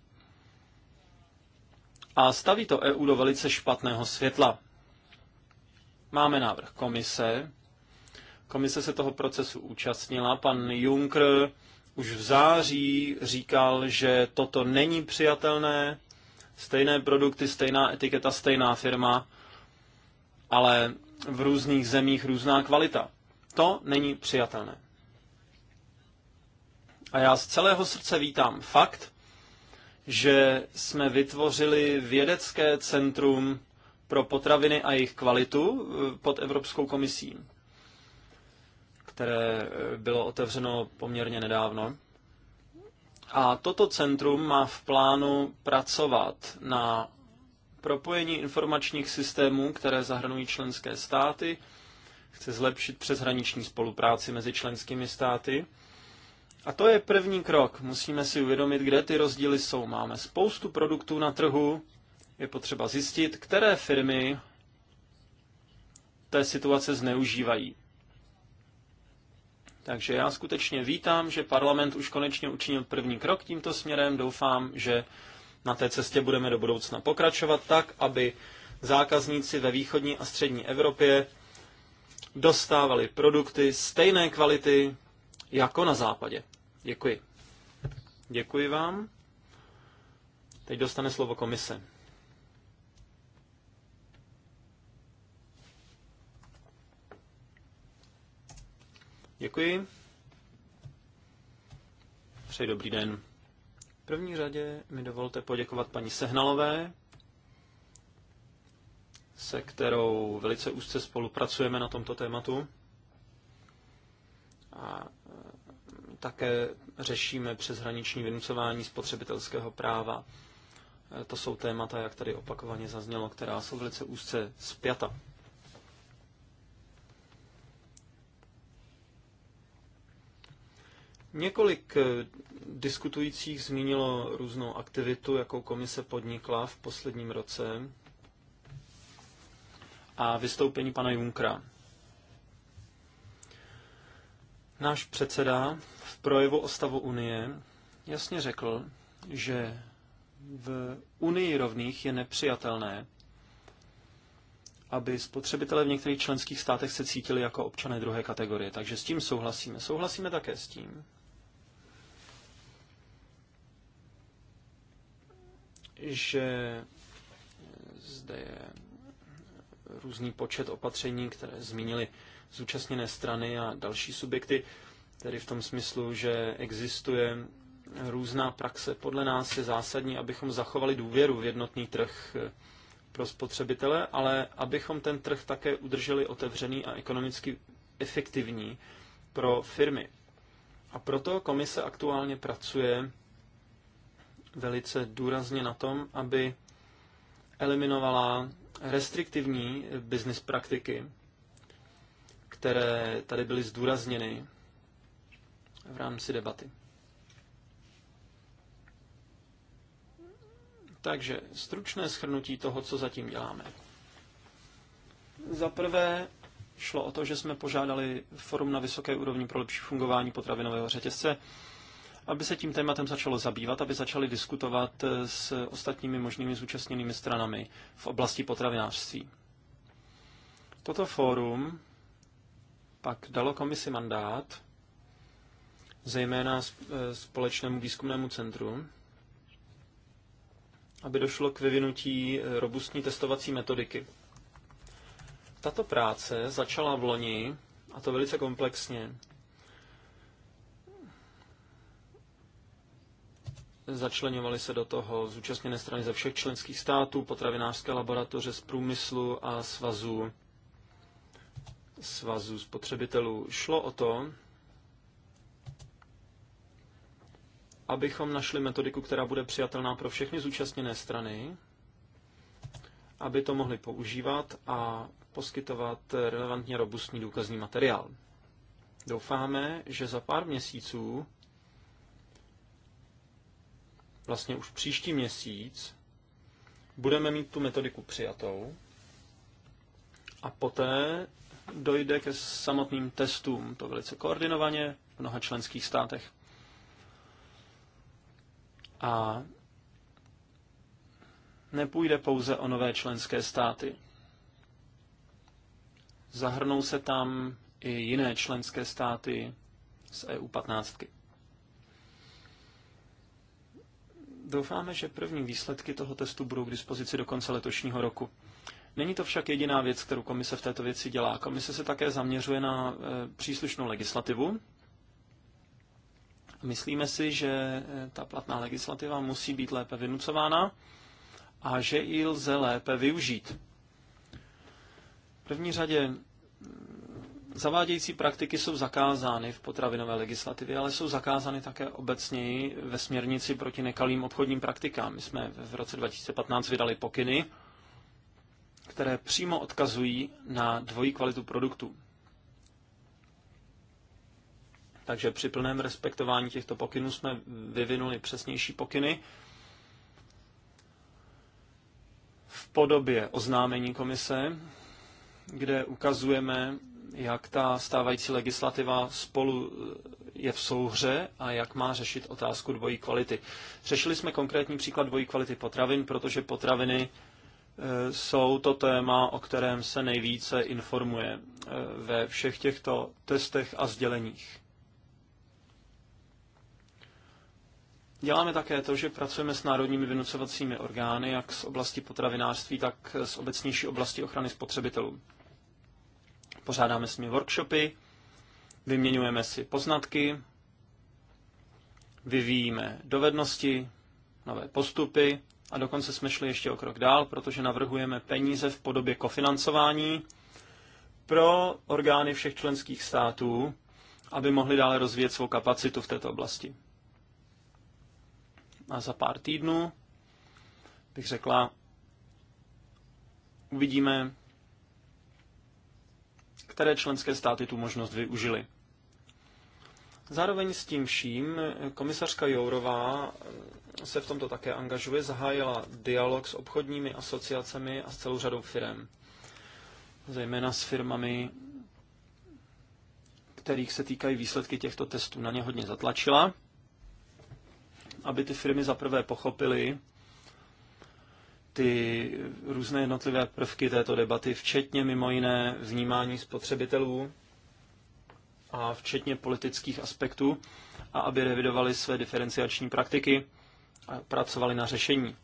[SPEAKER 2] A staví to EU do velice špatného světla. Máme návrh komise. Komise se toho procesu účastnila. Pan Juncker už v září říkal, že toto není přijatelné. Stejné produkty, stejná etiketa, stejná firma, ale v různých zemích různá kvalita. To není přijatelné. A já z celého srdce vítám fakt, že jsme vytvořili vědecké centrum pro potraviny a jejich kvalitu eh, pod Evropskou komisí, které eh, bylo otevřeno poměrně nedávno. A toto centrum má v plánu pracovat na propojení informačních systémů, které zahrnují členské státy, chce zlepšit přeshraniční spolupráci mezi členskými státy. A to je první krok. Musíme si uvědomit, kde ty rozdíly jsou. Máme spoustu produktů na trhu, je potřeba zjistit, které firmy té situace zneužívají. Takže já skutečně vítám, že parlament už konečně učinil první krok tímto směrem. Doufám, že na té cestě budeme do budoucna pokračovat tak, aby zákazníci ve východní a střední Evropě dostávali produkty stejné kvality jako na západě. Děkuji. Děkuji vám. Teď dostane slovo komise. Děkuji. Přeji dobrý den. V první řadě mi dovolte poděkovat paní Sehnalové, se kterou velice úzce spolupracujeme na tomto tématu. A e, také řešíme přeshraniční vynucování spotřebitelského práva. E, to jsou témata, jak tady opakovaně zaznělo, která jsou velice úzce spjata. Několik eh, diskutujících zmínilo různou aktivitu, jakou komise podnikla v posledním roce a vystoupení pana Junkra. Náš předseda v projevu o stavu Unie jasně řekl, že v Unii rovných je nepřijatelné, aby spotřebitelé v některých členských státech se cítili jako občané druhé kategorie. Takže s tím souhlasíme. Souhlasíme také s tím, že zde je různý počet opatření, které zmínili zúčastněné strany a další subjekty, tedy v tom smyslu, že existuje různá praxe. Podle nás je zásadní, abychom zachovali důvěru v jednotný trh pro spotřebitele, ale abychom ten trh také udrželi otevřený a ekonomicky efektivní pro firmy. A proto komise aktuálně pracuje velice důrazně na tom, aby eliminovala restriktivní business praktiky, které tady byly zdůrazněny v rámci debaty. Takže stručné schrnutí toho, co zatím děláme. Za prvé šlo o to, že jsme požádali forum na vysoké úrovni pro lepší fungování potravinového řetězce, aby se tím tématem začalo zabývat, aby začali diskutovat eh, s ostatními možnými zúčastněnými stranami v oblasti potravinářství. Toto fórum pak dalo komisi mandát, zejména eh, společnému výzkumnému centru, aby došlo k vyvinutí eh, robustní testovací metodiky. Tato práce začala v loni, a to velice komplexně, Začlenovaly se do toho zúčastněné strany ze všech členských států, potravinářské laboratoře z průmyslu a svazu, svazu spotřebitelů. Šlo o to, abychom našli metodiku, která bude přijatelná pro všechny zúčastněné strany, aby to mohli používat a poskytovat relevantně robustní důkazní materiál. Doufáme, že za pár měsíců vlastně už příští měsíc budeme mít tu metodiku přijatou a poté dojde ke samotným testům, to velice koordinovaně v mnoha členských státech. A nepůjde pouze o nové členské státy. Zahrnou se tam i jiné členské státy z EU 15. Doufáme, že první výsledky toho testu budou k dispozici do konce letošního roku. Není to však jediná věc, kterou komise v této věci dělá. Komise se také zaměřuje na eh, příslušnou legislativu. Myslíme si, že eh, ta platná legislativa musí být lépe vynucována a že ji lze lépe využít. V první řadě Zavádějící praktiky jsou zakázány v potravinové legislativě, ale jsou zakázány také obecněji ve směrnici proti nekalým obchodním praktikám. My jsme v roce 2015 vydali pokyny, které přímo odkazují na dvojí kvalitu produktů. Takže při plném respektování těchto pokynů jsme vyvinuli přesnější pokyny v podobě oznámení komise, kde ukazujeme, jak ta stávající legislativa spolu eh, je v souhře a jak má řešit otázku dvojí kvality. Řešili jsme konkrétní příklad dvojí kvality potravin, protože potraviny eh, jsou to téma, o kterém se nejvíce informuje eh, ve všech těchto testech a sděleních. Děláme také to, že pracujeme s národními vynucovacími orgány, jak z oblasti potravinářství, tak z obecnější oblasti ochrany spotřebitelů. Pořádáme s nimi workshopy, vyměňujeme si poznatky, vyvíjíme dovednosti, nové postupy a dokonce jsme šli ještě o krok dál, protože navrhujeme peníze v podobě kofinancování pro orgány všech členských států, aby mohli dále rozvíjet svou kapacitu v této oblasti. A za pár týdnů bych řekla, uvidíme, Některé členské státy tu možnost využily. Zároveň s tím vším komisařka Jourová eh, se v tomto také angažuje, zahájila dialog s obchodními asociacemi a s celou řadou firm. Zejména s firmami, kterých se týkají výsledky těchto testů. Na ně hodně zatlačila, aby ty firmy zaprvé pochopily, ty různé jednotlivé prvky této debaty, včetně mimo jiné vnímání spotřebitelů a včetně politických aspektů, a aby revidovali své diferenciační praktiky a pracovali na řešení.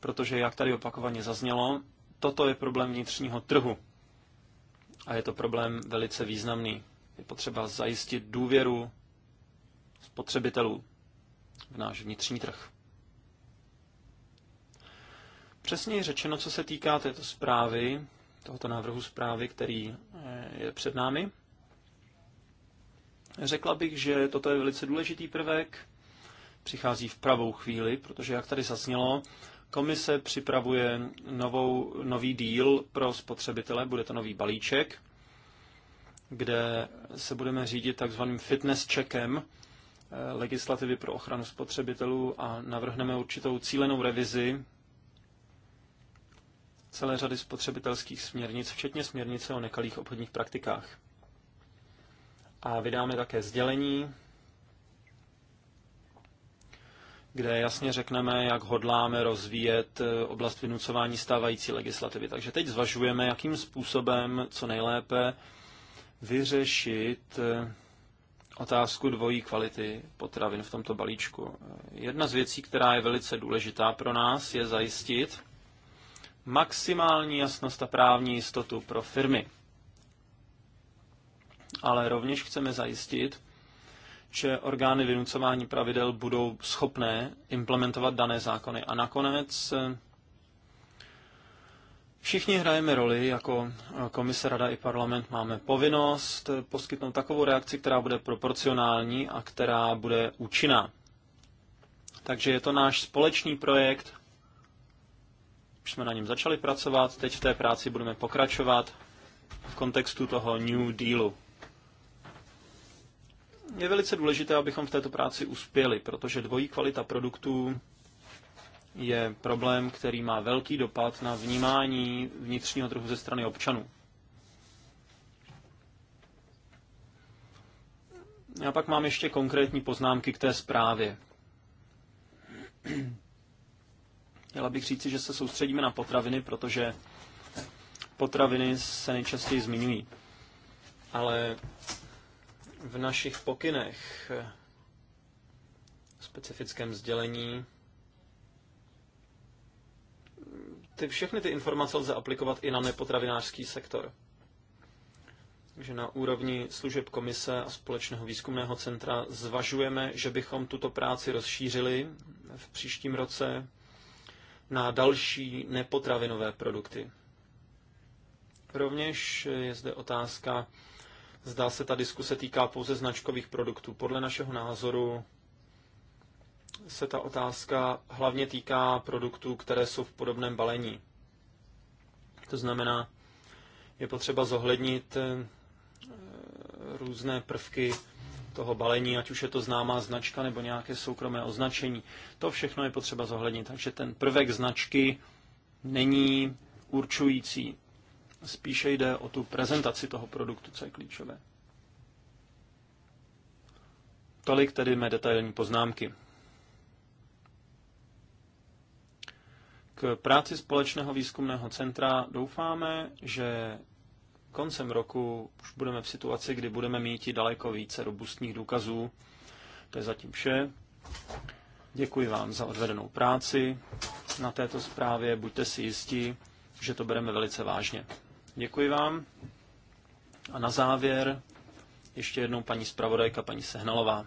[SPEAKER 2] Protože, jak tady opakovaně zaznělo, toto je problém vnitřního trhu a je to problém velice významný. Je potřeba zajistit důvěru spotřebitelů v náš vnitřní trh. Přesněji řečeno, co se týká této zprávy, tohoto návrhu zprávy, který eh, je před námi, řekla bych, že toto je velice důležitý prvek, přichází v pravou chvíli, protože, jak tady zasnělo, komise připravuje novou, nový díl pro spotřebitele, bude to nový balíček, kde se budeme řídit takzvaným fitness checkem eh, legislativy pro ochranu spotřebitelů a navrhneme určitou cílenou revizi celé řady spotřebitelských směrnic, včetně směrnice o nekalých obchodních praktikách. A vydáme také sdělení, kde jasně řekneme, jak hodláme rozvíjet eh, oblast vynucování stávající legislativy. Takže teď zvažujeme, jakým způsobem co nejlépe vyřešit eh, otázku dvojí kvality potravin v tomto balíčku. Eh, jedna z věcí, která je velice důležitá pro nás, je zajistit, maximální jasnost a právní jistotu pro firmy. Ale rovněž chceme zajistit, že orgány vynucování pravidel budou schopné implementovat dané zákony. A nakonec eh, Všichni hrajeme roli, jako komise, rada i parlament máme povinnost poskytnout takovou reakci, která bude proporcionální a která bude účinná. Takže je to náš společný projekt už jsme na něm začali pracovat, teď v té práci budeme pokračovat v kontextu toho New Dealu. Je velice důležité, abychom v této práci uspěli, protože dvojí kvalita produktů je problém, který má velký dopad na vnímání vnitřního trhu ze strany občanů. Já pak mám ještě konkrétní poznámky k té zprávě. Měla bych říci, že se soustředíme na potraviny, protože potraviny se nejčastěji zmiňují. Ale v našich pokynech, v eh, specifickém sdělení, ty, všechny ty informace lze aplikovat i na nepotravinářský sektor. Takže na úrovni služeb komise a společného výzkumného centra zvažujeme, že bychom tuto práci rozšířili v příštím roce na další nepotravinové produkty. Rovněž je zde otázka, zdá se ta diskuse týká pouze značkových produktů. Podle našeho názoru se ta otázka hlavně týká produktů, které jsou v podobném balení. To znamená, je potřeba zohlednit eh, různé prvky toho balení, ať už je to známá značka nebo nějaké soukromé označení. To všechno je potřeba zohlednit, takže ten prvek značky není určující. Spíše jde o tu prezentaci toho produktu, co je klíčové. Tolik tedy mé detailní poznámky. K práci Společného výzkumného centra doufáme, že koncem roku už budeme v situaci, kdy budeme mít i daleko více robustních důkazů. To je zatím vše. Děkuji vám za odvedenou práci na této zprávě. Buďte si jistí, že to bereme velice vážně. Děkuji vám. A na závěr ještě jednou paní zpravodajka, paní Sehnalová.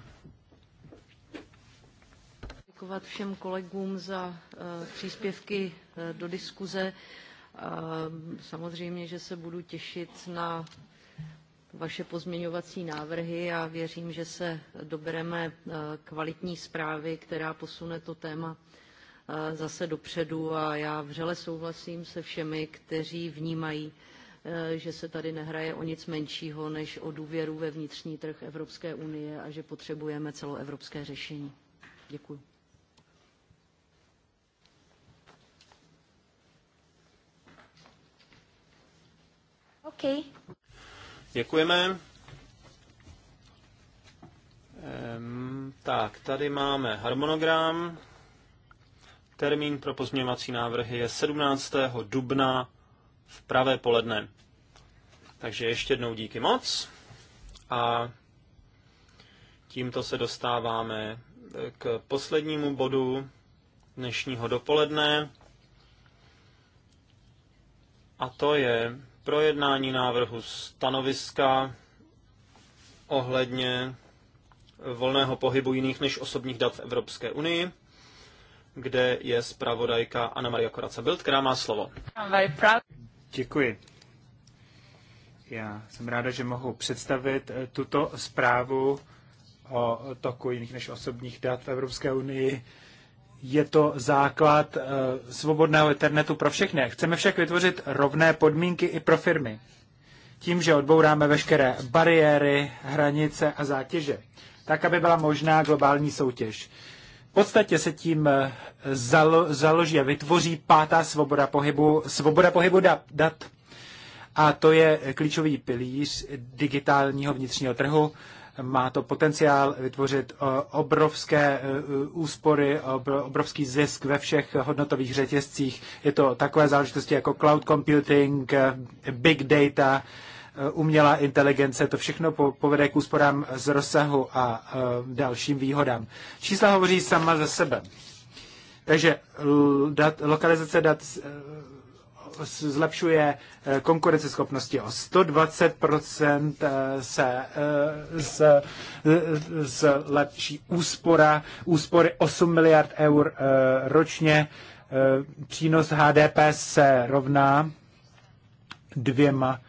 [SPEAKER 5] Děkovat všem kolegům za eh, příspěvky eh, do diskuze. Ehm, samozřejmě, že se budu těšit na vaše pozměňovací návrhy a věřím, že se dobereme eh, kvalitní zprávy, která posune to téma eh, zase dopředu a já vřele souhlasím se všemi, kteří vnímají, eh, že se tady nehraje o nic menšího než o důvěru ve vnitřní trh Evropské unie a že potřebujeme celoevropské řešení. Děkuji.
[SPEAKER 4] Okay.
[SPEAKER 2] Děkujeme. Ehm, tak, tady máme harmonogram. Termín pro pozměňovací návrhy je 17. dubna v pravé poledne. Takže ještě jednou díky moc a tímto se dostáváme eh, k poslednímu bodu dnešního dopoledne a to je projednání návrhu stanoviska ohledně volného pohybu jiných než osobních dat v Evropské unii, kde je zpravodajka Anna Maria Koraca Bild, která má slovo.
[SPEAKER 3] Děkuji. Já jsem ráda, že mohu představit eh, tuto zprávu o toku jiných než osobních dat v Evropské unii je to základ eh, svobodného internetu pro všechny. Chceme však vytvořit rovné podmínky i pro firmy. Tím, že odbouráme veškeré bariéry, hranice a zátěže, tak aby byla možná globální soutěž. V podstatě se tím eh, zalo, založí a vytvoří pátá svoboda pohybu, svoboda pohybu dat. A to je klíčový pilíř digitálního vnitřního trhu, má to potenciál vytvořit eh, obrovské eh, eh, úspory, obrovský zisk ve všech hodnotových řetězcích. Je to takové záležitosti jako cloud computing, big data, umělá inteligence, to všechno povede k úsporám z rozsahu a dalším výhodám. Čísla hovoří sama za sebe. Takže dat, lokalizace dat zlepšuje eh, konkurenceschopnosti o 120%, eh, se, se, eh, se lepší úspora, úspory 8 miliard eur ročně, přínos HDP se rovná dvěma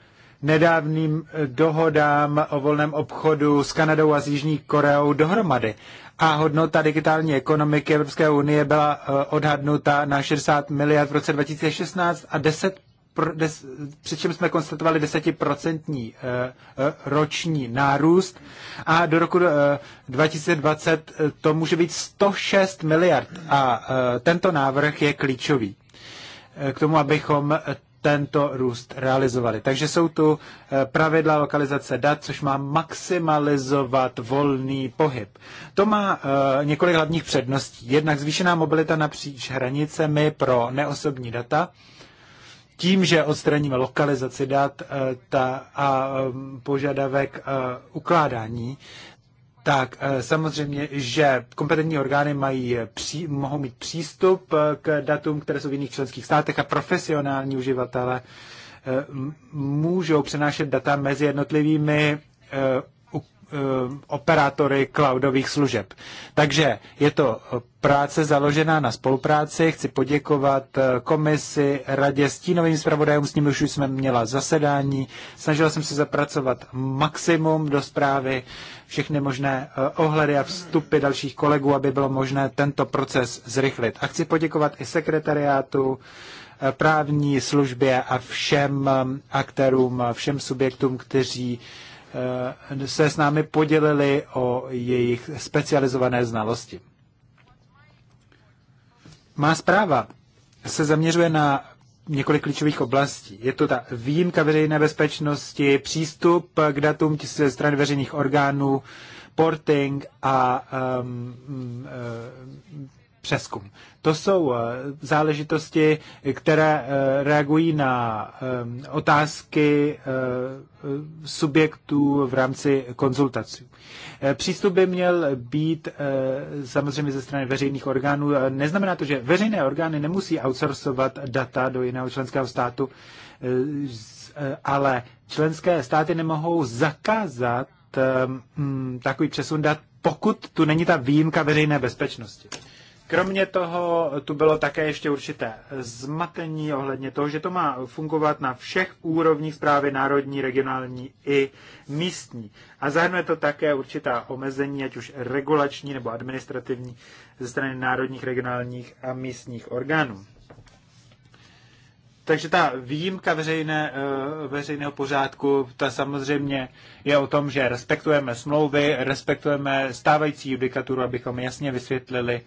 [SPEAKER 3] nedávným dohodám o volném obchodu s Kanadou a s Jižní Koreou dohromady a hodnota digitální ekonomiky Evropské unie byla eh, odhadnuta na 60 miliard v roce 2016 a 10 přičem jsme konstatovali desetiprocentní eh, eh, roční nárůst a do roku 2020 to může být 106 miliard a tento návrh je klíčový k tomu, abychom tento růst realizovali. Takže jsou tu eh, pravidla lokalizace dat, což má maximalizovat volný pohyb. To má eh, několik hlavních předností. Jednak zvýšená mobilita napříč hranicemi pro neosobní data, tím, že odstraníme lokalizaci dat eh, ta, a požadavek ukládání, tak eh, samozřejmě, že kompetentní orgány mají, eh, pří, mohou mít přístup eh, k datům, které jsou v jiných členských státech a profesionální uživatele můžou přenášet data mezi jednotlivými Eh, operátory cloudových služeb. Takže je to práce založená na spolupráci. Chci poděkovat eh, komisi, radě, stínovým zpravodajům, s nimi už jsem měla zasedání. Snažila jsem se zapracovat maximum do zprávy, všechny možné eh, ohledy a vstupy dalších kolegů, aby bylo možné tento proces zrychlit. A chci poděkovat i sekretariátu, právní službě a všem aktérům, všem subjektům, kteří Eh, se s námi podělili o jejich specializované znalosti. Má zpráva se zaměřuje na několik klíčových oblastí. Je to ta výjimka veřejné bezpečnosti, přístup k datům ze strany veřejných orgánů, porting a um, přeskum. To jsou eh, záležitosti, které eh, reagují na eh, otázky subjektů v rámci konzultací. Přístup by měl být samozřejmě ze strany veřejných orgánů. Neznamená to, že veřejné orgány nemusí outsourcovat data do jiného členského státu, ale členské státy nemohou zakázat takový přesun dat, pokud tu není ta výjimka veřejné bezpečnosti. Kromě toho tu bylo také ještě určité zmatení ohledně toho, že to má fungovat na všech úrovních zprávy národní, regionální i místní. A zahrnuje to také určitá omezení, ať už regulační nebo administrativní, ze strany národních, regionálních a místních orgánů. Takže ta výjimka veřejné, eh, veřejného pořádku, ta samozřejmě je o tom, že respektujeme smlouvy, respektujeme stávající judikaturu, abychom jasně vysvětlili,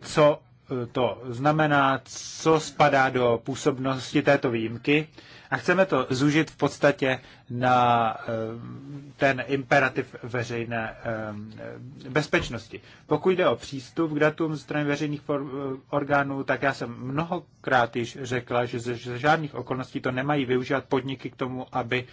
[SPEAKER 3] co eh, to znamená, co spadá do působnosti této výjimky a chceme to zužit v podstatě na eh, ten imperativ veřejné eh, bezpečnosti. Pokud jde o přístup k datům ze strany veřejných orgánů, tak já jsem mnohokrát již řekla, že ze žádných okolností to nemají využívat podniky k tomu, aby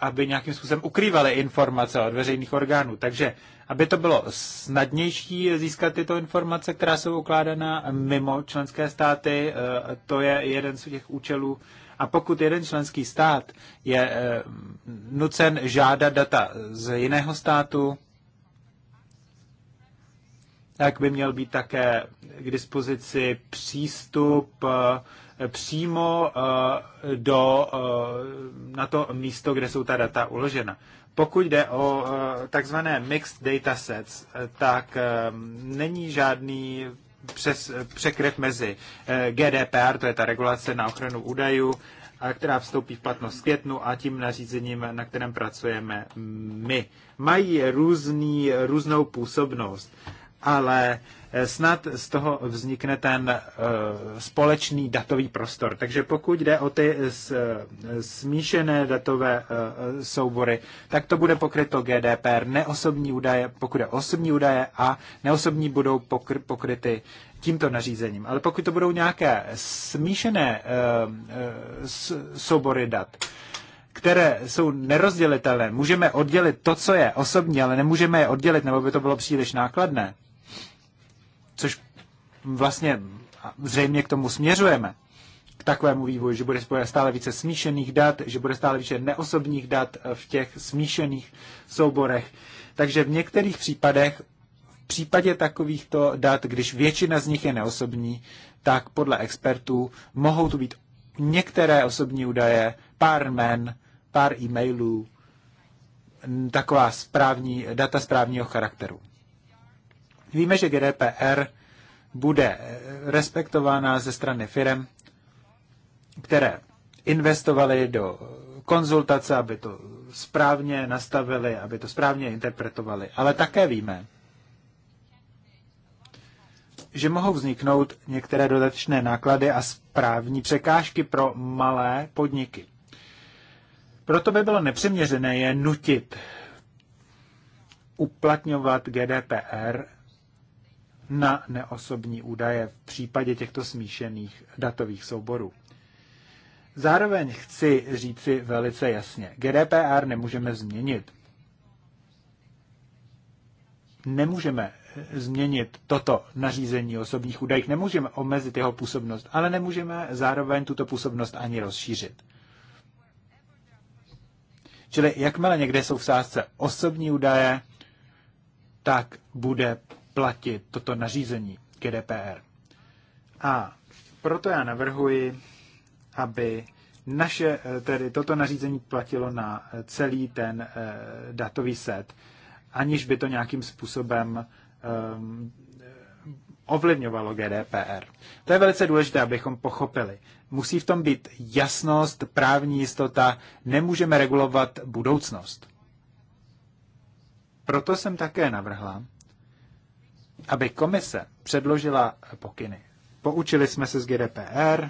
[SPEAKER 3] aby nějakým způsobem ukrývaly informace od veřejných orgánů. Takže aby to bylo snadnější získat tyto informace, která jsou ukládána mimo členské státy. Eh, to je jeden z těch účelů. A pokud jeden členský stát je eh, nucen žádat data z jiného státu, tak by měl být také k dispozici přístup eh, přímo do, na to místo, kde jsou ta data uložena. Pokud jde o eh, takzvané mixed datasets, eh, tak eh, není žádný přes, překryv mezi GDPR, to je ta regulace na ochranu údajů, která vstoupí v platnost v květnu a tím nařízením, na kterém pracujeme my. Mají různý, různou působnost, ale Eh, snad z toho vznikne ten eh, společný datový prostor. Takže pokud jde o ty eh, smíšené datové soubory, tak to bude pokryto GDPR, neosobní údaje, pokud jde osobní údaje a neosobní budou pokryty tímto nařízením. Ale pokud to budou nějaké smíšené soubory dat, které jsou nerozdělitelné, můžeme oddělit to, co je osobní, ale nemůžeme je oddělit, nebo by to bylo příliš nákladné, což vlastně zřejmě k tomu směřujeme, k takovému vývoji, že bude stále více smíšených dat, že bude stále více neosobních dat v těch smíšených souborech. Takže v některých případech, v případě takovýchto dat, když většina z nich je neosobní, tak podle expertů mohou tu být některé osobní údaje, pár men, pár e-mailů, taková správní, data správního charakteru. Víme, že GDPR bude eh, respektována ze strany firm, které investovaly do konzultace, aby to správně nastavili, aby to správně interpretovali. Ale také víme, že mohou vzniknout některé dodatečné náklady a správní překážky pro malé podniky. Proto by bylo nepřiměřené je nutit uplatňovat GDPR na neosobní údaje v případě těchto smíšených datových souborů. Zároveň chci říci velice jasně, GDPR nemůžeme změnit. Nemůžeme eh, změnit toto nařízení o osobních údajích, nemůžeme omezit jeho působnost, ale nemůžeme zároveň tuto působnost ani rozšířit. Čili jakmile někde jsou v sázce osobní údaje, tak bude platit toto nařízení GDPR. A proto já navrhuji, aby naše, eh, tedy toto nařízení platilo na eh, celý ten eh, datový set, aniž by to nějakým způsobem ehm, ovlivňovalo GDPR. To je velice důležité, abychom pochopili. Musí v tom být jasnost, právní jistota, nemůžeme regulovat budoucnost. Proto jsem také navrhla, aby komise předložila pokyny. Poučili jsme se z GDPR,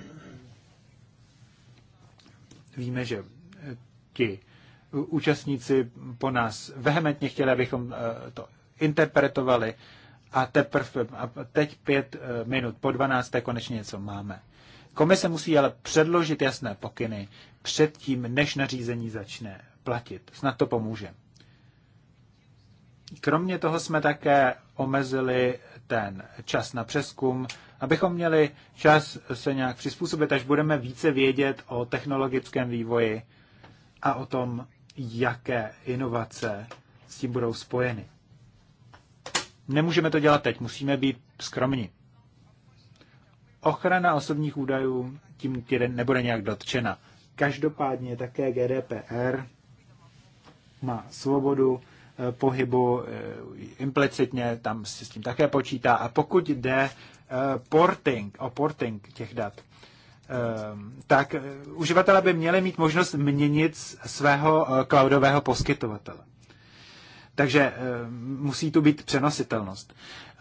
[SPEAKER 3] víme, že eh, ti eh, účastníci po nás vehementně chtěli, abychom eh, to interpretovali a teprve teď pět minut po 12. konečně něco máme. Komise musí ale předložit jasné pokyny předtím, než nařízení začne platit. Snad to pomůže. Kromě toho jsme také omezili ten čas na přeskum, abychom měli čas se nějak přizpůsobit, až budeme více vědět o technologickém vývoji a o tom, jaké inovace s tím budou spojeny. Nemůžeme to dělat teď, musíme být skromní. Ochrana osobních údajů tím nebude nějak dotčena. Každopádně také GDPR má svobodu Eh, pohybu eh, implicitně, tam se s tím také počítá. A pokud jde eh, porting, o porting těch dat, tak uživatelé by měli mít možnost měnit svého cloudového poskytovatele. Takže musí tu být přenositelnost.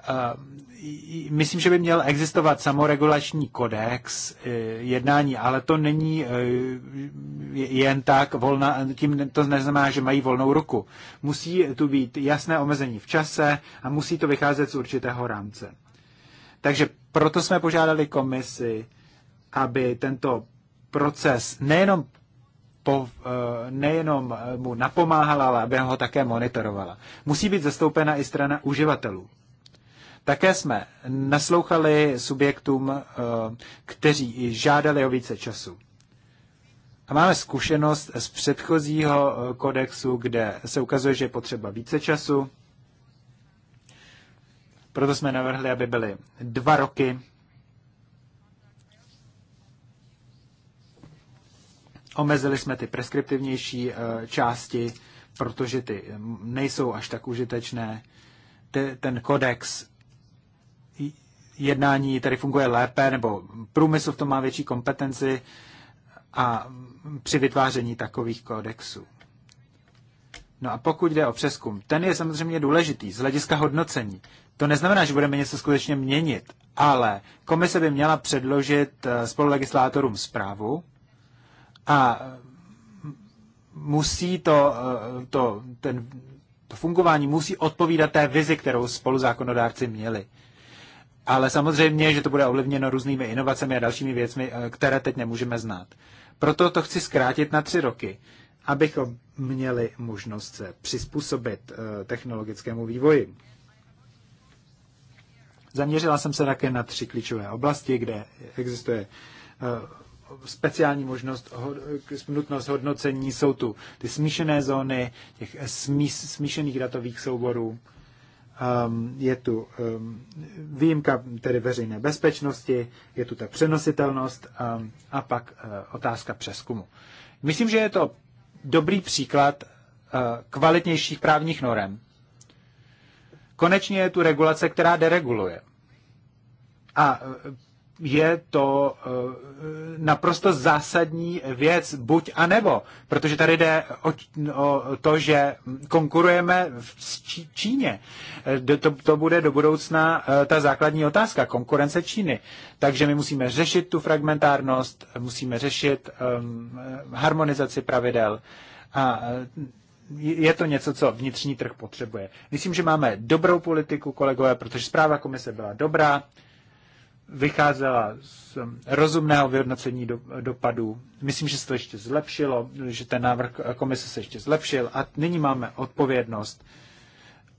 [SPEAKER 3] Eh, myslím, že by měl existovat samoregulační kodex eh, jednání, ale to není eh, jen tak volná, tím to neznamená, že mají volnou ruku. Musí tu být jasné omezení v čase a musí to vycházet z určitého rámce. Takže proto jsme požádali komisi, aby tento proces nejenom po, nejenom mu napomáhala, ale aby ho také monitorovala. Musí být zastoupena i strana uživatelů. Také jsme naslouchali subjektům, eh, kteří žádali o více času. A máme zkušenost z předchozího eh, kodexu, kde se ukazuje, že je potřeba více času. Proto jsme navrhli, aby byly dva roky. Omezili jsme ty preskriptivnější eh, části, protože ty nejsou až tak užitečné. Ten kodex jednání tady funguje lépe, nebo průmysl v tom má větší kompetenci a při vytváření takových kodexů. No a pokud jde o přeskum, ten je samozřejmě důležitý z hlediska hodnocení. To neznamená, že budeme něco skutečně měnit, ale komise by měla předložit eh, spolulegislátorům zprávu a musí to, eh, to, ten, to fungování musí odpovídat té vizi, kterou spoluzákonodárci měli. Ale samozřejmě, že to bude ovlivněno různými inovacemi a dalšími věcmi, eh, které teď nemůžeme znát. Proto to chci zkrátit na tři roky, abychom měli možnost se přizpůsobit eh, technologickému vývoji. Zaměřila jsem se také na tři klíčové oblasti, kde existuje eh, speciální možnost, nutnost hodnocení, jsou tu ty smíšené zóny, těch smí, smíšených datových souborů, Ehm, je tu ehm, výjimka tedy veřejné bezpečnosti, je tu ta přenositelnost ehm, a pak eh, otázka přeskumu. Myslím, že je to dobrý příklad eh, kvalitnějších právních norem. Konečně je tu regulace, která dereguluje. A eh, je to eh, naprosto zásadní věc, buď a nebo, protože tady jde o, to, že konkurujeme v Číně. Eh, to, to bude do budoucna eh, ta základní otázka, konkurence Číny. Takže my musíme řešit tu fragmentárnost, musíme řešit ehm, harmonizaci pravidel a je to něco, co vnitřní trh potřebuje. Myslím, že máme dobrou politiku, kolegové, protože zpráva komise byla dobrá vycházela z rozumného vyhodnocení do, dopadů. Myslím, že se to ještě zlepšilo, že ten návrh komise se ještě zlepšil a nyní máme odpovědnost,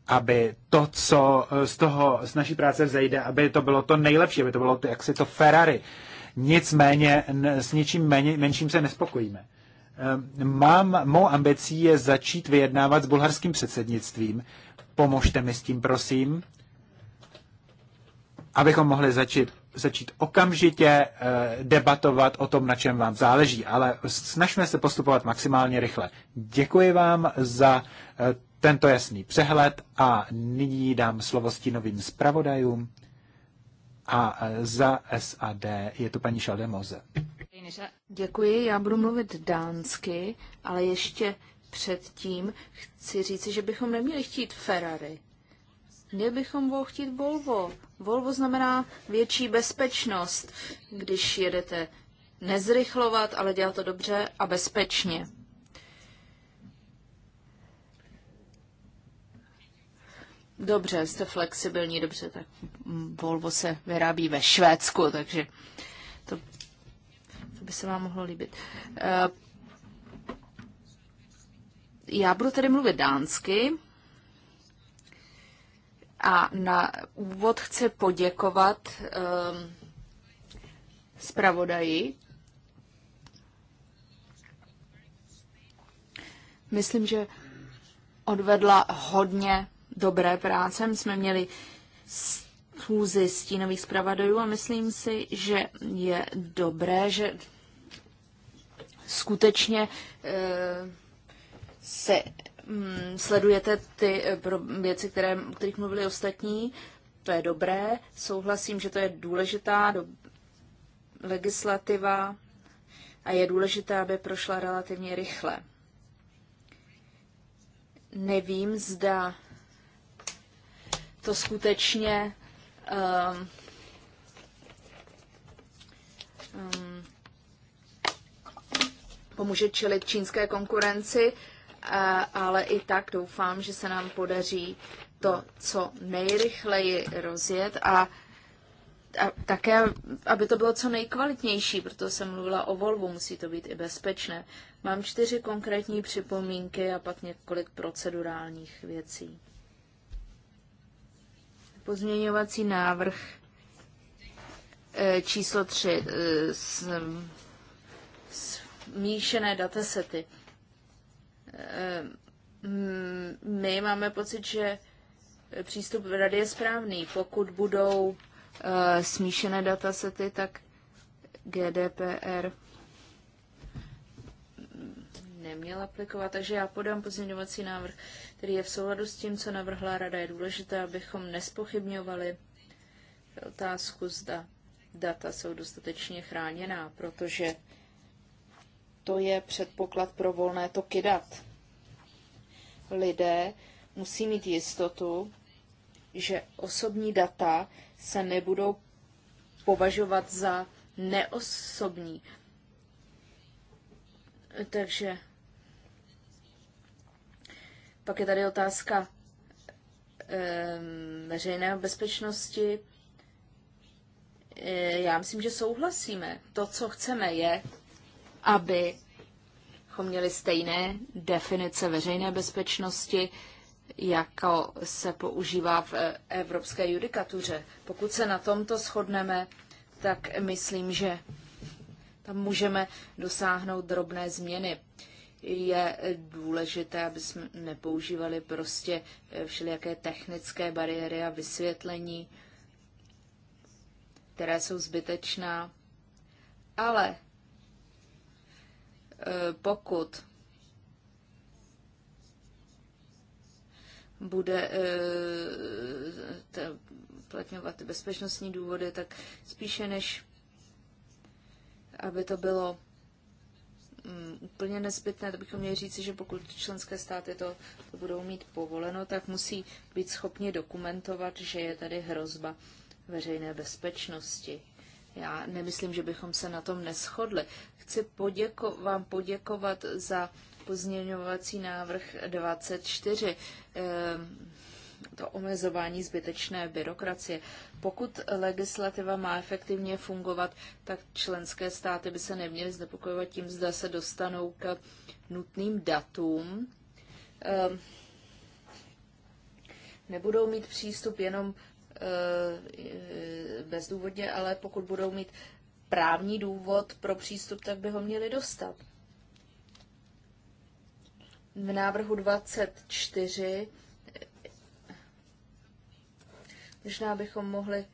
[SPEAKER 3] aby to, co z toho, z naší práce vzejde, aby to bylo to nejlepší, aby to bylo to, jaksi to Ferrari. Nicméně s ničím méně, menším se nespokojíme. Ehm, mám, mou ambicí je začít vyjednávat s bulharským předsednictvím. Pomožte mi s tím, prosím abychom mohli začít začít okamžitě eh, debatovat o tom, na čem vám záleží, ale snažme se postupovat maximálně rychle. Děkuji vám za eh, tento jasný přehled a nyní dám slovo stínovým zpravodajům a eh, za SAD je to paní Šaldemoze.
[SPEAKER 4] Děkuji, já budu mluvit dánsky, ale ještě předtím chci říci, že bychom neměli chtít Ferrari. Měl bychom vol chtít Volvo. Volvo znamená větší bezpečnost, když jedete nezrychlovat, ale dělat to dobře a bezpečně. Dobře, jste flexibilní, dobře, tak Volvo se vyrábí ve Švédsku, takže to, to by se vám mohlo líbit. Eh, já budu tady mluvit dánsky. A na úvod chci poděkovat um, zpravodaji. Myslím, že odvedla hodně dobré práce. My jsme měli schůzi stínových zpravodajů a myslím si, že je dobré, že skutečně e, se Mm, sledujete ty eh, věci, které, o kterých mluvili ostatní. To je dobré, souhlasím, že to je důležitá do, legislativa a je důležité, aby prošla relativně rychle. Nevím, zda to skutečně um, um, pomůže čelit čínské konkurenci ale i tak doufám, že se nám podaří to co nejrychleji rozjet a, a také, aby to bylo co nejkvalitnější, proto jsem mluvila o Volvu, musí to být i bezpečné. Mám čtyři konkrétní připomínky a pak několik procedurálních věcí. Pozměňovací návrh e, číslo tři e, smíšené datasety. Ehm, my máme pocit, že přístup rady je správný. Pokud budou eh, smíšené datasety, tak GDPR neměl aplikovat. Takže já podám pozměňovací návrh, který je v souladu s tím, co navrhla rada. Je důležité, abychom nespochybňovali otázku, zda data jsou dostatečně chráněná, protože to je předpoklad pro volné toky dat. Lidé musí mít jistotu, že osobní data se nebudou považovat za neosobní. Takže pak je tady otázka ehm, veřejné bezpečnosti. E, já myslím, že souhlasíme. To, co chceme, je aby měli stejné definice veřejné bezpečnosti, jako se používá v evropské judikatuře. Pokud se na tomto shodneme, tak myslím, že tam můžeme dosáhnout drobné změny. Je důležité, aby jsme nepoužívali prostě všelijaké technické bariéry a vysvětlení, které jsou zbytečná, ale Eh, pokud bude eh, platňovat bezpečnostní důvody, tak spíše než aby to bylo mm, úplně nezbytné, to bychom měli říci, že pokud členské státy to, budou mít povoleno, tak musí být schopni dokumentovat, že je tady hrozba veřejné bezpečnosti. Já nemyslím, že bychom se na tom neschodli. Chci poděko- vám poděkovat za pozměňovací návrh 24, ehm, to omezování zbytečné byrokracie. Pokud legislativa má efektivně fungovat, tak členské státy by se neměly znepokojovat tím, zda se dostanou k nutným datům. Ehm, nebudou mít přístup jenom Eh, bezdůvodně, ale pokud budou mít právní důvod pro přístup, tak by ho měli dostat. V návrhu 24 možná bychom mohli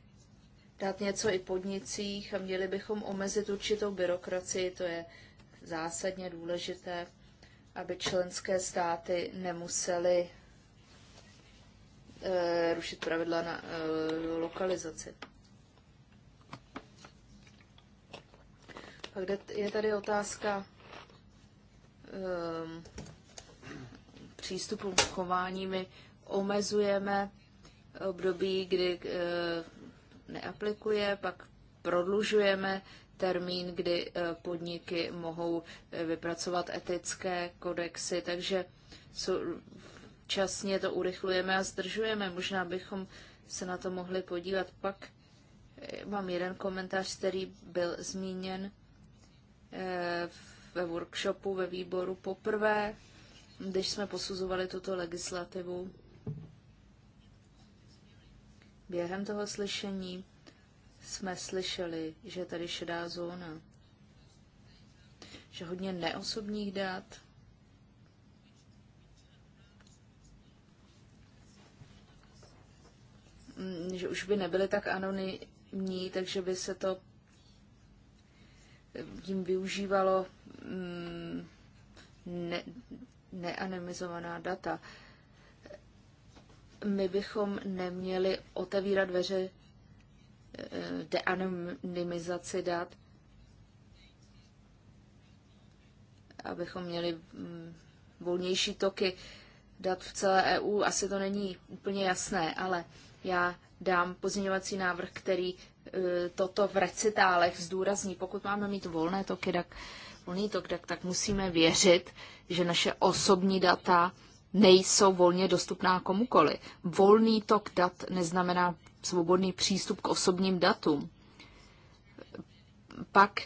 [SPEAKER 4] dát něco i podnicích a měli bychom omezit určitou byrokracii, to je zásadně důležité, aby členské státy nemusely Eh, rušit pravidla na eh, lokalizaci. Pak je tady otázka e, přístupu k chování. My omezujeme období, kdy e, neaplikuje, pak prodlužujeme termín, kdy podniky mohou vypracovat etické kodexy, takže jsou, časně to urychlujeme a zdržujeme. Možná bychom se na to mohli podívat. Pak eh, mám jeden komentář, který byl zmíněn eh, ve workshopu, ve výboru poprvé, když jsme posuzovali tuto legislativu. Během toho slyšení jsme slyšeli, že je tady šedá zóna, že hodně neosobních dat, Mm, že už by nebyly tak anonymní, takže by se to eh, jim využívalo mm, ne, neanonymizovaná data. My bychom neměli otevírat dveře eh, deanonymizaci dat, abychom měli mm, volnější toky dat v celé EU. Asi to není úplně jasné, ale já dám pozměňovací návrh, který e, toto v recitálech zdůrazní. Pokud máme mít volné toky, tak, volný tok, tak, tak musíme věřit, že naše osobní data nejsou volně dostupná komukoli. Volný tok dat neznamená svobodný přístup k osobním datům. Pak,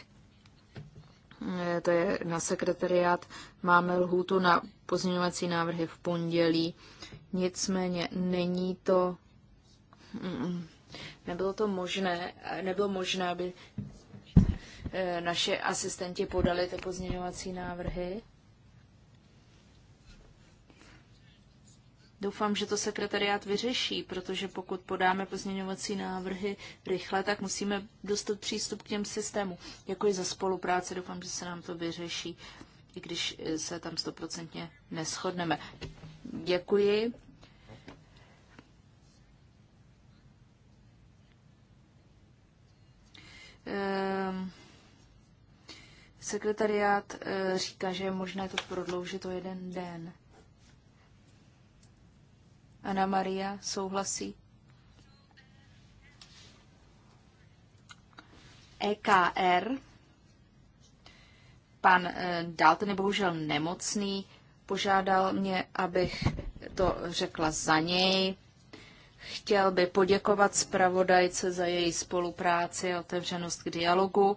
[SPEAKER 4] e, to je na sekretariát, máme lhůtu na pozměňovací návrhy v pondělí. Nicméně není to Nebylo to možné, nebylo možné, aby eh, naše asistenti podali ty pozměňovací návrhy. Doufám, že to sekretariát vyřeší, protože pokud podáme pozměňovací návrhy rychle, tak musíme dostat přístup k těm systému. Děkuji za spolupráci, doufám, že se nám to vyřeší, i když eh, se tam stoprocentně neschodneme. Děkuji. Ehm, sekretariát eh, říká, že je možné to prodloužit o jeden den. Ana Maria souhlasí. EKR. Pan eh, Dalton je bohužel nemocný, požádal mě, abych to řekla za něj. Chtěl by poděkovat zpravodajce za její spolupráci a otevřenost k dialogu.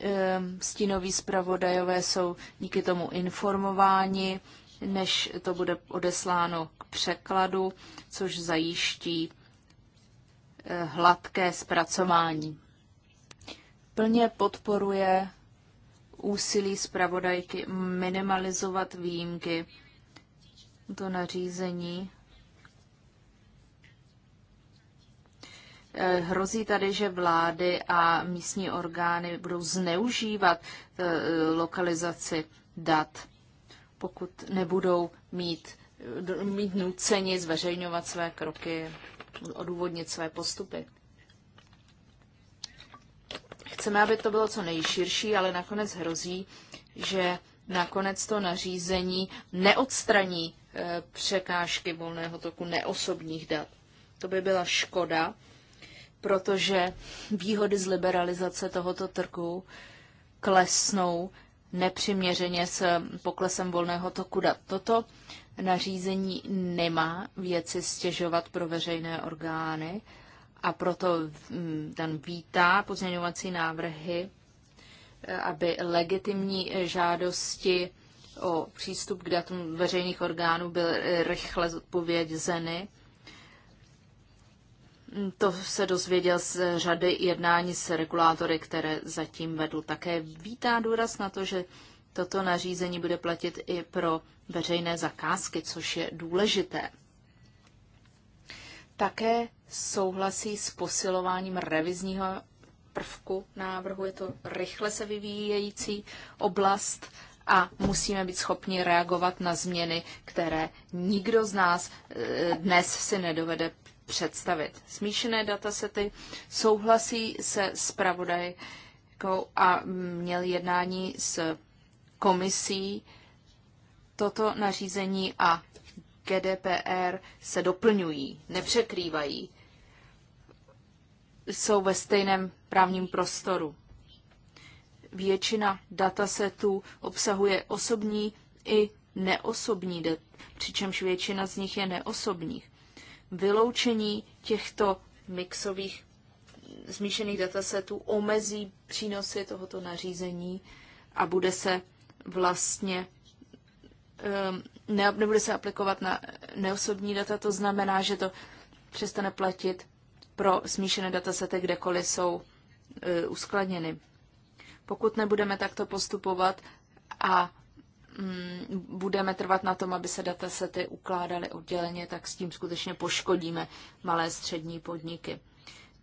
[SPEAKER 4] Ehm, stínoví zpravodajové jsou díky tomu informováni, než to bude odesláno k překladu, což zajiští eh, hladké zpracování. Plně podporuje úsilí zpravodajky minimalizovat výjimky do nařízení Eh, hrozí tady, že vlády a místní orgány budou zneužívat eh, lokalizaci dat, pokud nebudou mít, eh, mít nuceni zveřejňovat své kroky, odůvodnit své postupy. Chceme, aby to bylo co nejširší, ale nakonec hrozí, že nakonec to nařízení neodstraní překážky volného toku neosobních dat. To by byla škoda protože výhody z liberalizace tohoto trhu klesnou nepřiměřeně s poklesem volného toku dat. Toto nařízení nemá věci stěžovat pro veřejné orgány a proto mm, ten vítá pozměňovací návrhy, eh, aby legitimní žádosti o přístup k datům veřejných orgánů byly rychle zodpovězeny Mm, to se dozvěděl z řady jednání s regulátory, které zatím vedl. Také vítá důraz na to, že toto nařízení bude platit i pro veřejné zakázky, což je důležité. Také souhlasí s posilováním revizního prvku návrhu. Je to rychle se vyvíjející oblast a musíme být schopni reagovat na změny, které nikdo z nás eh, dnes si nedovede představit. Smíšené datasety souhlasí se zpravodajkou a měl jednání s komisí. Toto nařízení a GDPR se doplňují, nepřekrývají. Jsou ve stejném právním prostoru. Většina datasetů obsahuje osobní i neosobní přičemž většina z nich je neosobních vyloučení těchto mixových zmíšených datasetů omezí přínosy tohoto nařízení a bude se vlastně ehm, ne, nebude se aplikovat na neosobní data, to znamená, že to přestane platit pro smíšené datasety, kdekoliv jsou e, uskladněny. Pokud nebudeme takto postupovat a Mm, budeme trvat na tom, aby se datasety ukládaly odděleně, tak s tím skutečně poškodíme malé střední podniky.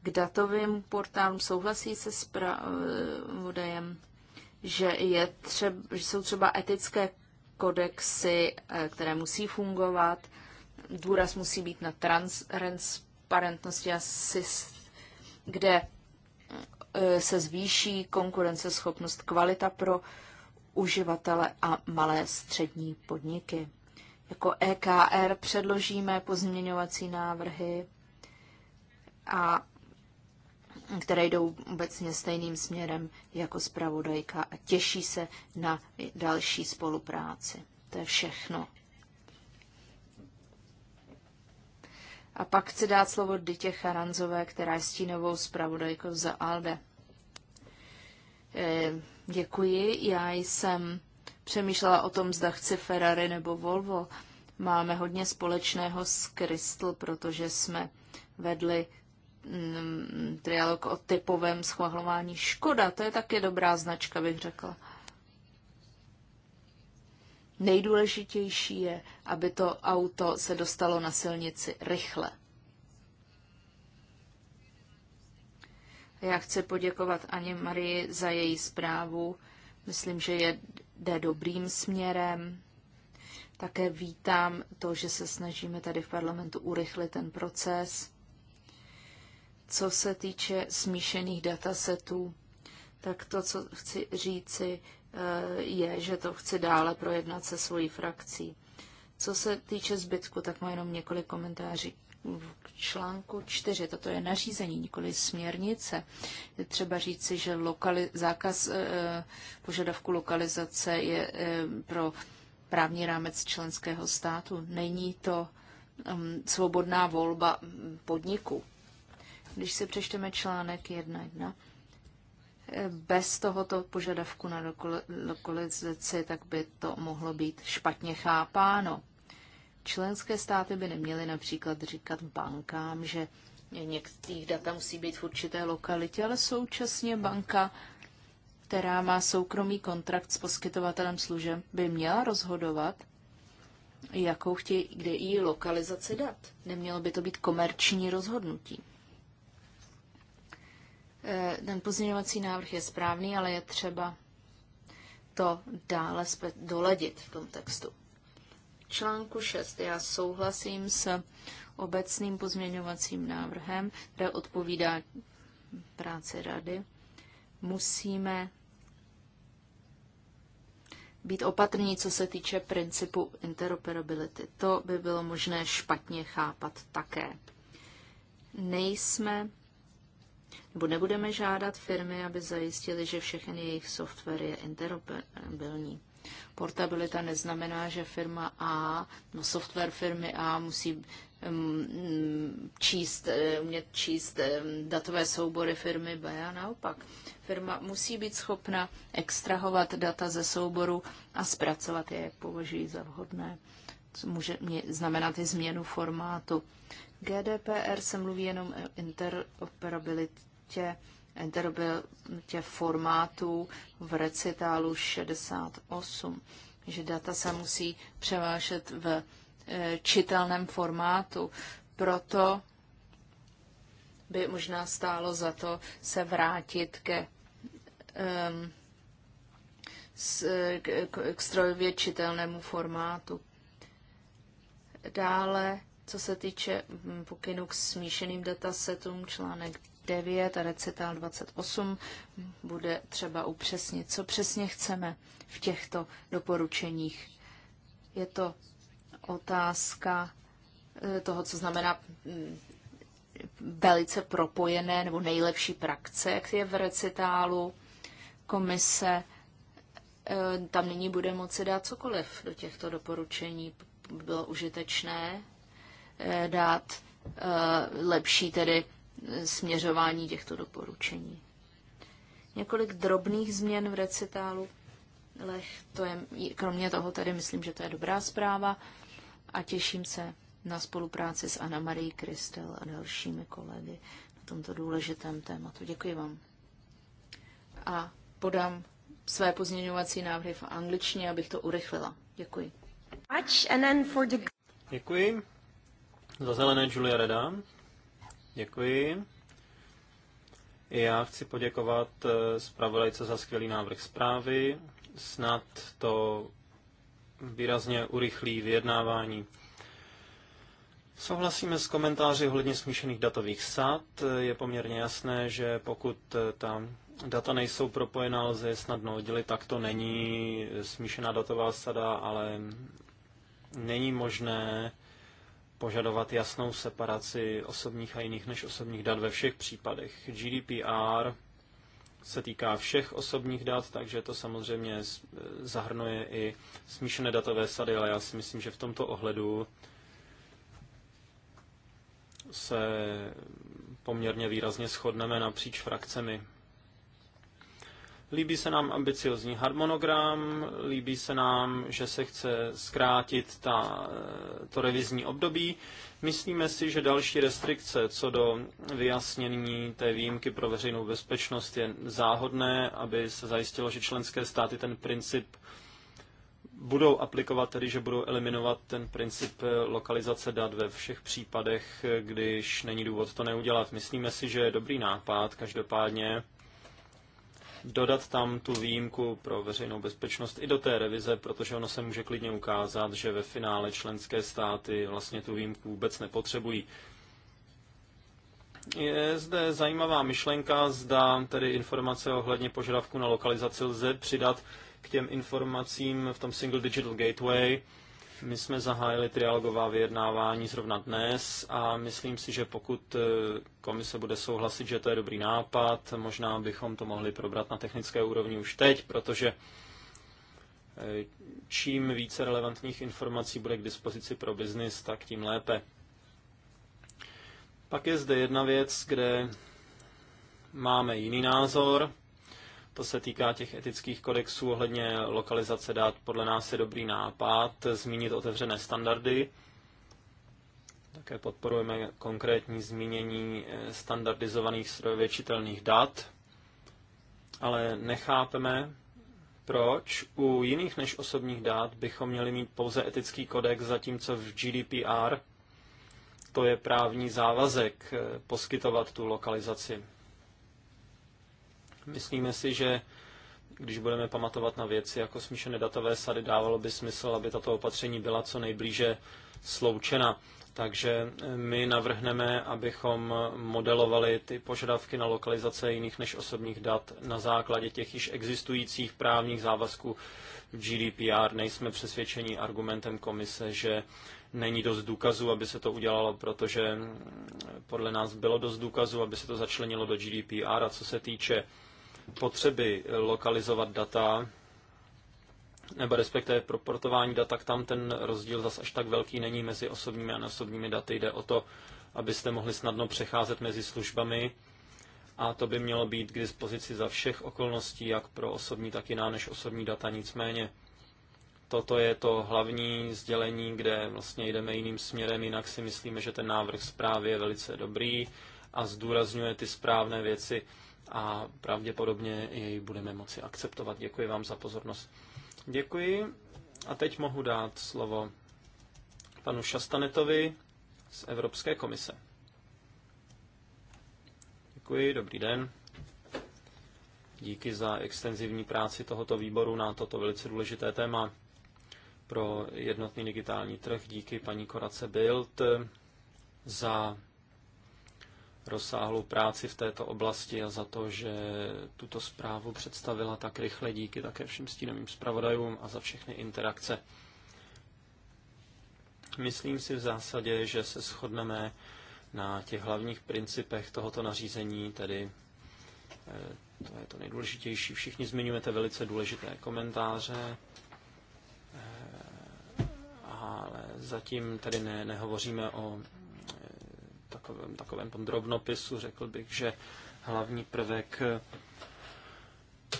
[SPEAKER 4] K datovým portálům souhlasí se s pravodajem, že, je třeba, že jsou třeba etické kodexy, eh, které musí fungovat, důraz musí být na transparentnosti a syst, kde eh, se zvýší konkurenceschopnost, kvalita pro uh, uživatele a malé střední podniky. Jako EKR předložíme pozměňovací návrhy, a, které jdou obecně stejným směrem jako zpravodajka a těší se na další spolupráci. To je všechno. A pak chci dát slovo Dytě Charanzové, která je stínovou zpravodajkou za ALDE. Eh, Děkuji. Já jsem přemýšlela o tom, zda chci Ferrari nebo Volvo. Máme hodně společného s Crystal, protože jsme vedli mm, trialog o typovém schvalování. Škoda, to je také dobrá značka, bych řekla. Nejdůležitější je, aby to auto se dostalo na silnici rychle. Já chci poděkovat Aně Marii za její zprávu. Myslím, že je, jde dobrým směrem. Také vítám to, že se snažíme tady v parlamentu urychlit ten proces. Co se týče smíšených datasetů, tak to, co chci říci, eh, je, že to chci dále projednat se svojí frakcí. Co se týče zbytku, tak mám jenom několik komentáří v článku 4, toto je nařízení, nikoli směrnice. Je třeba říci, že lokali- zákaz eh, požadavku lokalizace je eh, pro právní rámec členského státu. Není to um, svobodná volba podniku. Když si přečteme článek 1.1, e, bez tohoto požadavku na lokalizaci, tak by to mohlo být špatně chápáno. Členské státy by neměly například říkat bankám, že některých data musí být v určité lokalitě, ale současně banka, která má soukromý kontrakt s poskytovatelem služeb, by měla rozhodovat, jakou chtějí, kde i lokalizaci dat. Nemělo by to být komerční rozhodnutí. E, ten pozměňovací návrh je správný, ale je třeba to dále doladit v tom textu článku 6 já souhlasím s obecným pozměňovacím návrhem, kde odpovídá práci rady. Musíme být opatrní, co se týče principu interoperability. To by bylo možné špatně chápat také. Nejsme nebo nebudeme žádat firmy, aby zajistili, že všechny jejich software je interoperabilní. Portabilita neznamená, že firma A, no software firmy A musí um, číst, eh, umět číst um, datové soubory firmy B a naopak. Firma musí být schopna extrahovat data ze souboru a zpracovat je, jak považují za vhodné. Co může znamenat i změnu formátu. GDPR se mluví jenom o interoperabilitě tě formátů v recitálu 68, že data se musí převážet v e, čitelném formátu. Proto by možná stálo za to se vrátit ke, um, s, k, k strojově čitelnému formátu. Dále, co se týče pokynu k smíšeným datasetům, článek 9 a recital 28 bude třeba upřesnit, co přesně chceme v těchto doporučeních. Je to otázka eh, toho, co znamená mm, velice propojené nebo nejlepší praxe, jak je v recitálu komise. Eh, tam nyní bude moci dát cokoliv do těchto doporučení. Bylo užitečné eh, dát lepší tedy směřování těchto doporučení. Několik drobných změn v recitálu Lech, to je, kromě toho tady myslím, že to je dobrá zpráva a těším se na spolupráci s Anna Marie Kristel a dalšími kolegy na tomto důležitém tématu. Děkuji vám. A podám své pozměňovací návrhy v angličtině, abych to urychlila. Děkuji.
[SPEAKER 2] Děkuji. Za zelené Julia Reda. Děkuji. já chci poděkovat eh, zpravodajce za skvělý návrh zprávy. Snad to výrazně urychlí vyjednávání. Souhlasíme s komentáři ohledně smíšených datových sad. Je poměrně jasné, že pokud eh, ta data nejsou propojená, lze je snadno oddělit, tak to není smíšená datová sada, ale není možné požadovat jasnou separaci osobních a jiných než osobních dat ve všech případech. GDPR se týká všech osobních dat, takže to samozřejmě zahrnuje i smíšené datové sady, ale já si myslím, že v tomto ohledu se poměrně výrazně shodneme napříč frakcemi. Líbí se nám ambiciozní harmonogram, líbí se nám, že se chce zkrátit ta, eh, to revizní období. Myslíme si, že další restrikce co do vyjasnění té výjimky pro veřejnou bezpečnost je záhodné, aby se zajistilo, že členské státy ten princip budou aplikovat, tedy že budou eliminovat ten princip eh, lokalizace dat ve všech případech, eh, když není důvod to neudělat. Myslíme si, že je dobrý nápad, každopádně dodat tam tu výjimku pro veřejnou bezpečnost i do té revize, protože ono se může klidně ukázat, že ve finále členské státy vlastně tu výjimku vůbec nepotřebují. Je zde zajímavá myšlenka, zda tedy informace ohledně požadavku na lokalizaci lze přidat k těm informacím v tom Single Digital Gateway, my jsme zahájili trialogová vyjednávání zrovna dnes a myslím si, že pokud e, komise bude souhlasit, že to je dobrý nápad, možná bychom to mohli probrat na technické úrovni už teď, protože e, čím více relevantních informací bude k dispozici pro biznis, tak tím lépe. Pak je zde jedna věc, kde máme jiný názor. To se týká těch etických kodexů ohledně lokalizace dát. Podle nás je dobrý nápad zmínit otevřené standardy. Také podporujeme konkrétní zmínění eh, standardizovaných strojově čitelných dat, ale nechápeme, proč u jiných než osobních dát bychom měli mít pouze etický kodex, zatímco v GDPR to je právní závazek eh, poskytovat tu lokalizaci. Myslíme si, že když budeme pamatovat na věci jako smíšené datové sady, dávalo by smysl, aby tato opatření byla co nejblíže sloučena. Takže eh, my navrhneme, abychom modelovali ty požadavky na lokalizace jiných než osobních dat na základě těch již existujících právních závazků v GDPR. Nejsme přesvědčeni argumentem komise, že není dost důkazů, aby se to udělalo, protože mm, podle nás bylo dost důkazů, aby se to začlenilo do GDPR. A co se týče potřeby lokalizovat data, nebo respektive proportování data, dat, tak tam ten rozdíl zas až tak velký není mezi osobními a neosobními daty. Jde o to, abyste mohli snadno přecházet mezi službami a to by mělo být k dispozici za všech okolností, jak pro osobní, tak jiná než osobní data. Nicméně toto je to hlavní sdělení, kde vlastně jdeme jiným směrem, jinak si myslíme, že ten návrh zprávy je velice dobrý a zdůrazňuje ty správné věci, a pravděpodobně jej budeme moci akceptovat. Děkuji vám za pozornost. Děkuji a teď mohu dát slovo panu Šastanetovi z Evropské komise. Děkuji, dobrý den. Díky za extenzivní práci tohoto výboru na toto velice důležité téma pro jednotný digitální trh. Díky paní Korace Bild za rozsáhlou práci v této oblasti a za to, že tuto zprávu představila tak rychle. Díky také všem stínovým zpravodajům a za všechny interakce. Myslím si v zásadě, že se shodneme na těch hlavních principech tohoto nařízení, tedy eh, to je to nejdůležitější. Všichni zmiňujete velice důležité komentáře, eh, ale zatím tedy ne, nehovoříme o takovém, takovém drobnopisu řekl bych, že hlavní prvek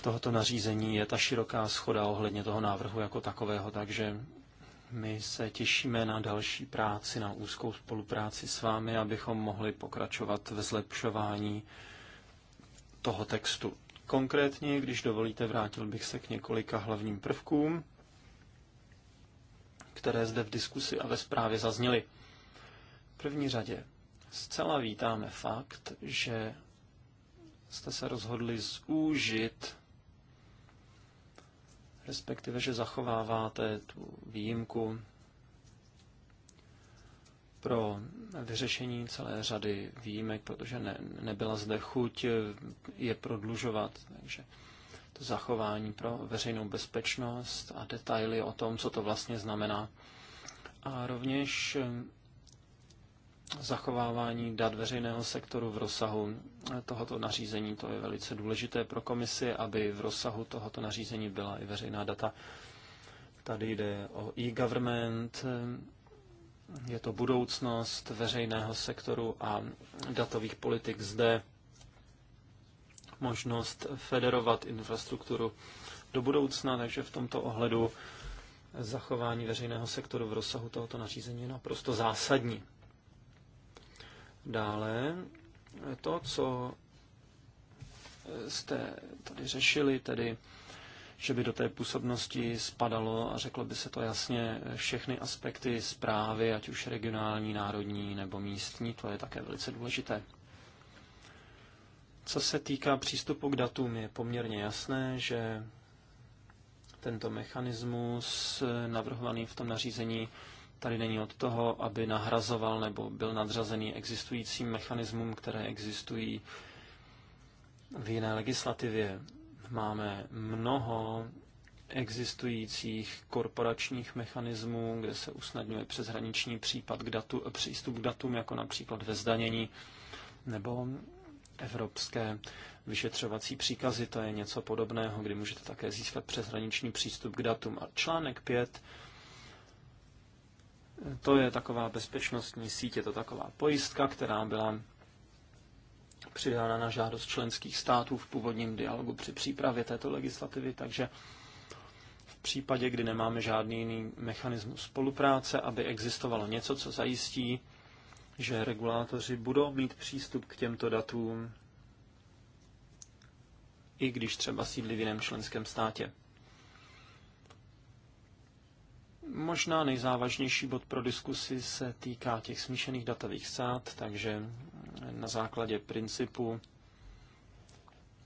[SPEAKER 2] tohoto nařízení je ta široká schoda ohledně toho návrhu jako takového, takže my se těšíme na další práci, na úzkou spolupráci s vámi, abychom mohli pokračovat ve zlepšování toho textu. Konkrétně, když dovolíte, vrátil bych se k několika hlavním prvkům, které zde v diskusi a ve zprávě zazněly. V první řadě Zcela vítáme fakt, že jste se rozhodli zúžit, respektive, že zachováváte tu výjimku pro vyřešení celé řady výjimek, protože ne, nebyla zde chuť je prodlužovat. Takže to zachování pro veřejnou bezpečnost a detaily o tom, co to vlastně znamená. A rovněž zachovávání dat veřejného sektoru v rozsahu tohoto nařízení. To je velice důležité pro komisi, aby v rozsahu tohoto nařízení byla i veřejná data. Tady jde o e-government, je to budoucnost veřejného sektoru a datových politik zde, možnost federovat infrastrukturu do budoucna, takže v tomto ohledu zachování veřejného sektoru v rozsahu tohoto nařízení je naprosto zásadní. Dále to, co jste tady řešili, tedy že by do té působnosti spadalo, a řeklo by se to jasně, všechny aspekty zprávy, ať už regionální, národní nebo místní, to je také velice důležité. Co se týká přístupu k datům, je poměrně jasné, že tento mechanismus navrhovaný v tom nařízení tady není od toho, aby nahrazoval nebo byl nadřazený existujícím mechanismům, které existují v jiné legislativě. Máme mnoho existujících korporačních mechanismů, kde se usnadňuje přeshraniční případ k datu, přístup k datům, jako například ve zdanění nebo evropské vyšetřovací příkazy. To je něco podobného, kdy můžete také získat přeshraniční přístup k datům. A článek 5 to je taková bezpečnostní sítě, je to taková pojistka, která byla přidána na žádost členských států v původním dialogu při přípravě této legislativy, takže v případě, kdy nemáme žádný jiný mechanismus spolupráce, aby existovalo něco, co zajistí, že regulátoři budou mít přístup k těmto datům, i když třeba sídlí v jiném členském státě. Možná nejzávažnější bod pro diskusi se týká těch smíšených datových sád, takže na základě principu,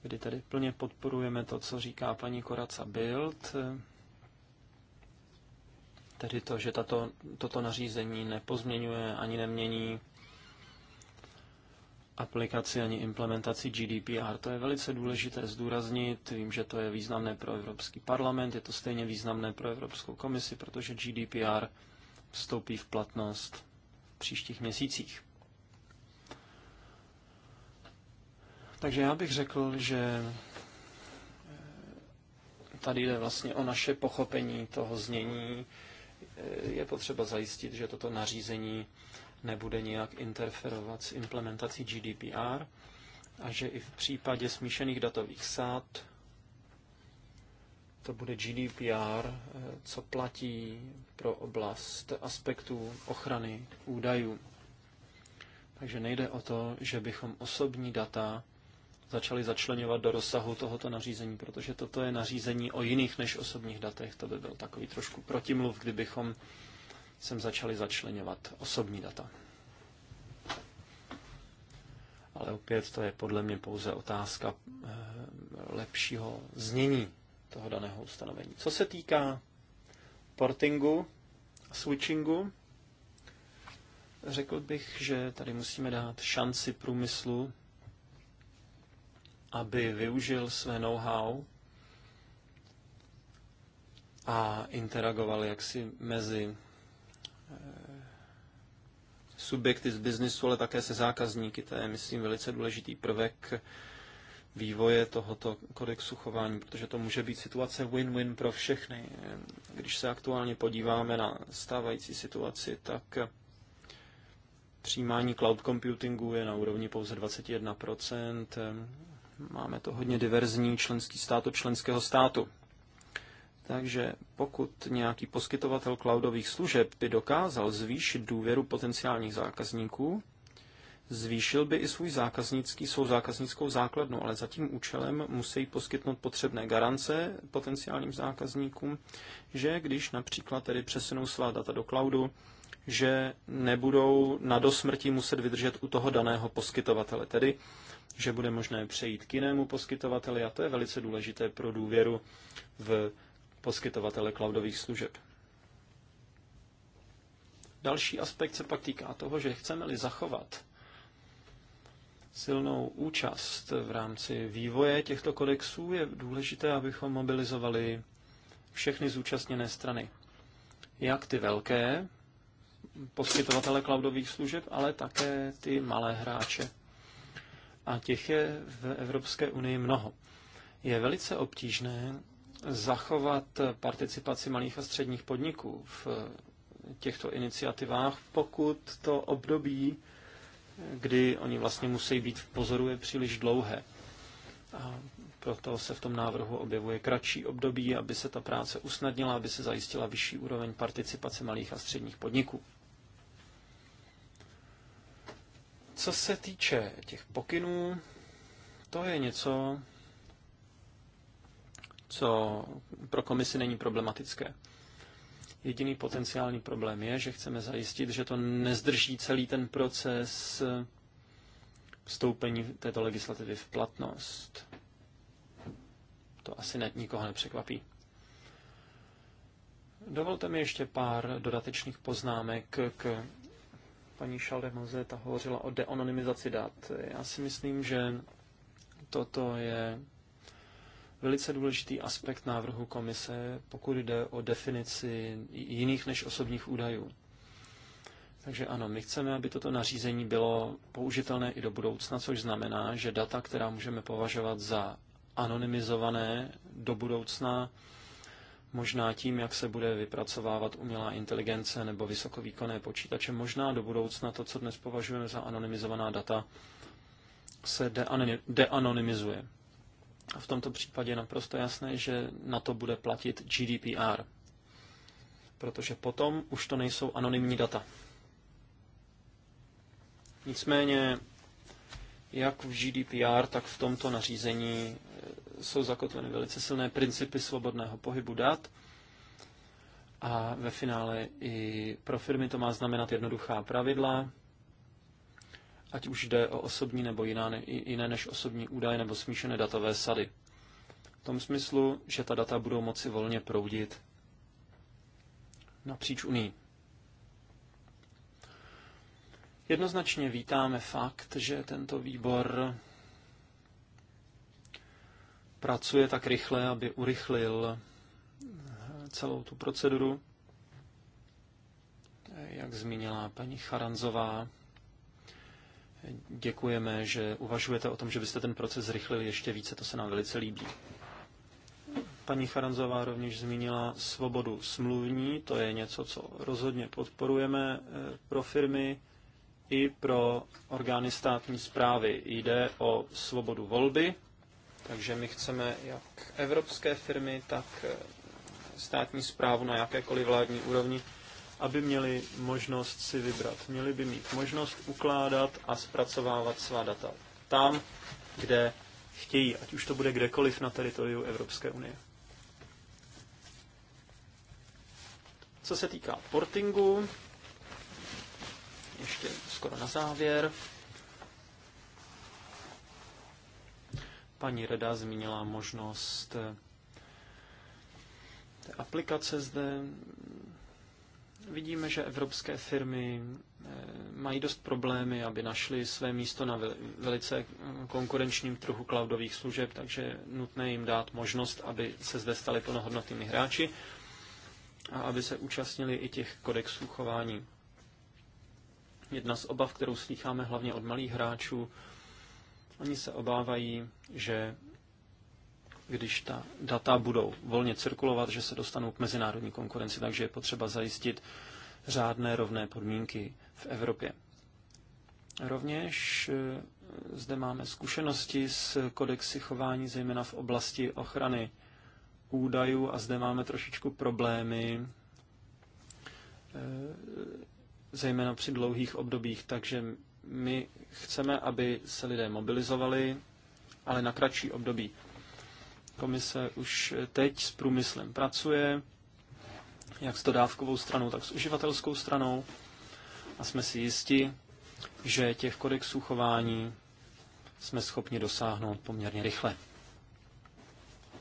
[SPEAKER 2] kdy tedy plně podporujeme to, co říká paní Koraca Bild, tedy to, že tato, toto nařízení nepozměňuje ani nemění aplikaci ani implementaci GDPR. To je velice důležité zdůraznit. Vím, že to je významné pro Evropský parlament, je to stejně významné pro Evropskou komisi, protože GDPR vstoupí v platnost v příštích měsících. Takže já bych řekl, že tady jde vlastně o naše pochopení toho znění. Je potřeba zajistit, že toto nařízení nebude nijak interferovat s implementací GDPR a že i v případě smíšených datových sád to bude GDPR, eh, co platí pro oblast aspektů ochrany údajů. Takže nejde o to, že bychom osobní data začali začlenovat do rozsahu tohoto nařízení, protože toto je nařízení o jiných než osobních datech. To by byl takový trošku protimluv, kdybychom sem začali začlenovat osobní data. Ale opět to je podle mě pouze otázka eh, lepšího znění toho daného ustanovení. Co se týká portingu a switchingu, řekl bych, že tady musíme dát šanci průmyslu, aby využil své know-how a interagoval jaksi mezi subjekty z biznisu, ale také se zákazníky. To je, myslím, velice důležitý prvek vývoje tohoto kodexu chování, protože to může být situace win-win pro všechny. Když se aktuálně podíváme na stávající situaci, tak přijímání cloud computingu je na úrovni pouze 21%. Máme to hodně diverzní členský stát od členského státu. Takže pokud nějaký poskytovatel cloudových služeb by dokázal zvýšit důvěru potenciálních zákazníků, zvýšil by i svůj zákaznický, svou zákaznickou základnu, ale za tím účelem musí poskytnout potřebné garance potenciálním zákazníkům, že když například tedy přesunou svá data do cloudu, že nebudou na dosmrti muset vydržet u toho daného poskytovatele, tedy že bude možné přejít k jinému poskytovateli a to je velice důležité pro důvěru v poskytovatele cloudových služeb. Další aspekt se pak týká toho, že chceme-li zachovat silnou účast v rámci vývoje těchto kodexů, je důležité, abychom mobilizovali všechny zúčastněné strany. Jak ty velké, poskytovatele cloudových služeb, ale také ty malé hráče. A těch je v Evropské unii mnoho. Je velice obtížné zachovat participaci malých a středních podniků v těchto iniciativách, pokud to období, kdy oni vlastně musí být v pozoru, je příliš dlouhé. A proto se v tom návrhu objevuje kratší období, aby se ta práce usnadnila, aby se zajistila vyšší úroveň participace malých a středních podniků. Co se týče těch pokynů, to je něco, co pro komisi není problematické. Jediný potenciální problém je, že chceme zajistit, že to nezdrží celý ten proces vstoupení této legislativy v platnost. To asi ne, nikoho nepřekvapí. Dovolte mi ještě pár dodatečných poznámek k paní Šaldemoze, ta hovořila o deanonymizaci dat. Já si myslím, že toto je velice důležitý aspekt návrhu komise, pokud jde o definici jiných než osobních údajů. Takže ano, my chceme, aby toto nařízení bylo použitelné i do budoucna, což znamená, že data, která můžeme považovat za anonymizované do budoucna, možná tím, jak se bude vypracovávat umělá inteligence nebo vysokovýkonné počítače, možná do budoucna to, co dnes považujeme za anonymizovaná data, se deanonymizuje. A v tomto případě je naprosto jasné, že na to bude platit GDPR, protože potom už to nejsou anonymní data. Nicméně, jak v GDPR, tak v tomto nařízení eh, jsou zakotveny velice silné principy svobodného pohybu dat a ve finále i pro firmy to má znamenat jednoduchá pravidla, ať už jde o osobní nebo jiná, jiné než osobní údaje nebo smíšené datové sady. V tom smyslu, že ta data budou moci volně proudit napříč Unii. Jednoznačně vítáme fakt, že tento výbor pracuje tak rychle, aby urychlil celou tu proceduru. Jak zmínila paní Charanzová, Děkujeme, že uvažujete o tom, že byste ten proces zrychlili ještě více, to se nám velice líbí. Paní Charanzová rovněž zmínila svobodu smluvní, to je něco, co rozhodně podporujeme eh, pro firmy i pro orgány státní zprávy. Jde o svobodu volby, takže my chceme jak evropské firmy, tak eh, státní zprávu na jakékoliv vládní úrovni aby měli možnost si vybrat. Měli by mít možnost ukládat a zpracovávat svá data tam, kde chtějí, ať už to bude kdekoliv na teritoriu Evropské unie. Co se týká portingu, ještě skoro na závěr. Paní Reda zmínila možnost té aplikace zde. Vidíme, že evropské firmy eh, mají dost problémy, aby našly své místo na velice konkurenčním trhu cloudových služeb, takže nutné jim dát možnost, aby se zde stali plnohodnotnými hráči a aby se účastnili i těch kodexů chování. Jedna z obav, kterou slycháme hlavně od malých hráčů, oni se obávají, že když ta data budou volně cirkulovat, že se dostanou k mezinárodní konkurenci, takže je potřeba zajistit řádné rovné podmínky v Evropě. Rovněž eh, zde máme zkušenosti s kodexy chování, zejména v oblasti ochrany údajů a zde máme trošičku problémy, eh, zejména při dlouhých obdobích, takže my chceme, aby se lidé mobilizovali, ale na kratší období. Komise už teď s průmyslem pracuje, jak s dodávkovou stranou, tak s uživatelskou stranou. A jsme si jisti, že těch kodexů chování jsme schopni dosáhnout poměrně rychle.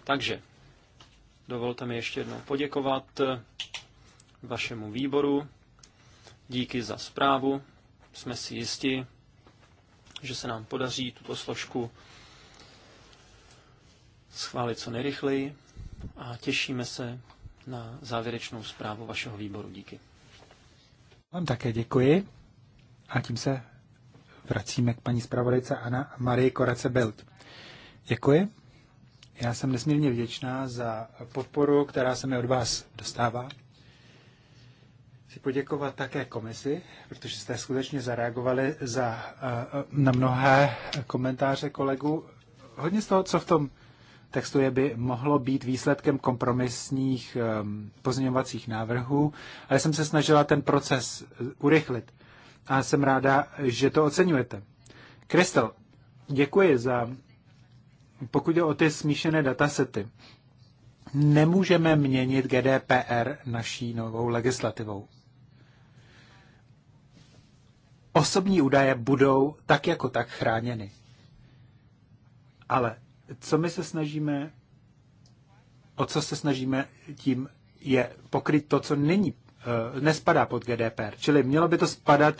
[SPEAKER 2] Takže dovolte mi ještě jednou poděkovat vašemu výboru. Díky za zprávu. Jsme si jisti, že se nám podaří tuto složku schválit co nejrychleji a těšíme se na závěrečnou zprávu vašeho výboru. Díky.
[SPEAKER 3] Vám také děkuji a tím se vracíme k paní zpravodajce Ana Marie Korace Belt. Děkuji. Já jsem nesmírně vděčná za podporu, která se mi od vás dostává. Chci poděkovat také komisi, protože jste skutečně zareagovali za, eh, na mnohé komentáře kolegů. Hodně z toho, co v tom textu je, by mohlo být výsledkem kompromisních ehm, pozměňovacích návrhů, ale jsem se snažila ten proces eh, urychlit a jsem ráda, že to oceňujete. Kristel, děkuji za, pokud jde o ty smíšené datasety, nemůžeme měnit GDPR naší novou legislativou. Osobní údaje budou tak jako tak chráněny. Ale co my se snažíme, o co se snažíme tím je pokryt to, co není, eh, nespadá pod GDPR. Čili mělo by to spadat,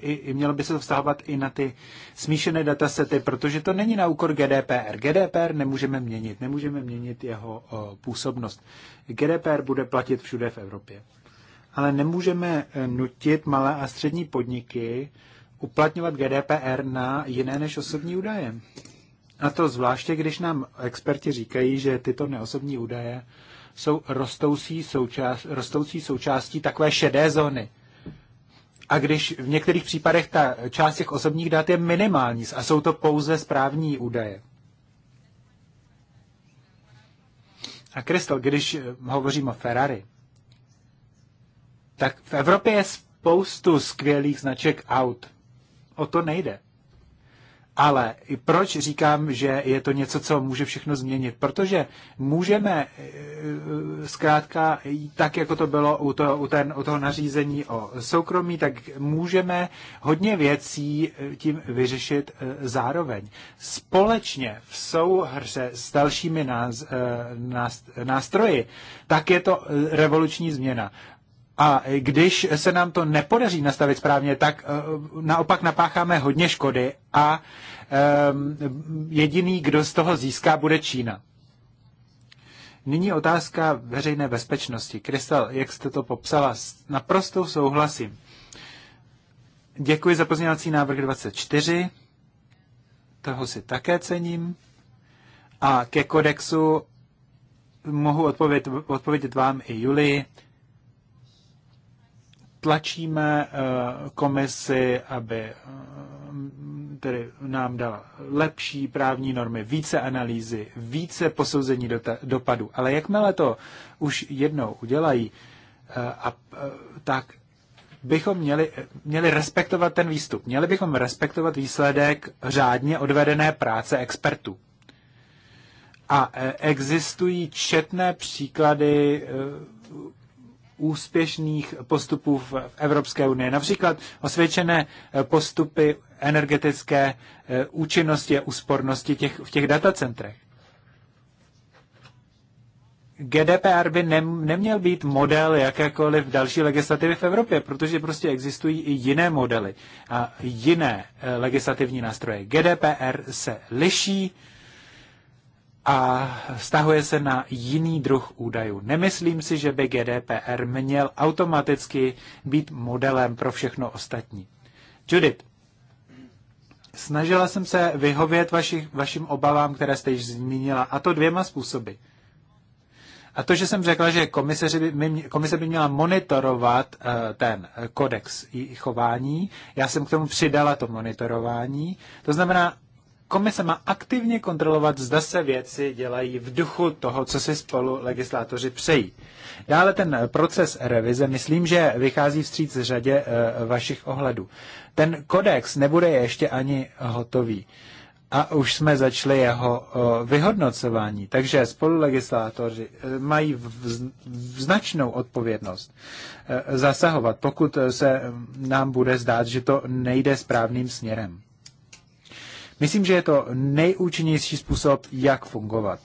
[SPEAKER 3] i, mělo by se to vztahovat i na ty smíšené datasety, protože to není na úkor GDPR. GDPR nemůžeme měnit, nemůžeme měnit jeho působnost. GDPR bude platit všude v Evropě. Ale nemůžeme eh, nutit malé a střední podniky uplatňovat GDPR na jiné než osobní údaje. A to zvláště, když nám experti říkají, že tyto neosobní údaje jsou rostoucí, součást, rostoucí součástí takové šedé zóny. A když v některých případech ta část těch osobních dat je minimální a jsou to pouze správní údaje. A Kristal, když hovořím o Ferrari, tak v Evropě je spoustu skvělých značek aut. O to nejde. Ale proč říkám, že je to něco, co může všechno změnit? Protože můžeme e, e, zkrátka, tak jako to bylo u toho, u, ten, u toho nařízení o soukromí, tak můžeme hodně věcí e, tím vyřešit zároveň. Společně v souhře s dalšími nás, nás, nástroji, tak je to revoluční změna. A když se nám to nepodaří nastavit správně, tak eh, naopak napácháme hodně škody a ehm, jediný, kdo z toho získá, bude Čína. Nyní otázka veřejné bezpečnosti. Krystal, jak jste to popsala, naprosto souhlasím. Děkuji za pozměňovací návrh 24. Toho si také cením. A ke kodexu mohu odpovědět, odpovědět vám i Julii tlačíme eh, komisi, aby eh, tedy nám dala lepší právní normy, více analýzy, více posouzení dopadu. Ale jakmile to už jednou udělají, eh, a, tak bychom měli, měli respektovat ten výstup. Měli bychom respektovat výsledek řádně odvedené práce expertů. A existují četné příklady úspěšných postupů v Evropské unii. Například osvědčené eh, postupy energetické eh, účinnosti a úspornosti těch, v těch datacentrech. GDPR by ne, neměl být model jakékoliv další legislativy v Evropě, protože prostě existují i jiné modely a jiné eh, legislativní nástroje. GDPR se liší, a vztahuje se na jiný druh údajů. Nemyslím si, že by GDPR měl automaticky být modelem pro všechno ostatní. Judith, snažila jsem se vyhovět vaši, vašim obavám, které jste již zmínila, a to dvěma způsoby. A to, že jsem řekla, že komise by, komise by měla monitorovat eh, ten kodex chování, já jsem k tomu přidala to monitorování. To znamená, Komise má aktivně kontrolovat, zda se věci dělají v duchu toho, co si spolu legislátoři přejí. Dále ten proces revize, myslím, že vychází vstříc řadě e, vašich ohledů. Ten kodex nebude ještě ani hotový a už jsme začali jeho eh, vyhodnocování. Takže e, mají značnou odpovědnost zasahovat, pokud se nám bude zdát, že to nejde správným směrem. Myslím, že je to nejúčinnější způsob, jak fungovat.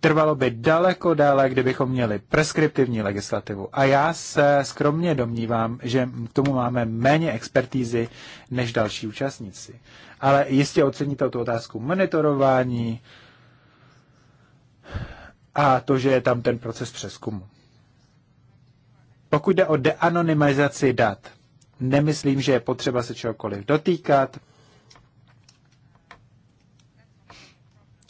[SPEAKER 3] Trvalo by daleko déle, kdybychom měli preskriptivní legislativu. A já se skromně domnívám, že k tomu máme méně expertízy než další účastníci. Ale jistě oceníte tu otázku monitorování a to, že je tam ten proces přeskumu. Pokud jde o deanonymizaci dat, nemyslím, že je potřeba se čehokoliv dotýkat.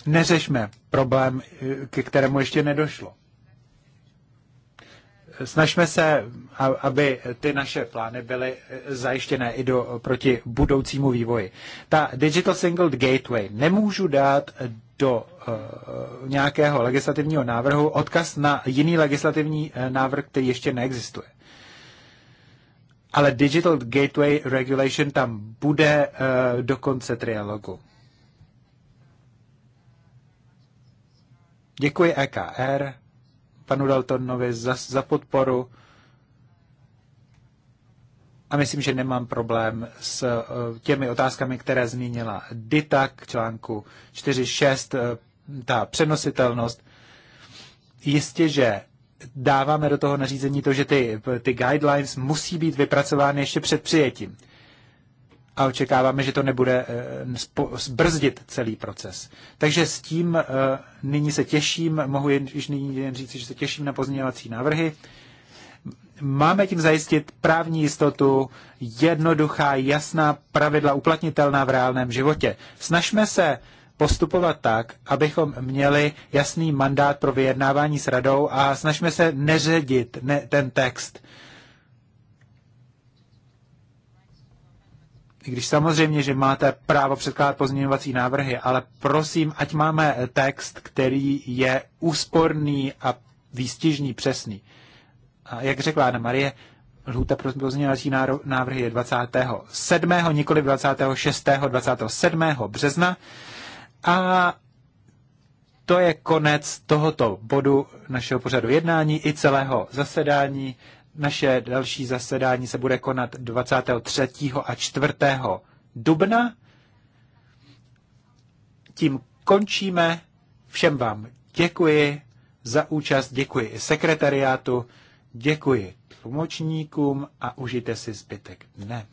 [SPEAKER 3] Neřešme problém, ke kterému ještě nedošlo. Snažme se, aby ty naše plány byly zajištěné i do, proti budoucímu vývoji. Ta Digital Single Gateway nemůžu dát do uh, nějakého legislativního návrhu odkaz na jiný legislativní eh, návrh, který ještě neexistuje ale Digital Gateway Regulation tam bude eh, do konce trialogu. Děkuji EKR, panu Daltonovi za, za podporu a myslím, že nemám problém s eh, těmi otázkami, které zmínila Dita k článku 4.6, eh, ta přenositelnost. Jistě, že dáváme do toho nařízení to, že ty, ty guidelines musí být vypracovány ještě před přijetím. A očekáváme, že to nebude eh, zbrzdit celý proces. Takže s tím eh, nyní se těším, mohu jen, již nyní jen říct, že se těším na pozměňovací návrhy. Máme tím zajistit právní jistotu, jednoduchá, jasná pravidla uplatnitelná v reálném životě. Snažme se uh, postupovat tak, abychom měli jasný mandát pro vyjednávání s radou a snažíme se neředit ne, ten text. I když samozřejmě, že máte právo předkládat pozměňovací návrhy, ale prosím, ať máme text, který je úsporný a výstižný, přesný. A jak řekla Anna Marie, lhůta pro pozměňovací návrhy je 27. nikoli 26. 27. března. A to je konec tohoto bodu našeho pořadu jednání i celého zasedání. Naše další zasedání se bude konat 23. a 4. dubna. Tím končíme. Všem vám děkuji za účast, děkuji i sekretariátu, děkuji tlumočníkům a užijte si zbytek dne.